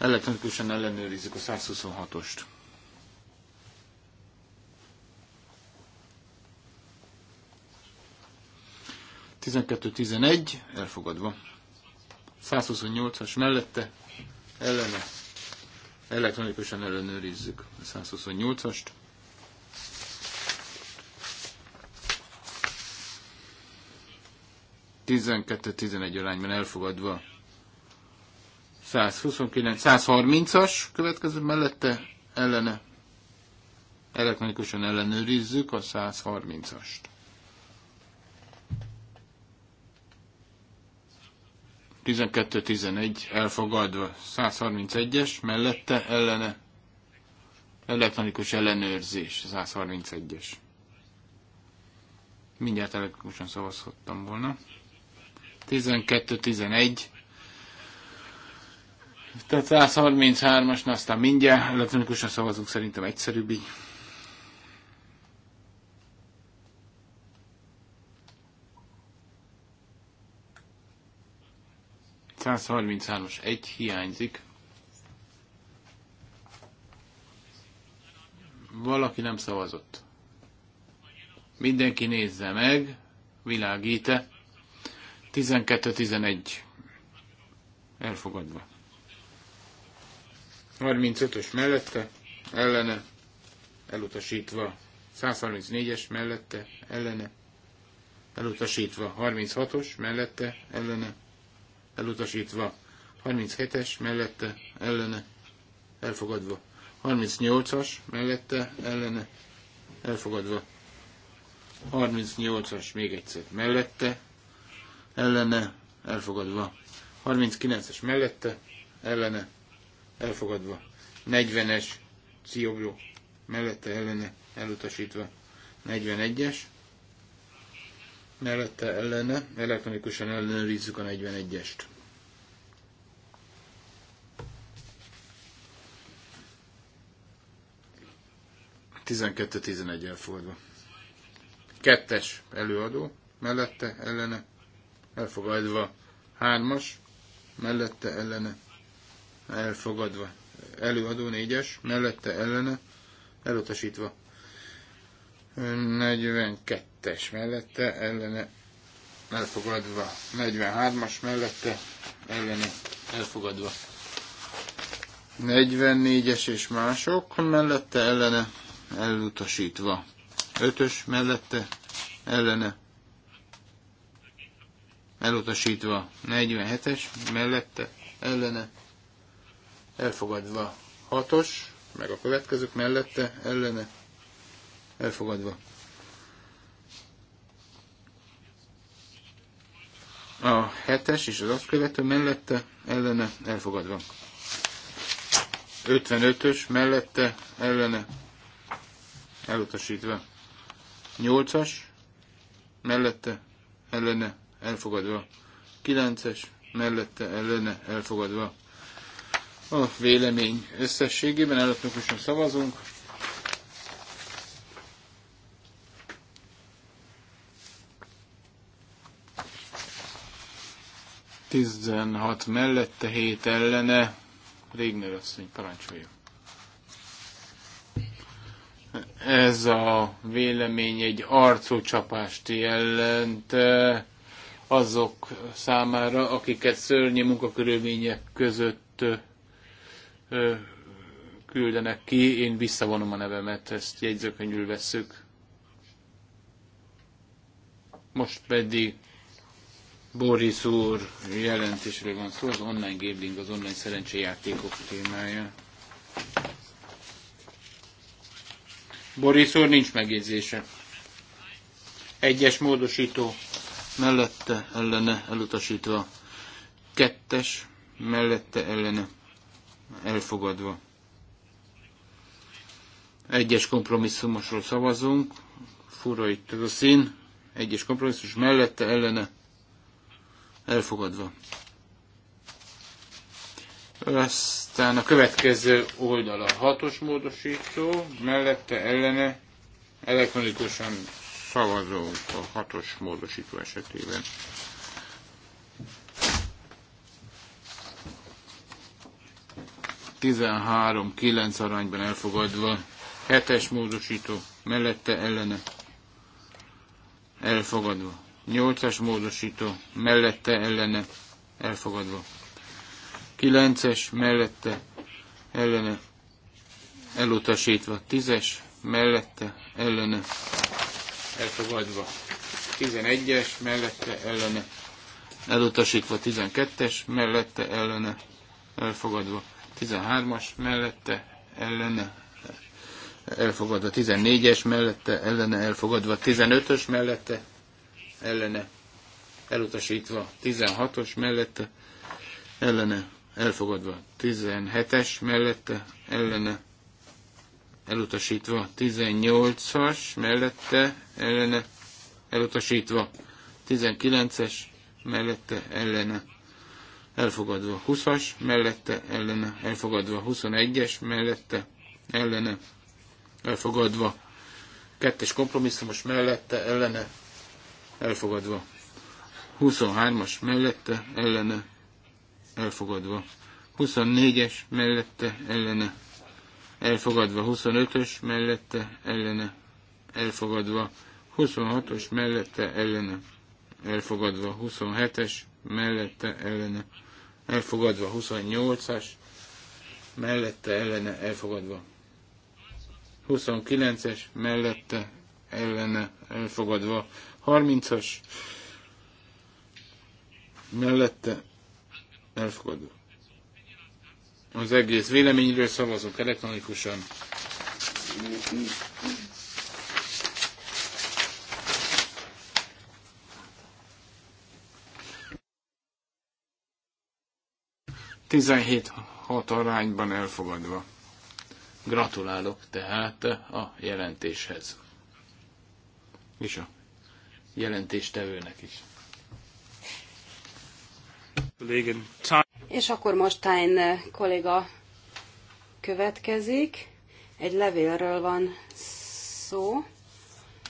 elektronikusan ellenőrizzük a 126-ost. Tizenkettő-tizenegy, elfogadva. 128-as mellette ellene elektronikusan ellenőrizzük a 128-ast. Tizenkettő, tizenegy arányban elfogadva. 129, 130-as következő mellette ellene. Elektronikusan ellenőrizzük a 130-ast. 12-11 elfogadva. 131-es mellette ellene elektronikus ellenőrzés. 131-es. Mindjárt elektronikusan szavazhattam volna. 12-11. Tehát 133-as, aztán mindjárt elektronikusan szavazunk, szerintem egyszerűbb így. 133-as egy hiányzik. Valaki nem szavazott. Mindenki nézze meg, világíte. 12-11. Elfogadva. 35-ös mellette, ellene, elutasítva. 134-es mellette, ellene, elutasítva. 36-os mellette, ellene, elutasítva. 37-es mellette ellene elfogadva. 38-as mellette ellene elfogadva. 38-as még egyszer mellette ellene elfogadva. 39-es mellette ellene elfogadva. 40-es Ciobró mellette ellene elutasítva. 41-es mellette ellene, elektronikusan ellenőrizzük a 41-est. Tizenkettő tizenegy elfogadva. Kettes előadó, mellette ellene, elfogadva. Hármas, mellette ellene, elfogadva. Előadó négyes, mellette ellene, elutasítva 42-es mellette ellene elfogadva. 43-as mellette ellene elfogadva. 44-es és mások mellette ellene elutasítva. 5-ös mellette ellene elutasítva. 47-es mellette ellene elfogadva. 6-os meg a következők mellette ellene elfogadva. A hetes és az azt követő mellette ellene elfogadva. 55-ös mellette ellene elutasítva. 8-as mellette ellene elfogadva. 9-es mellette ellene elfogadva. A vélemény összességében is szavazunk. 16 mellette, 7 ellene. Régner asszony, parancsolja. Ez a vélemény egy arcócsapást jelent eh, azok számára, akiket szörnyű munkakörülmények között eh, küldenek ki. Én visszavonom a nevemet, ezt jegyzőkönyvül veszük. Most pedig Boris úr jelentésről van szó, az online gaming, az online szerencséjátékok témája. Boris úr nincs megjegyzése. Egyes módosító mellette ellene elutasítva. Kettes mellette ellene elfogadva. Egyes kompromisszumosról szavazunk. Fura itt ez a szín. Egyes kompromisszus mellette ellene Elfogadva. Aztán a következő oldal a hatos módosító, mellette ellene elektronikusan szavazunk a hatos módosító esetében. Tizenhárom, kilenc arányban elfogadva, hetes módosító, mellette ellene elfogadva. 8-as módosító mellette ellene elfogadva. 9-es mellette ellene elutasítva. 10-es mellette ellene elfogadva. 11-es mellette ellene elutasítva. 12-es mellette ellene elfogadva. 13-as mellette ellene elfogadva. 14-es mellette ellene elfogadva. 15-ös mellette ellene elutasítva, 16-os mellette ellene elfogadva, 17-es mellette ellene elutasítva, 18-as mellette ellene elutasítva, 19-es mellette ellene elfogadva, 20-as mellette ellene elfogadva, 21-es mellette ellene elfogadva, kettes kompromisszumos mellette ellene elfogadva. 23-as mellette ellene elfogadva. 24-es mellette ellene elfogadva. 25-ös mellette ellene elfogadva. 26-os mellette ellene elfogadva. 27-es mellette ellene elfogadva. 28-as mellette ellene elfogadva. 29-es mellette ellene elfogadva. 30-as mellette elfogadó. Az egész véleményről szavazok elektronikusan. Tizenhét hat arányban elfogadva. Gratulálok tehát a jelentéshez. És a jelentéstevőnek is. És akkor most Tain kolléga következik. Egy levélről van szó.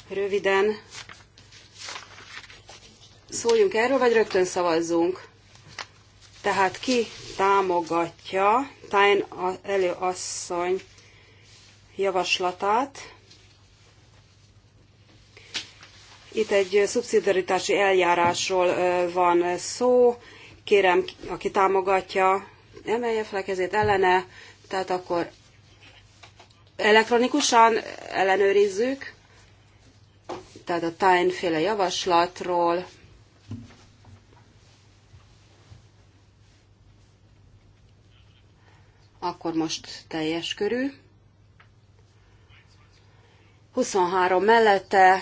Röviden szóljunk erről, vagy rögtön szavazzunk. Tehát ki támogatja Tain előasszony javaslatát, Itt egy szubszidiaritási eljárásról van szó. Kérem, aki támogatja, emelje fel a kezét ellene, tehát akkor elektronikusan ellenőrizzük, tehát a Tyne-féle javaslatról. Akkor most teljes körű. 23 mellette,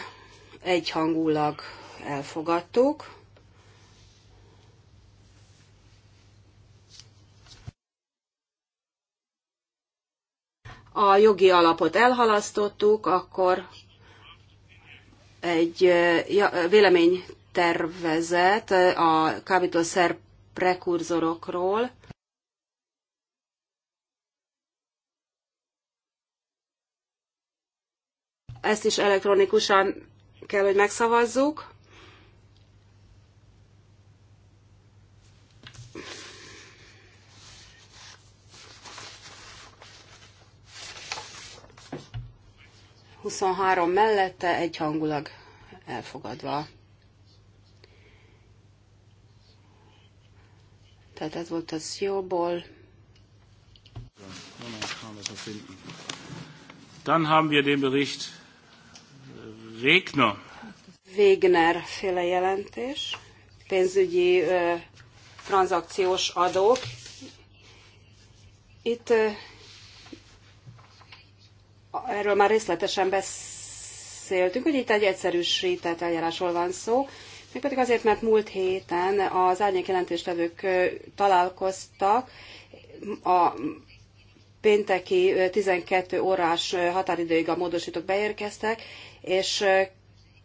egyhangulag elfogadtuk. A jogi alapot elhalasztottuk, akkor egy véleménytervezet a kábítószer prekurzorokról, ezt is elektronikusan kell, hogy megszavazzuk. Huszonhárom mellette egyhangulag elfogadva. Tehát ez volt az jóból. Dann haben wir den Bericht Régner. Wegner féle jelentés, pénzügyi ö, tranzakciós adók. Itt ö, erről már részletesen beszéltünk, hogy itt egy egyszerűsített eljárásról van szó, mégpedig azért, mert múlt héten az árnyék jelentéstevők találkoztak a pénteki 12 órás határidőig a módosítók beérkeztek, és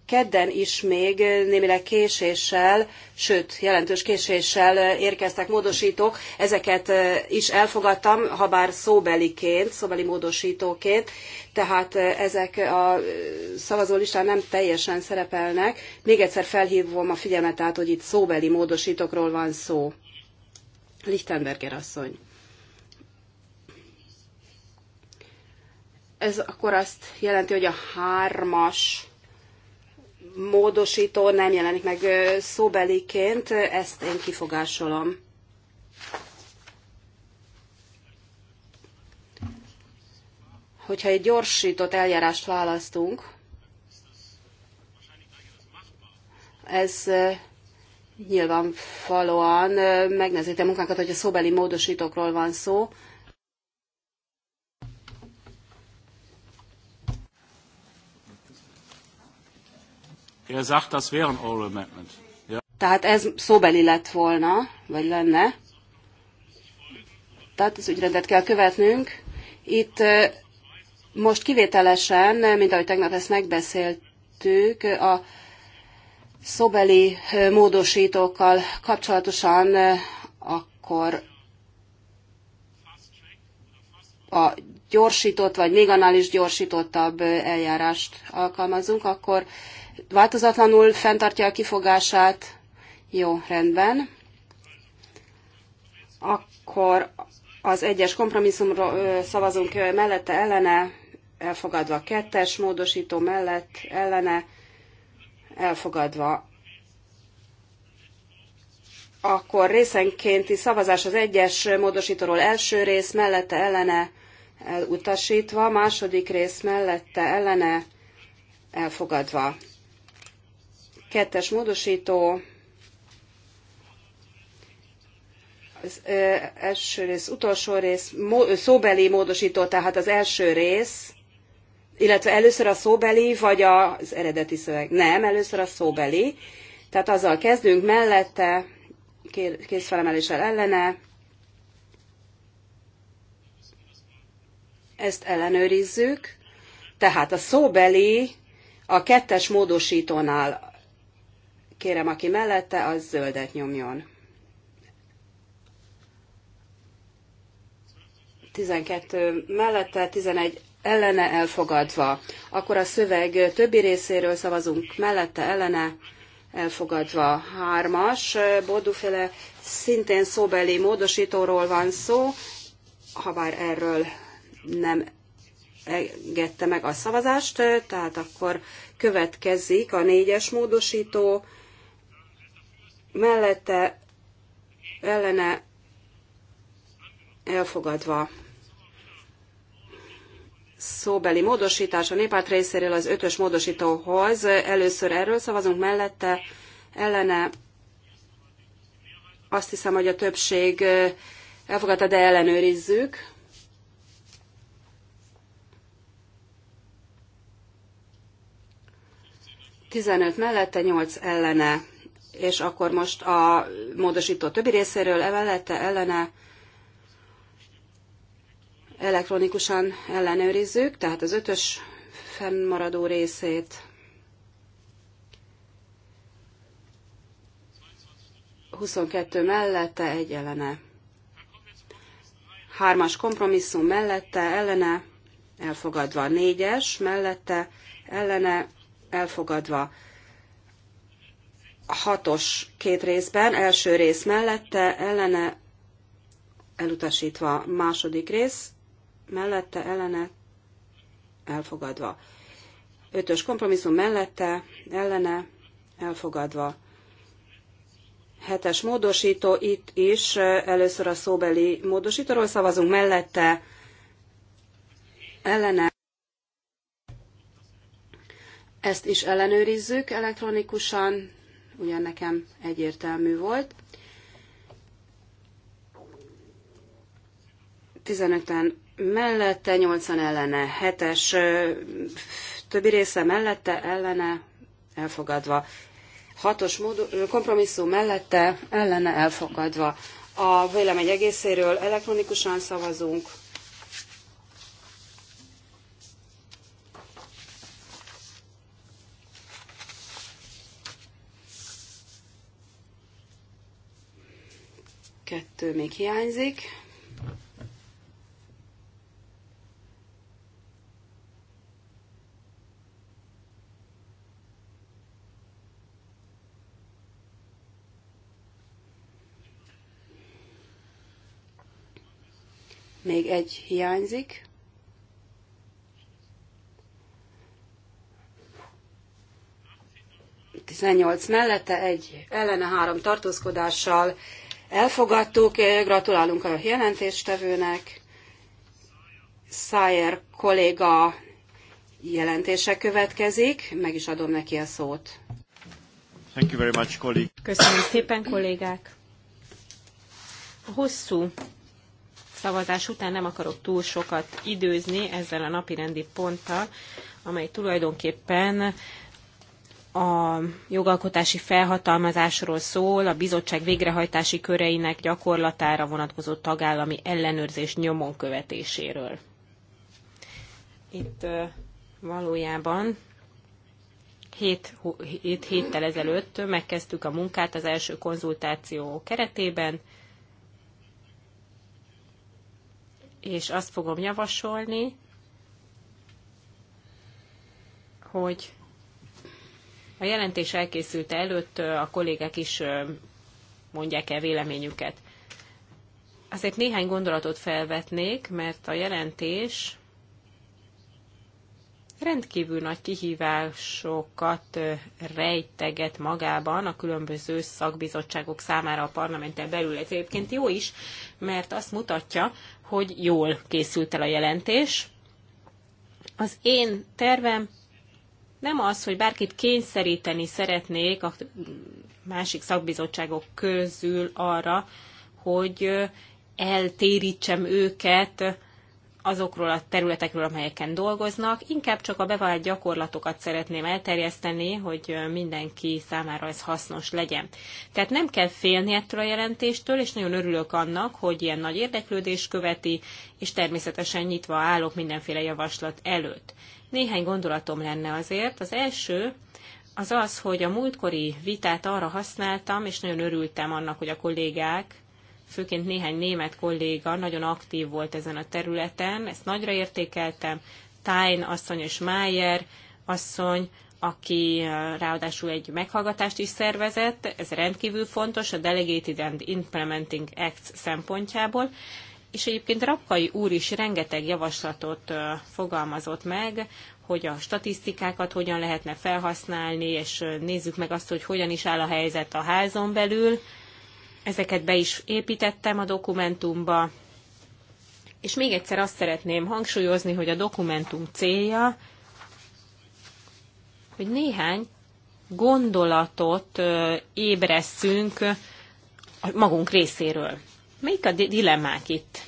kedden is még némileg késéssel, sőt, jelentős késéssel érkeztek módosítók. Ezeket is elfogadtam, habár szóbeliként, szóbeli módosítóként, tehát ezek a szavazólistán nem teljesen szerepelnek. Még egyszer felhívom a figyelmet tehát, hogy itt szóbeli módosítókról van szó. Lichtenberger asszony. Ez akkor azt jelenti, hogy a hármas módosító nem jelenik meg szóbeliként, ezt én kifogásolom. Hogyha egy gyorsított eljárást választunk, ez nyilvánvalóan megnehezíti a munkánkat, hogy a szóbeli módosítókról van szó, Er Tehát ez szóbeli lett volna, vagy lenne. Tehát az ügyrendet kell követnünk. Itt most kivételesen, mint ahogy tegnap ezt megbeszéltük, a szobeli módosítókkal kapcsolatosan akkor a gyorsított, vagy még annál is gyorsítottabb eljárást alkalmazunk, akkor változatlanul fenntartja a kifogását? Jó, rendben. Akkor az egyes kompromisszumról szavazunk mellette ellene, elfogadva kettes módosító mellett ellene, elfogadva. Akkor részenkénti szavazás az egyes módosítóról első rész mellette ellene, elutasítva, második rész mellette ellene, elfogadva. Kettes módosító. Az első rész, utolsó rész, szóbeli módosító, tehát az első rész, illetve először a szóbeli, vagy az eredeti szöveg. Nem, először a szóbeli. Tehát azzal kezdünk mellette, kézfelemeléssel ellene. Ezt ellenőrizzük. Tehát a szóbeli a kettes módosítónál Kérem, aki mellette, az zöldet nyomjon. 12 mellette, 11 ellene elfogadva. Akkor a szöveg többi részéről szavazunk mellette, ellene elfogadva. Hármas, bodúféle szintén szóbeli módosítóról van szó, ha bár erről nem engedte meg a szavazást, tehát akkor következik a négyes módosító mellette ellene elfogadva szóbeli módosítás a népát részéről az ötös módosítóhoz. Először erről szavazunk mellette, ellene azt hiszem, hogy a többség elfogadta, de ellenőrizzük. Tizenöt mellette, nyolc ellene és akkor most a módosító többi részéről emelette ellene elektronikusan ellenőrizzük, tehát az ötös fennmaradó részét 22 mellette, egy ellene. Hármas kompromisszum mellette, ellene, elfogadva. Négyes mellette, ellene, elfogadva hatos két részben, első rész mellette, ellene elutasítva, második rész mellette, ellene elfogadva. Ötös kompromisszum mellette, ellene elfogadva. Hetes módosító, itt is először a szóbeli módosítóról szavazunk, mellette, ellene. Ezt is ellenőrizzük elektronikusan ugyan nekem egyértelmű volt. 15-en mellette, 80 ellene, 7-es többi része mellette, ellene, elfogadva. 6-os kompromisszum mellette, ellene, elfogadva. A vélemény egészéről elektronikusan szavazunk. Kettő még hiányzik. Még egy hiányzik. Tizennyolc mellette egy ellene három tartózkodással elfogadtuk, gratulálunk a jelentéstevőnek. Szájer kolléga jelentése következik, meg is adom neki a szót. Thank you very much, Köszönöm szépen, kollégák. A hosszú szavazás után nem akarok túl sokat időzni ezzel a napirendi ponttal, amely tulajdonképpen a jogalkotási felhatalmazásról szól, a bizottság végrehajtási köreinek gyakorlatára vonatkozó tagállami ellenőrzés nyomon követéséről. Itt valójában 7, héttel ezelőtt megkezdtük a munkát az első konzultáció keretében, és azt fogom javasolni, hogy a jelentés elkészült előtt a kollégek is mondják el véleményüket. Azért néhány gondolatot felvetnék, mert a jelentés rendkívül nagy kihívásokat rejteget magában a különböző szakbizottságok számára a parlamenten belül. Ez egyébként jó is, mert azt mutatja, hogy jól készült el a jelentés. Az én tervem nem az, hogy bárkit kényszeríteni szeretnék a másik szakbizottságok közül arra, hogy eltérítsem őket azokról a területekről, amelyeken dolgoznak. Inkább csak a bevált gyakorlatokat szeretném elterjeszteni, hogy mindenki számára ez hasznos legyen. Tehát nem kell félni ettől a jelentéstől, és nagyon örülök annak, hogy ilyen nagy érdeklődés követi, és természetesen nyitva állok mindenféle javaslat előtt. Néhány gondolatom lenne azért. Az első, az az, hogy a múltkori vitát arra használtam, és nagyon örültem annak, hogy a kollégák főként néhány német kolléga nagyon aktív volt ezen a területen, ezt nagyra értékeltem, Tájn asszony és Mayer asszony, aki eh, ráadásul egy meghallgatást is szervezett, ez rendkívül fontos a Delegated and Implementing Acts szempontjából, és egyébként Rapkai úr is rengeteg javaslatot eh, fogalmazott meg, hogy a statisztikákat hogyan lehetne felhasználni, és eh, nézzük meg azt, hogy hogyan is áll a helyzet a házon belül, Ezeket be is építettem a dokumentumba, és még egyszer azt szeretném hangsúlyozni, hogy a dokumentum célja, hogy néhány gondolatot ébresszünk magunk részéről. Melyik a dilemmák itt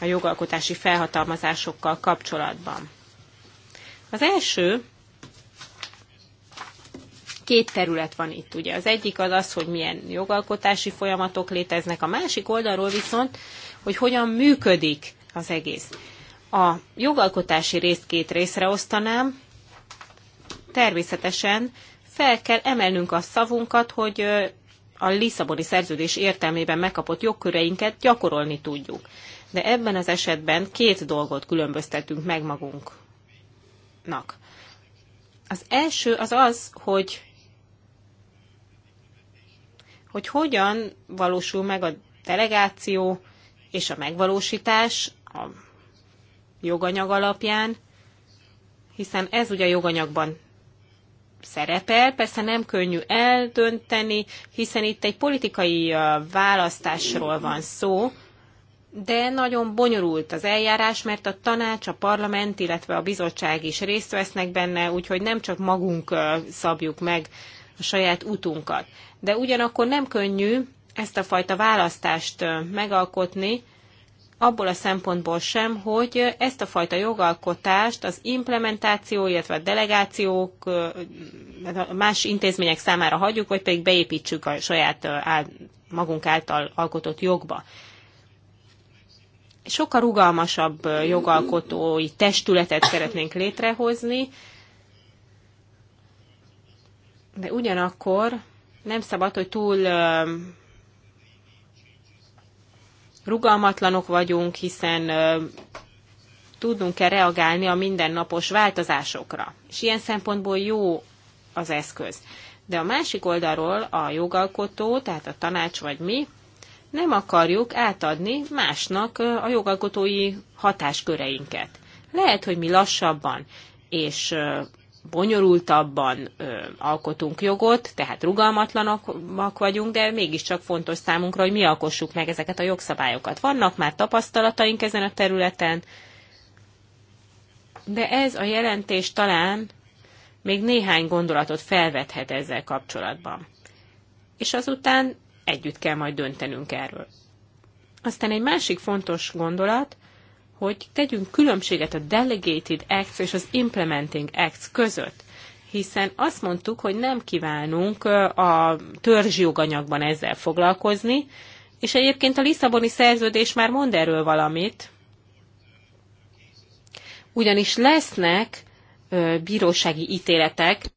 a jogalkotási felhatalmazásokkal kapcsolatban? Az első két terület van itt, ugye. Az egyik az az, hogy milyen jogalkotási folyamatok léteznek, a másik oldalról viszont, hogy hogyan működik az egész. A jogalkotási részt két részre osztanám. Természetesen fel kell emelnünk a szavunkat, hogy a Lisszaboni szerződés értelmében megkapott jogköreinket gyakorolni tudjuk. De ebben az esetben két dolgot különböztetünk meg magunknak. Az első az az, hogy hogy hogyan valósul meg a delegáció és a megvalósítás a joganyag alapján, hiszen ez ugye a joganyagban szerepel, persze nem könnyű eldönteni, hiszen itt egy politikai választásról van szó, de nagyon bonyolult az eljárás, mert a tanács, a parlament, illetve a bizottság is részt vesznek benne, úgyhogy nem csak magunk szabjuk meg a saját utunkat de ugyanakkor nem könnyű ezt a fajta választást megalkotni, abból a szempontból sem, hogy ezt a fajta jogalkotást az implementáció, illetve a delegációk más intézmények számára hagyjuk, vagy pedig beépítsük a saját magunk által alkotott jogba. Sokkal rugalmasabb jogalkotói testületet szeretnénk létrehozni, de ugyanakkor nem szabad, hogy túl rugalmatlanok vagyunk, hiszen tudnunk kell reagálni a mindennapos változásokra. És ilyen szempontból jó az eszköz. De a másik oldalról a jogalkotó, tehát a tanács vagy mi, nem akarjuk átadni másnak a jogalkotói hatásköreinket. Lehet, hogy mi lassabban és bonyolultabban ö, alkotunk jogot, tehát rugalmatlanak vagyunk, de mégiscsak fontos számunkra, hogy mi alkossuk meg ezeket a jogszabályokat. Vannak már tapasztalataink ezen a területen, de ez a jelentés talán még néhány gondolatot felvethet ezzel kapcsolatban. És azután együtt kell majd döntenünk erről. Aztán egy másik fontos gondolat, hogy tegyünk különbséget a Delegated Acts és az Implementing Acts között hiszen azt mondtuk, hogy nem kívánunk a törzsjoganyagban ezzel foglalkozni, és egyébként a Lisszaboni szerződés már mond erről valamit, ugyanis lesznek bírósági ítéletek,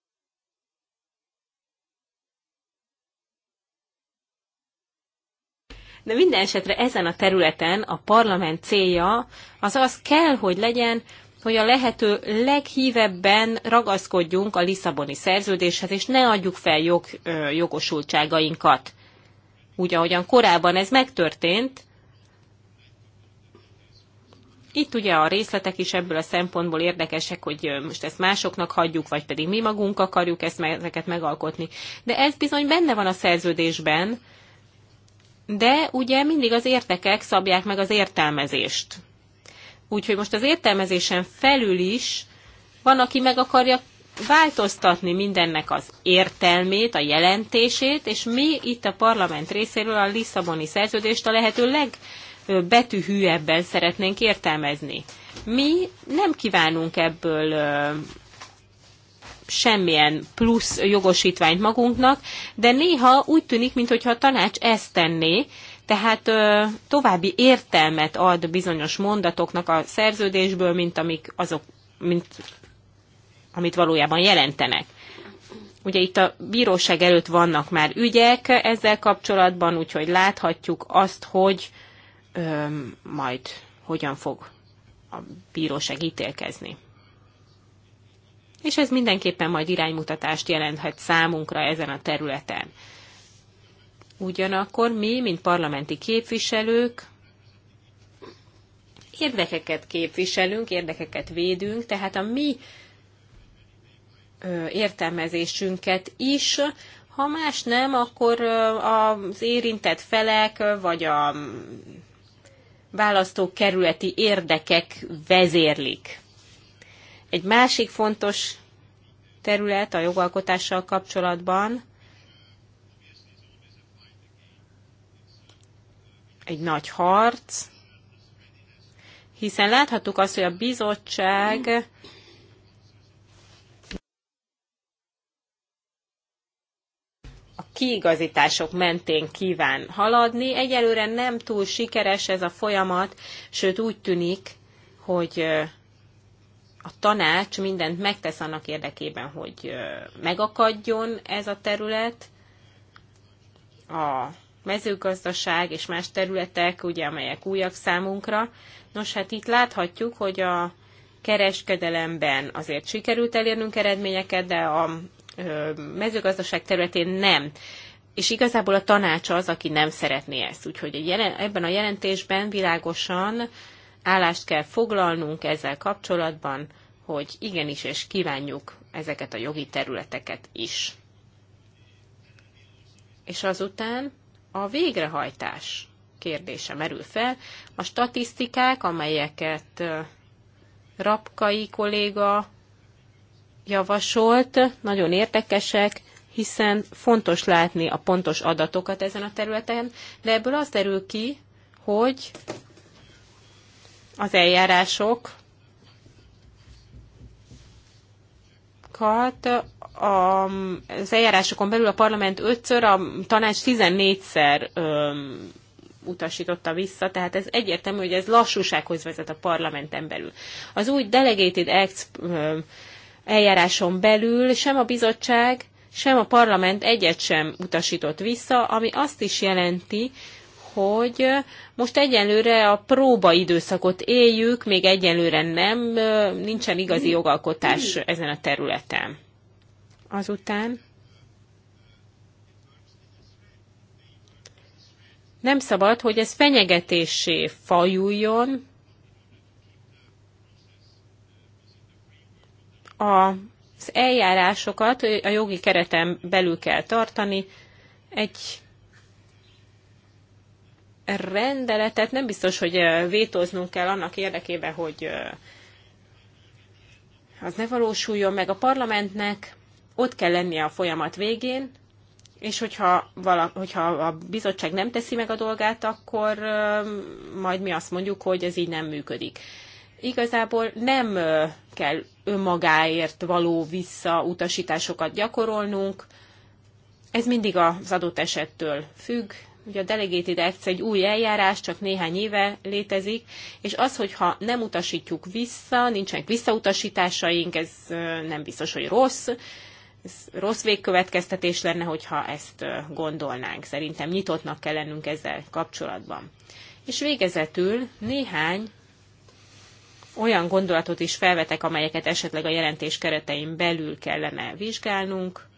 de minden esetre ezen a területen a parlament célja az az kell, hogy legyen, hogy a lehető leghívebben ragaszkodjunk a Lisszaboni szerződéshez, és ne adjuk fel jog, jogosultságainkat. Úgy, ahogyan korábban ez megtörtént, itt ugye a részletek is ebből a szempontból érdekesek, hogy most ezt másoknak hagyjuk, vagy pedig mi magunk akarjuk ezt, ezeket megalkotni. De ez bizony benne van a szerződésben, de ugye mindig az értekek szabják meg az értelmezést. Úgyhogy most az értelmezésen felül is van, aki meg akarja változtatni mindennek az értelmét, a jelentését, és mi itt a parlament részéről a Lisszaboni szerződést a lehető legbetűhűebben szeretnénk értelmezni. Mi nem kívánunk ebből semmilyen plusz jogosítványt magunknak, de néha úgy tűnik, mintha a tanács ezt tenné, tehát ö, további értelmet ad bizonyos mondatoknak a szerződésből, mint amik azok, mint amit valójában jelentenek. Ugye itt a bíróság előtt vannak már ügyek ezzel kapcsolatban, úgyhogy láthatjuk azt, hogy ö, majd hogyan fog a bíróság ítélkezni és ez mindenképpen majd iránymutatást jelenthet számunkra ezen a területen. Ugyanakkor mi, mint parlamenti képviselők, érdekeket képviselünk, érdekeket védünk, tehát a mi értelmezésünket is, ha más nem, akkor az érintett felek, vagy a mm, választókerületi érdekek vezérlik egy másik fontos terület a jogalkotással kapcsolatban egy nagy harc, hiszen láthattuk azt, hogy a bizottság a kiigazítások mentén kíván haladni. Egyelőre nem túl sikeres ez a folyamat, sőt úgy tűnik, hogy a tanács mindent megtesz annak érdekében, hogy megakadjon ez a terület, a mezőgazdaság és más területek, ugye, amelyek újak számunkra. Nos, hát itt láthatjuk, hogy a kereskedelemben azért sikerült elérnünk eredményeket, de a mezőgazdaság területén nem. És igazából a tanács az, aki nem szeretné ezt. Úgyhogy a jelen, ebben a jelentésben világosan állást kell foglalnunk ezzel kapcsolatban, hogy igenis, és kívánjuk ezeket a jogi területeket is. És azután a végrehajtás kérdése merül fel. A statisztikák, amelyeket Rapkai kolléga javasolt, nagyon érdekesek, hiszen fontos látni a pontos adatokat ezen a területen, de ebből az derül ki, hogy az eljárások az eljárásokon belül a parlament ötször, a tanács 14-szer utasította vissza, tehát ez egyértelmű, hogy ez lassúsághoz vezet a parlamenten belül. Az új delegated acts eljáráson belül sem a bizottság, sem a parlament egyet sem utasított vissza, ami azt is jelenti, hogy most egyenlőre a próba időszakot éljük, még egyelőre nem, nincsen igazi jogalkotás ezen a területen. Azután nem szabad, hogy ez fenyegetésé fajuljon az eljárásokat a jogi kereten belül kell tartani, egy rendeletet nem biztos, hogy vétóznunk kell annak érdekében, hogy az ne valósuljon meg a parlamentnek, ott kell lennie a folyamat végén, és hogyha, vala, hogyha a bizottság nem teszi meg a dolgát, akkor majd mi azt mondjuk, hogy ez így nem működik. Igazából nem kell önmagáért való visszautasításokat gyakorolnunk, ez mindig az adott esettől függ, Ugye a Delegated Acts egy új eljárás, csak néhány éve létezik, és az, hogyha nem utasítjuk vissza, nincsenek visszautasításaink, ez nem biztos, hogy rossz, ez rossz végkövetkeztetés lenne, hogyha ezt gondolnánk. Szerintem nyitottnak kell lennünk ezzel kapcsolatban. És végezetül néhány olyan gondolatot is felvetek, amelyeket esetleg a jelentés keretein belül kellene vizsgálnunk.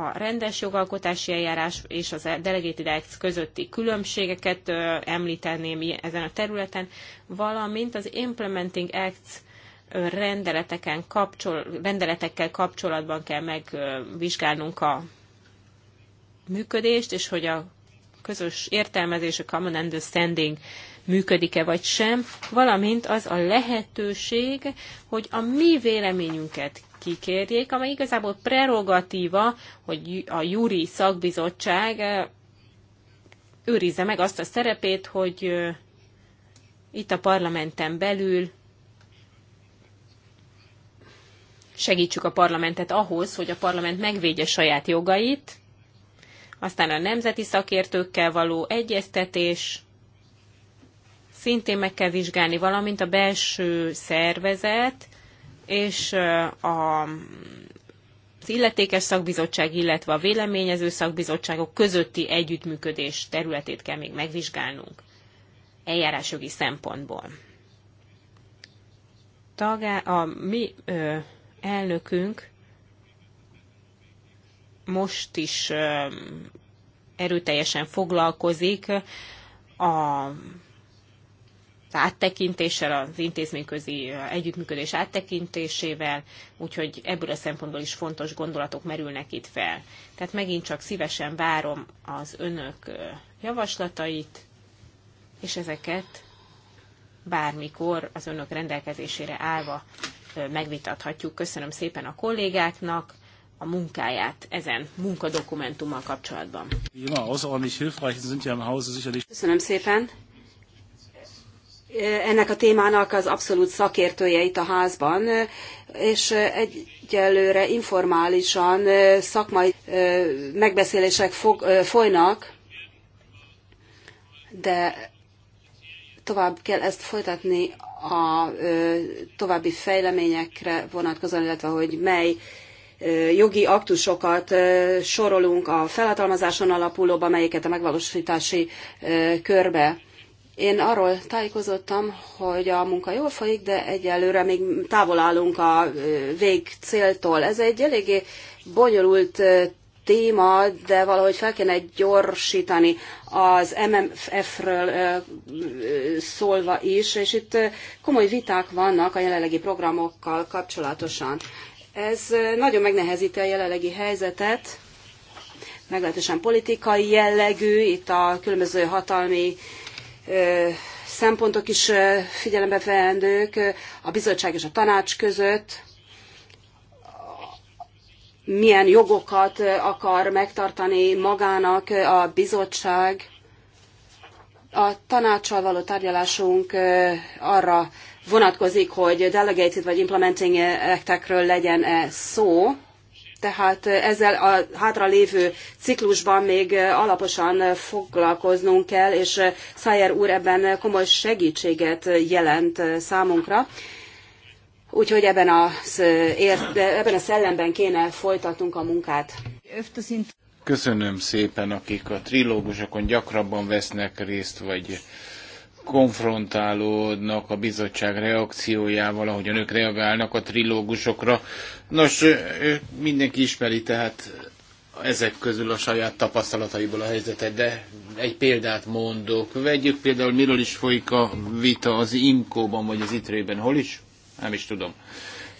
a rendes jogalkotási eljárás és az e- delegated acts közötti különbségeket említeném ezen a területen, valamint az implementing acts rendeleteken kapcsol, rendeletekkel kapcsolatban kell megvizsgálnunk a működést, és hogy a közös értelmezés, a common understanding működik-e vagy sem, valamint az a lehetőség, hogy a mi véleményünket kikérjék, amely igazából prerogatíva, hogy a júri szakbizottság eh, őrizze meg azt a szerepét, hogy eh, itt a parlamenten belül segítsük a parlamentet ahhoz, hogy a parlament megvédje saját jogait, aztán a nemzeti szakértőkkel való egyeztetés, szintén meg kell vizsgálni, valamint a belső szervezet és a az illetékes szakbizottság, illetve a véleményező szakbizottságok közötti együttműködés területét kell még megvizsgálnunk eljárásjogi szempontból. Tagá, a mi ö, elnökünk most is ö, erőteljesen foglalkozik a áttekintéssel, az intézményközi együttműködés áttekintésével, úgyhogy ebből a szempontból is fontos gondolatok merülnek itt fel. Tehát megint csak szívesen várom az önök javaslatait, és ezeket bármikor az önök rendelkezésére állva megvitathatjuk. Köszönöm szépen a kollégáknak a munkáját ezen munkadokumentummal kapcsolatban. Köszönöm szépen! ennek a témának az abszolút szakértője itt a házban, és egyelőre informálisan szakmai megbeszélések folynak, de tovább kell ezt folytatni a további fejleményekre vonatkozóan, illetve hogy mely jogi aktusokat sorolunk a felhatalmazáson alapulóba, melyeket a megvalósítási körbe én arról tájékozottam, hogy a munka jól folyik, de egyelőre még távol állunk a végcéltól. Ez egy eléggé bonyolult téma, de valahogy fel kéne gyorsítani az MMF-ről szólva is, és itt komoly viták vannak a jelenlegi programokkal kapcsolatosan. Ez nagyon megnehezíti a jelenlegi helyzetet, meglehetősen politikai jellegű, itt a különböző hatalmi szempontok is figyelembe veendők a bizottság és a tanács között, milyen jogokat akar megtartani magának a bizottság. A tanácssal való tárgyalásunk arra vonatkozik, hogy delegated vagy implementing actekről legyen -e szó. Tehát ezzel a hátra lévő ciklusban még alaposan foglalkoznunk kell, és Szájer úr ebben komoly segítséget jelent számunkra. Úgyhogy ebben, az ért, ebben a szellemben kéne folytatnunk a munkát. Köszönöm szépen, akik a trilógusokon gyakrabban vesznek részt, vagy konfrontálódnak a bizottság reakciójával, ahogyan ők reagálnak a trilógusokra. Nos, mindenki ismeri tehát ezek közül a saját tapasztalataiból a helyzetet, de egy példát mondok. Vegyük például, miről is folyik a vita az Imkóban, vagy az Itrében, hol is? Nem is tudom.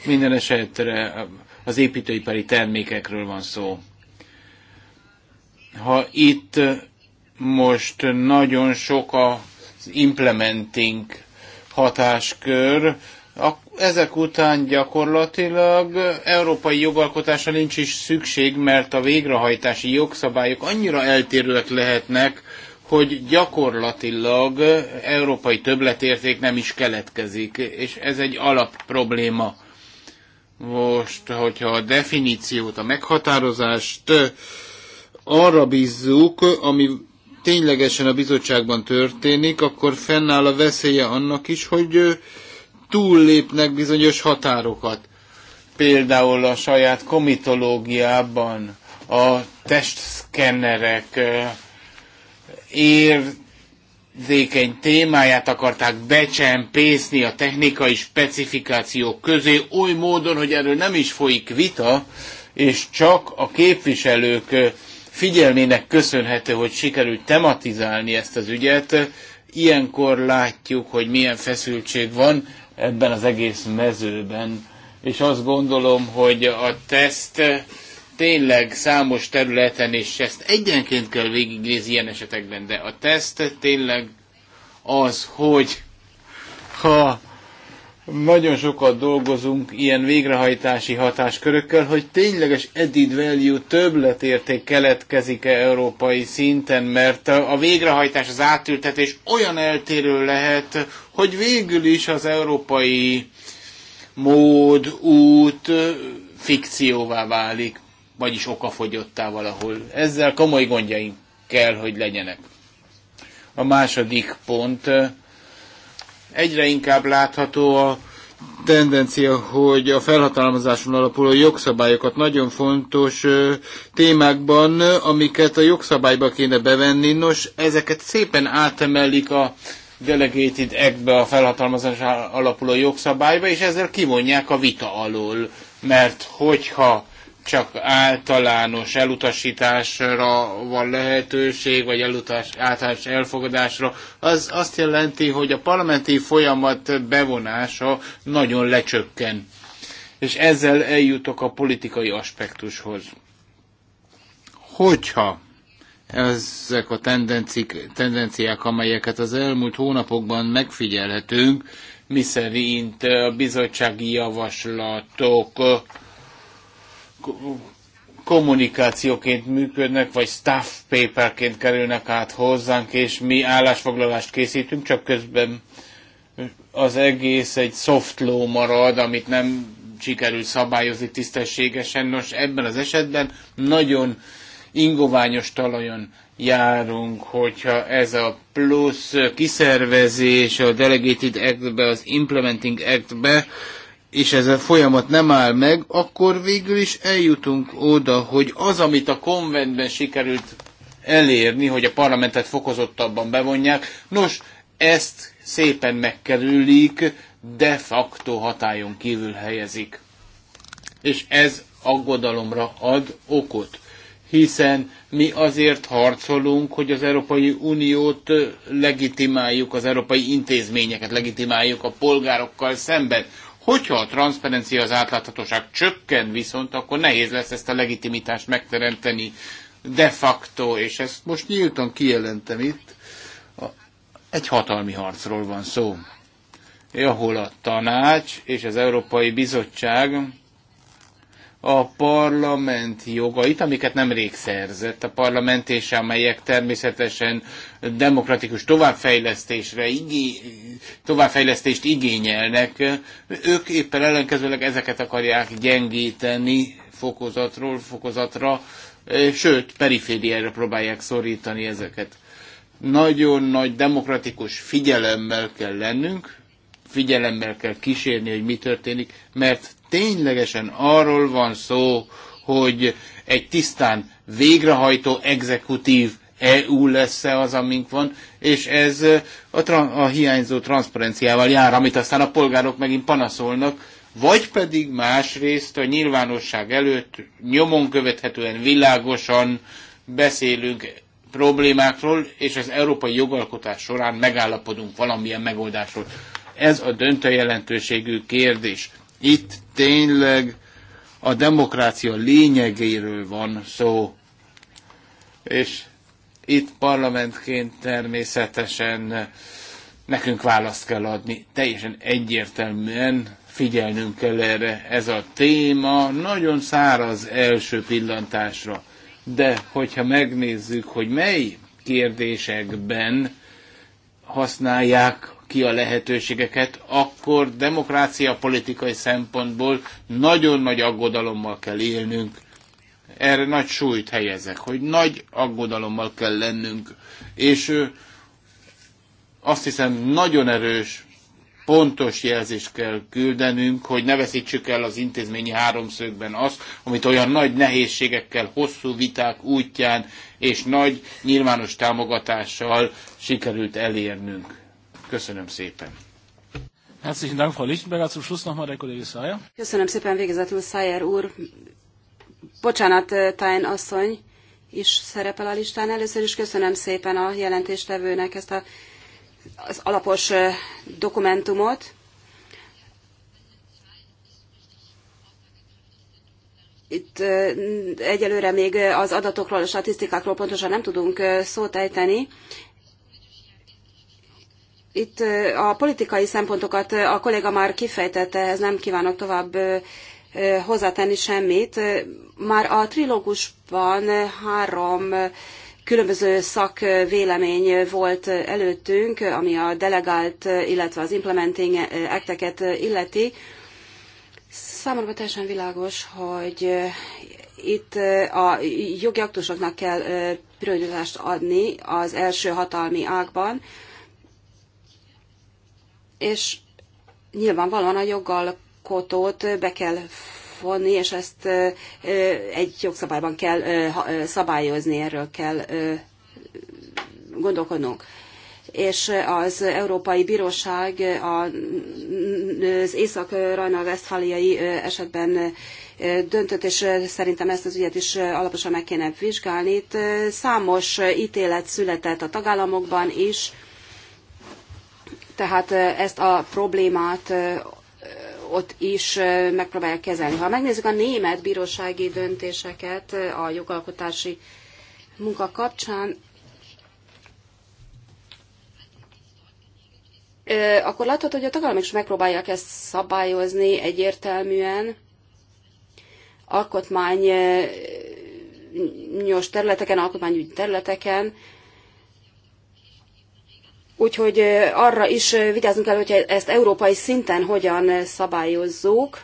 Minden esetre az építőipari termékekről van szó. Ha itt most nagyon sok a implementing hatáskör, ezek után gyakorlatilag európai jogalkotásra nincs is szükség, mert a végrehajtási jogszabályok annyira eltérőek lehetnek, hogy gyakorlatilag európai többletérték nem is keletkezik, és ez egy alapprobléma. Most, hogyha a definíciót, a meghatározást arra bízzuk, ami ténylegesen a bizottságban történik, akkor fennáll a veszélye annak is, hogy túllépnek bizonyos határokat. Például a saját komitológiában a testszkennerek érzékeny témáját akarták becsempészni a technikai specifikációk közé oly módon, hogy erről nem is folyik vita, és csak a képviselők figyelmének köszönhető, hogy sikerült tematizálni ezt az ügyet. Ilyenkor látjuk, hogy milyen feszültség van ebben az egész mezőben. És azt gondolom, hogy a teszt tényleg számos területen, és ezt egyenként kell végignézni ilyen esetekben, de a teszt tényleg az, hogy ha nagyon sokat dolgozunk ilyen végrehajtási hatáskörökkel, hogy tényleges added value többletérték keletkezik-e európai szinten, mert a végrehajtás, az átültetés olyan eltérő lehet, hogy végül is az európai mód, út fikcióvá válik, vagyis okafogyottá valahol. Ezzel komoly gondjaink kell, hogy legyenek. A második pont Egyre inkább látható a tendencia, hogy a felhatalmazáson alapuló jogszabályokat nagyon fontos témákban, amiket a jogszabályba kéne bevenni, nos, ezeket szépen átemelik a delegated act-be a felhatalmazás alapuló jogszabályba, és ezzel kivonják a vita alól. Mert hogyha csak általános elutasításra van lehetőség, vagy elutas, általános elfogadásra, az azt jelenti, hogy a parlamenti folyamat bevonása nagyon lecsökken. És ezzel eljutok a politikai aspektushoz. Hogyha ezek a tendenciák, amelyeket az elmúlt hónapokban megfigyelhetünk, miszerint a bizottsági javaslatok kommunikációként működnek, vagy staff paperként kerülnek át hozzánk, és mi állásfoglalást készítünk, csak közben az egész egy soft law marad, amit nem sikerül szabályozni tisztességesen. Nos, ebben az esetben nagyon ingoványos talajon járunk, hogyha ez a plusz kiszervezés a Delegated Act-be, az Implementing Act-be és ez a folyamat nem áll meg, akkor végül is eljutunk oda, hogy az, amit a konventben sikerült elérni, hogy a parlamentet fokozottabban bevonják, nos, ezt szépen megkerülik, de facto hatályon kívül helyezik. És ez aggodalomra ad okot, hiszen mi azért harcolunk, hogy az Európai Uniót legitimáljuk, az európai intézményeket legitimáljuk a polgárokkal szemben. Hogyha a transzparencia, az átláthatóság csökken viszont, akkor nehéz lesz ezt a legitimitást megteremteni de facto, és ezt most nyíltan kijelentem itt, egy hatalmi harcról van szó, ahol a tanács és az Európai Bizottság a parlament jogait, amiket nemrég szerzett a parlament, és amelyek természetesen demokratikus továbbfejlesztésre igé- továbbfejlesztést igényelnek, ők éppen ellenkezőleg ezeket akarják gyengíteni fokozatról fokozatra, sőt, perifériára próbálják szorítani ezeket. Nagyon nagy demokratikus figyelemmel kell lennünk, figyelemmel kell kísérni, hogy mi történik, mert ténylegesen arról van szó, hogy egy tisztán végrehajtó exekutív EU lesz-e az, amink van, és ez a, tra- a hiányzó transzparenciával jár, amit aztán a polgárok megint panaszolnak, vagy pedig másrészt a nyilvánosság előtt nyomon követhetően, világosan beszélünk problémákról, és az európai jogalkotás során megállapodunk valamilyen megoldásról. Ez a döntő jelentőségű kérdés. Itt tényleg a demokrácia lényegéről van szó. És itt parlamentként természetesen nekünk választ kell adni. Teljesen egyértelműen figyelnünk kell erre. Ez a téma nagyon száraz első pillantásra. De hogyha megnézzük, hogy mely kérdésekben használják ki a lehetőségeket, akkor demokrácia politikai szempontból nagyon nagy aggodalommal kell élnünk. Erre nagy súlyt helyezek, hogy nagy aggodalommal kell lennünk. És azt hiszem nagyon erős, pontos jelzést kell küldenünk, hogy ne veszítsük el az intézményi háromszögben azt, amit olyan nagy nehézségekkel, hosszú viták útján és nagy nyilvános támogatással sikerült elérnünk Köszönöm szépen. Herzlichen Dank, Frau Lichtenberger. Zum Schluss nochmal der Kollege Sayer. Köszönöm szépen végezetül, Sayer úr. Bocsánat, eh, Tájn asszony is szerepel a listán. Először is köszönöm szépen a jelentéstevőnek ezt a, az alapos eh, dokumentumot. Itt eh, egyelőre még az adatokról, a statisztikákról pontosan nem tudunk szót ejteni, itt a politikai szempontokat a kolléga már kifejtette, ehhez nem kívánok tovább hozzátenni semmit. Már a trilógusban három különböző szakvélemény volt előttünk, ami a delegált, illetve az implementing ekteket illeti. Számomra teljesen világos, hogy itt a jogi aktusoknak kell prioritást adni az első hatalmi ágban, és nyilvánvalóan a jogalkotót be kell vonni, és ezt egy jogszabályban kell szabályozni, erről kell gondolkodnunk. És az Európai Bíróság az Észak-Rajna-Vesztfáliai esetben döntött, és szerintem ezt az ügyet is alaposan meg kéne vizsgálni. Itt számos ítélet született a tagállamokban is, tehát ezt a problémát ott is megpróbálják kezelni. Ha megnézzük a német bírósági döntéseket a jogalkotási munka kapcsán, akkor látható, hogy a tagállamok is megpróbálják ezt szabályozni egyértelműen alkotmányos területeken, alkotmányügyi területeken, Úgyhogy arra is vigyáznunk kell, hogy ezt európai szinten hogyan szabályozzuk,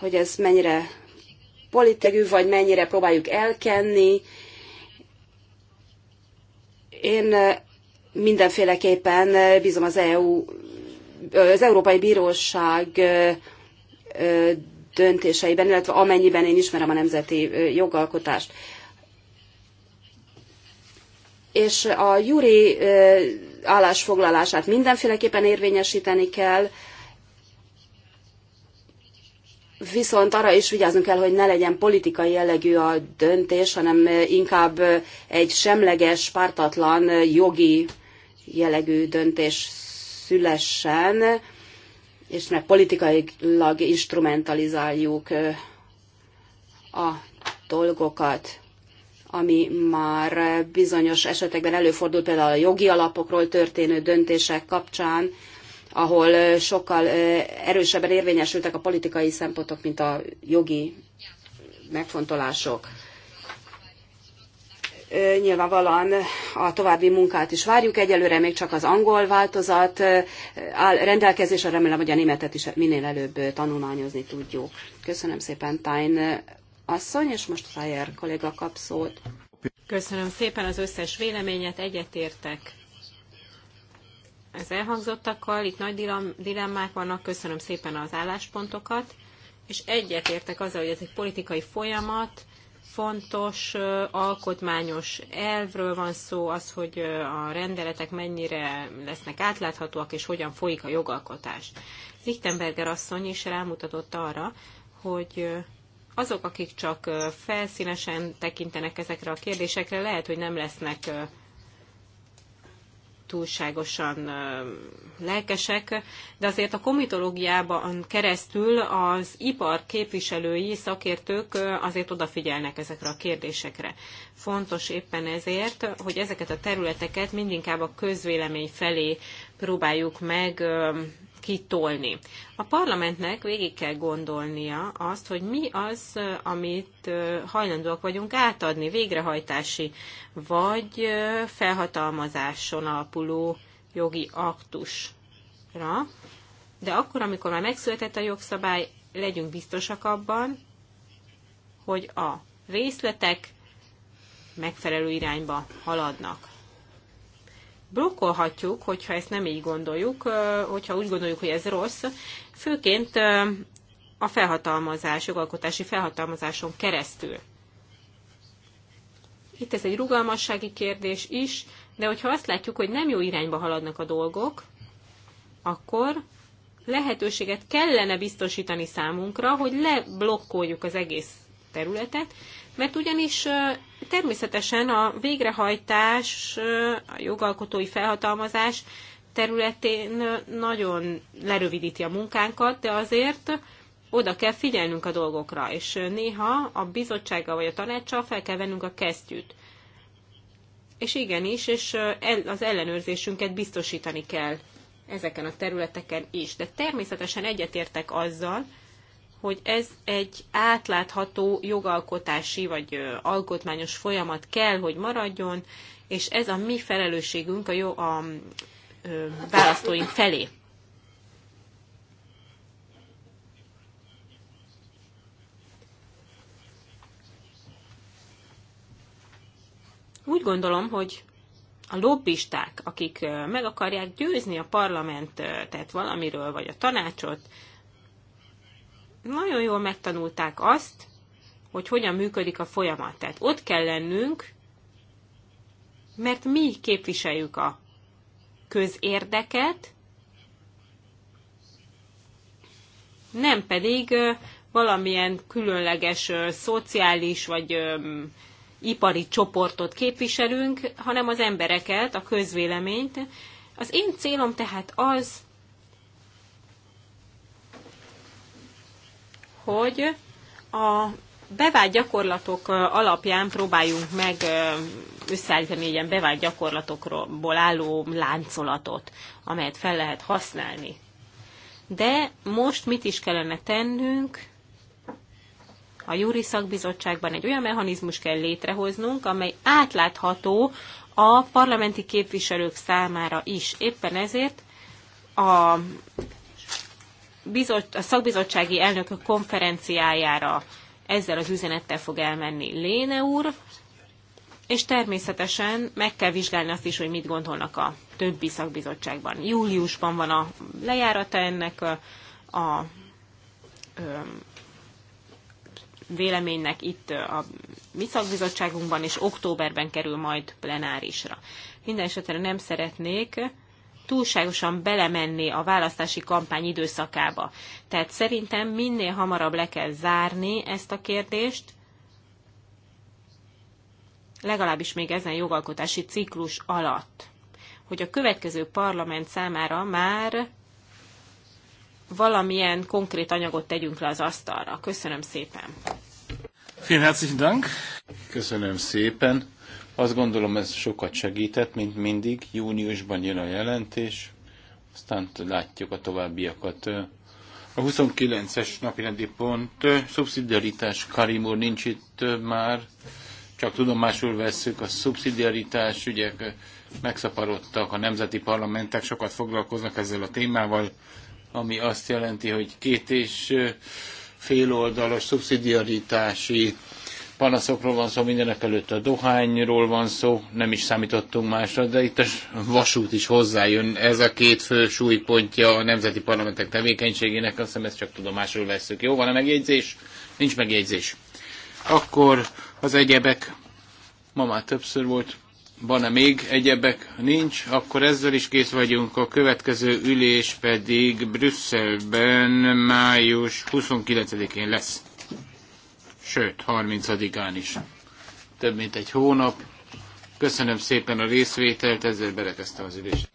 hogy ez mennyire politikű, vagy mennyire próbáljuk elkenni. Én mindenféleképpen bízom az EU, az Európai Bíróság döntéseiben, illetve amennyiben én ismerem a nemzeti jogalkotást és a júri állásfoglalását mindenféleképpen érvényesíteni kell, viszont arra is vigyáznunk kell, hogy ne legyen politikai jellegű a döntés, hanem inkább egy semleges, pártatlan, jogi jellegű döntés szülessen, és ne politikailag instrumentalizáljuk a dolgokat ami már bizonyos esetekben előfordult, például a jogi alapokról történő döntések kapcsán, ahol sokkal erősebben érvényesültek a politikai szempontok, mint a jogi megfontolások. Nyilvánvalóan a további munkát is várjuk, egyelőre még csak az angol változat áll rendelkezésre, remélem, hogy a németet is minél előbb tanulmányozni tudjuk. Köszönöm szépen, Tain asszony, és most Fajer kolléga kap szót. Köszönöm szépen az összes véleményet, egyetértek az elhangzottakkal, itt nagy dilemmák vannak, köszönöm szépen az álláspontokat, és egyetértek azzal, hogy ez egy politikai folyamat, fontos alkotmányos elvről van szó, az, hogy a rendeletek mennyire lesznek átláthatóak, és hogyan folyik a jogalkotás. Lichtenberger asszony is rámutatott arra, hogy azok, akik csak felszínesen tekintenek ezekre a kérdésekre, lehet, hogy nem lesznek túlságosan lelkesek, de azért a komitológiában keresztül az ipar képviselői, szakértők azért odafigyelnek ezekre a kérdésekre. Fontos éppen ezért, hogy ezeket a területeket mindinkább a közvélemény felé próbáljuk meg kitolni. A parlamentnek végig kell gondolnia azt, hogy mi az, amit hajlandóak vagyunk átadni végrehajtási vagy felhatalmazáson alapuló jogi aktusra. De akkor, amikor már megszületett a jogszabály, legyünk biztosak abban, hogy a részletek megfelelő irányba haladnak blokkolhatjuk, hogyha ezt nem így gondoljuk, hogyha úgy gondoljuk, hogy ez rossz, főként a felhatalmazás, jogalkotási felhatalmazáson keresztül. Itt ez egy rugalmassági kérdés is, de hogyha azt látjuk, hogy nem jó irányba haladnak a dolgok, akkor lehetőséget kellene biztosítani számunkra, hogy leblokkoljuk az egész területet, mert ugyanis természetesen a végrehajtás, a jogalkotói felhatalmazás területén nagyon lerövidíti a munkánkat, de azért oda kell figyelnünk a dolgokra, és néha a bizottsággal vagy a tanácssal fel kell vennünk a kesztyűt. És igenis, és az ellenőrzésünket biztosítani kell ezeken a területeken is. De természetesen egyetértek azzal, hogy ez egy átlátható jogalkotási vagy alkotmányos folyamat kell, hogy maradjon, és ez a mi felelősségünk a, jó, a a választóink felé. Úgy gondolom, hogy a lobbisták, akik meg akarják győzni a parlamentet valamiről, vagy a tanácsot, nagyon jól megtanulták azt, hogy hogyan működik a folyamat. Tehát ott kell lennünk, mert mi képviseljük a közérdeket, nem pedig valamilyen különleges szociális vagy ipari csoportot képviselünk, hanem az embereket, a közvéleményt. Az én célom tehát az, hogy a bevált gyakorlatok alapján próbáljunk meg összeállítani ilyen bevált gyakorlatokból álló láncolatot, amelyet fel lehet használni. De most mit is kellene tennünk? A júri szakbizottságban egy olyan mechanizmus kell létrehoznunk, amely átlátható a parlamenti képviselők számára is. Éppen ezért a a szakbizottsági elnökök konferenciájára ezzel az üzenettel fog elmenni Léne úr, és természetesen meg kell vizsgálni azt is, hogy mit gondolnak a többi szakbizottságban. Júliusban van a lejárata ennek a, a, ö, véleménynek itt a mi szakbizottságunkban, és októberben kerül majd plenárisra. Minden esetre nem szeretnék túlságosan belemenni a választási kampány időszakába. Tehát szerintem minél hamarabb le kell zárni ezt a kérdést, legalábbis még ezen jogalkotási ciklus alatt, hogy a következő parlament számára már valamilyen konkrét anyagot tegyünk le az asztalra. Köszönöm szépen! Vielen herzlichen Dank! Köszönöm szépen! Azt gondolom ez sokat segített, mint mindig. Júniusban jön a jelentés, aztán látjuk a továbbiakat. A 29-es rendi pont, szubszidiaritás, Karim úr nincs itt már, csak tudomásul veszük a szubszidiaritás ügyek megszaporodtak, a nemzeti parlamentek sokat foglalkoznak ezzel a témával, ami azt jelenti, hogy két és fél szubszidiaritási panaszokról van szó, mindenek előtt a dohányról van szó, nem is számítottunk másra, de itt a vasút is hozzájön. Ez a két fő súlypontja a nemzeti parlamentek tevékenységének, azt hiszem ezt csak tudomásról veszük. Jó, van a megjegyzés? Nincs megjegyzés. Akkor az egyebek, ma már többször volt, van-e még egyebek? Nincs. Akkor ezzel is kész vagyunk. A következő ülés pedig Brüsszelben május 29-én lesz sőt, 30-án is. Több mint egy hónap. Köszönöm szépen a részvételt, ezzel berekeztem az ülést.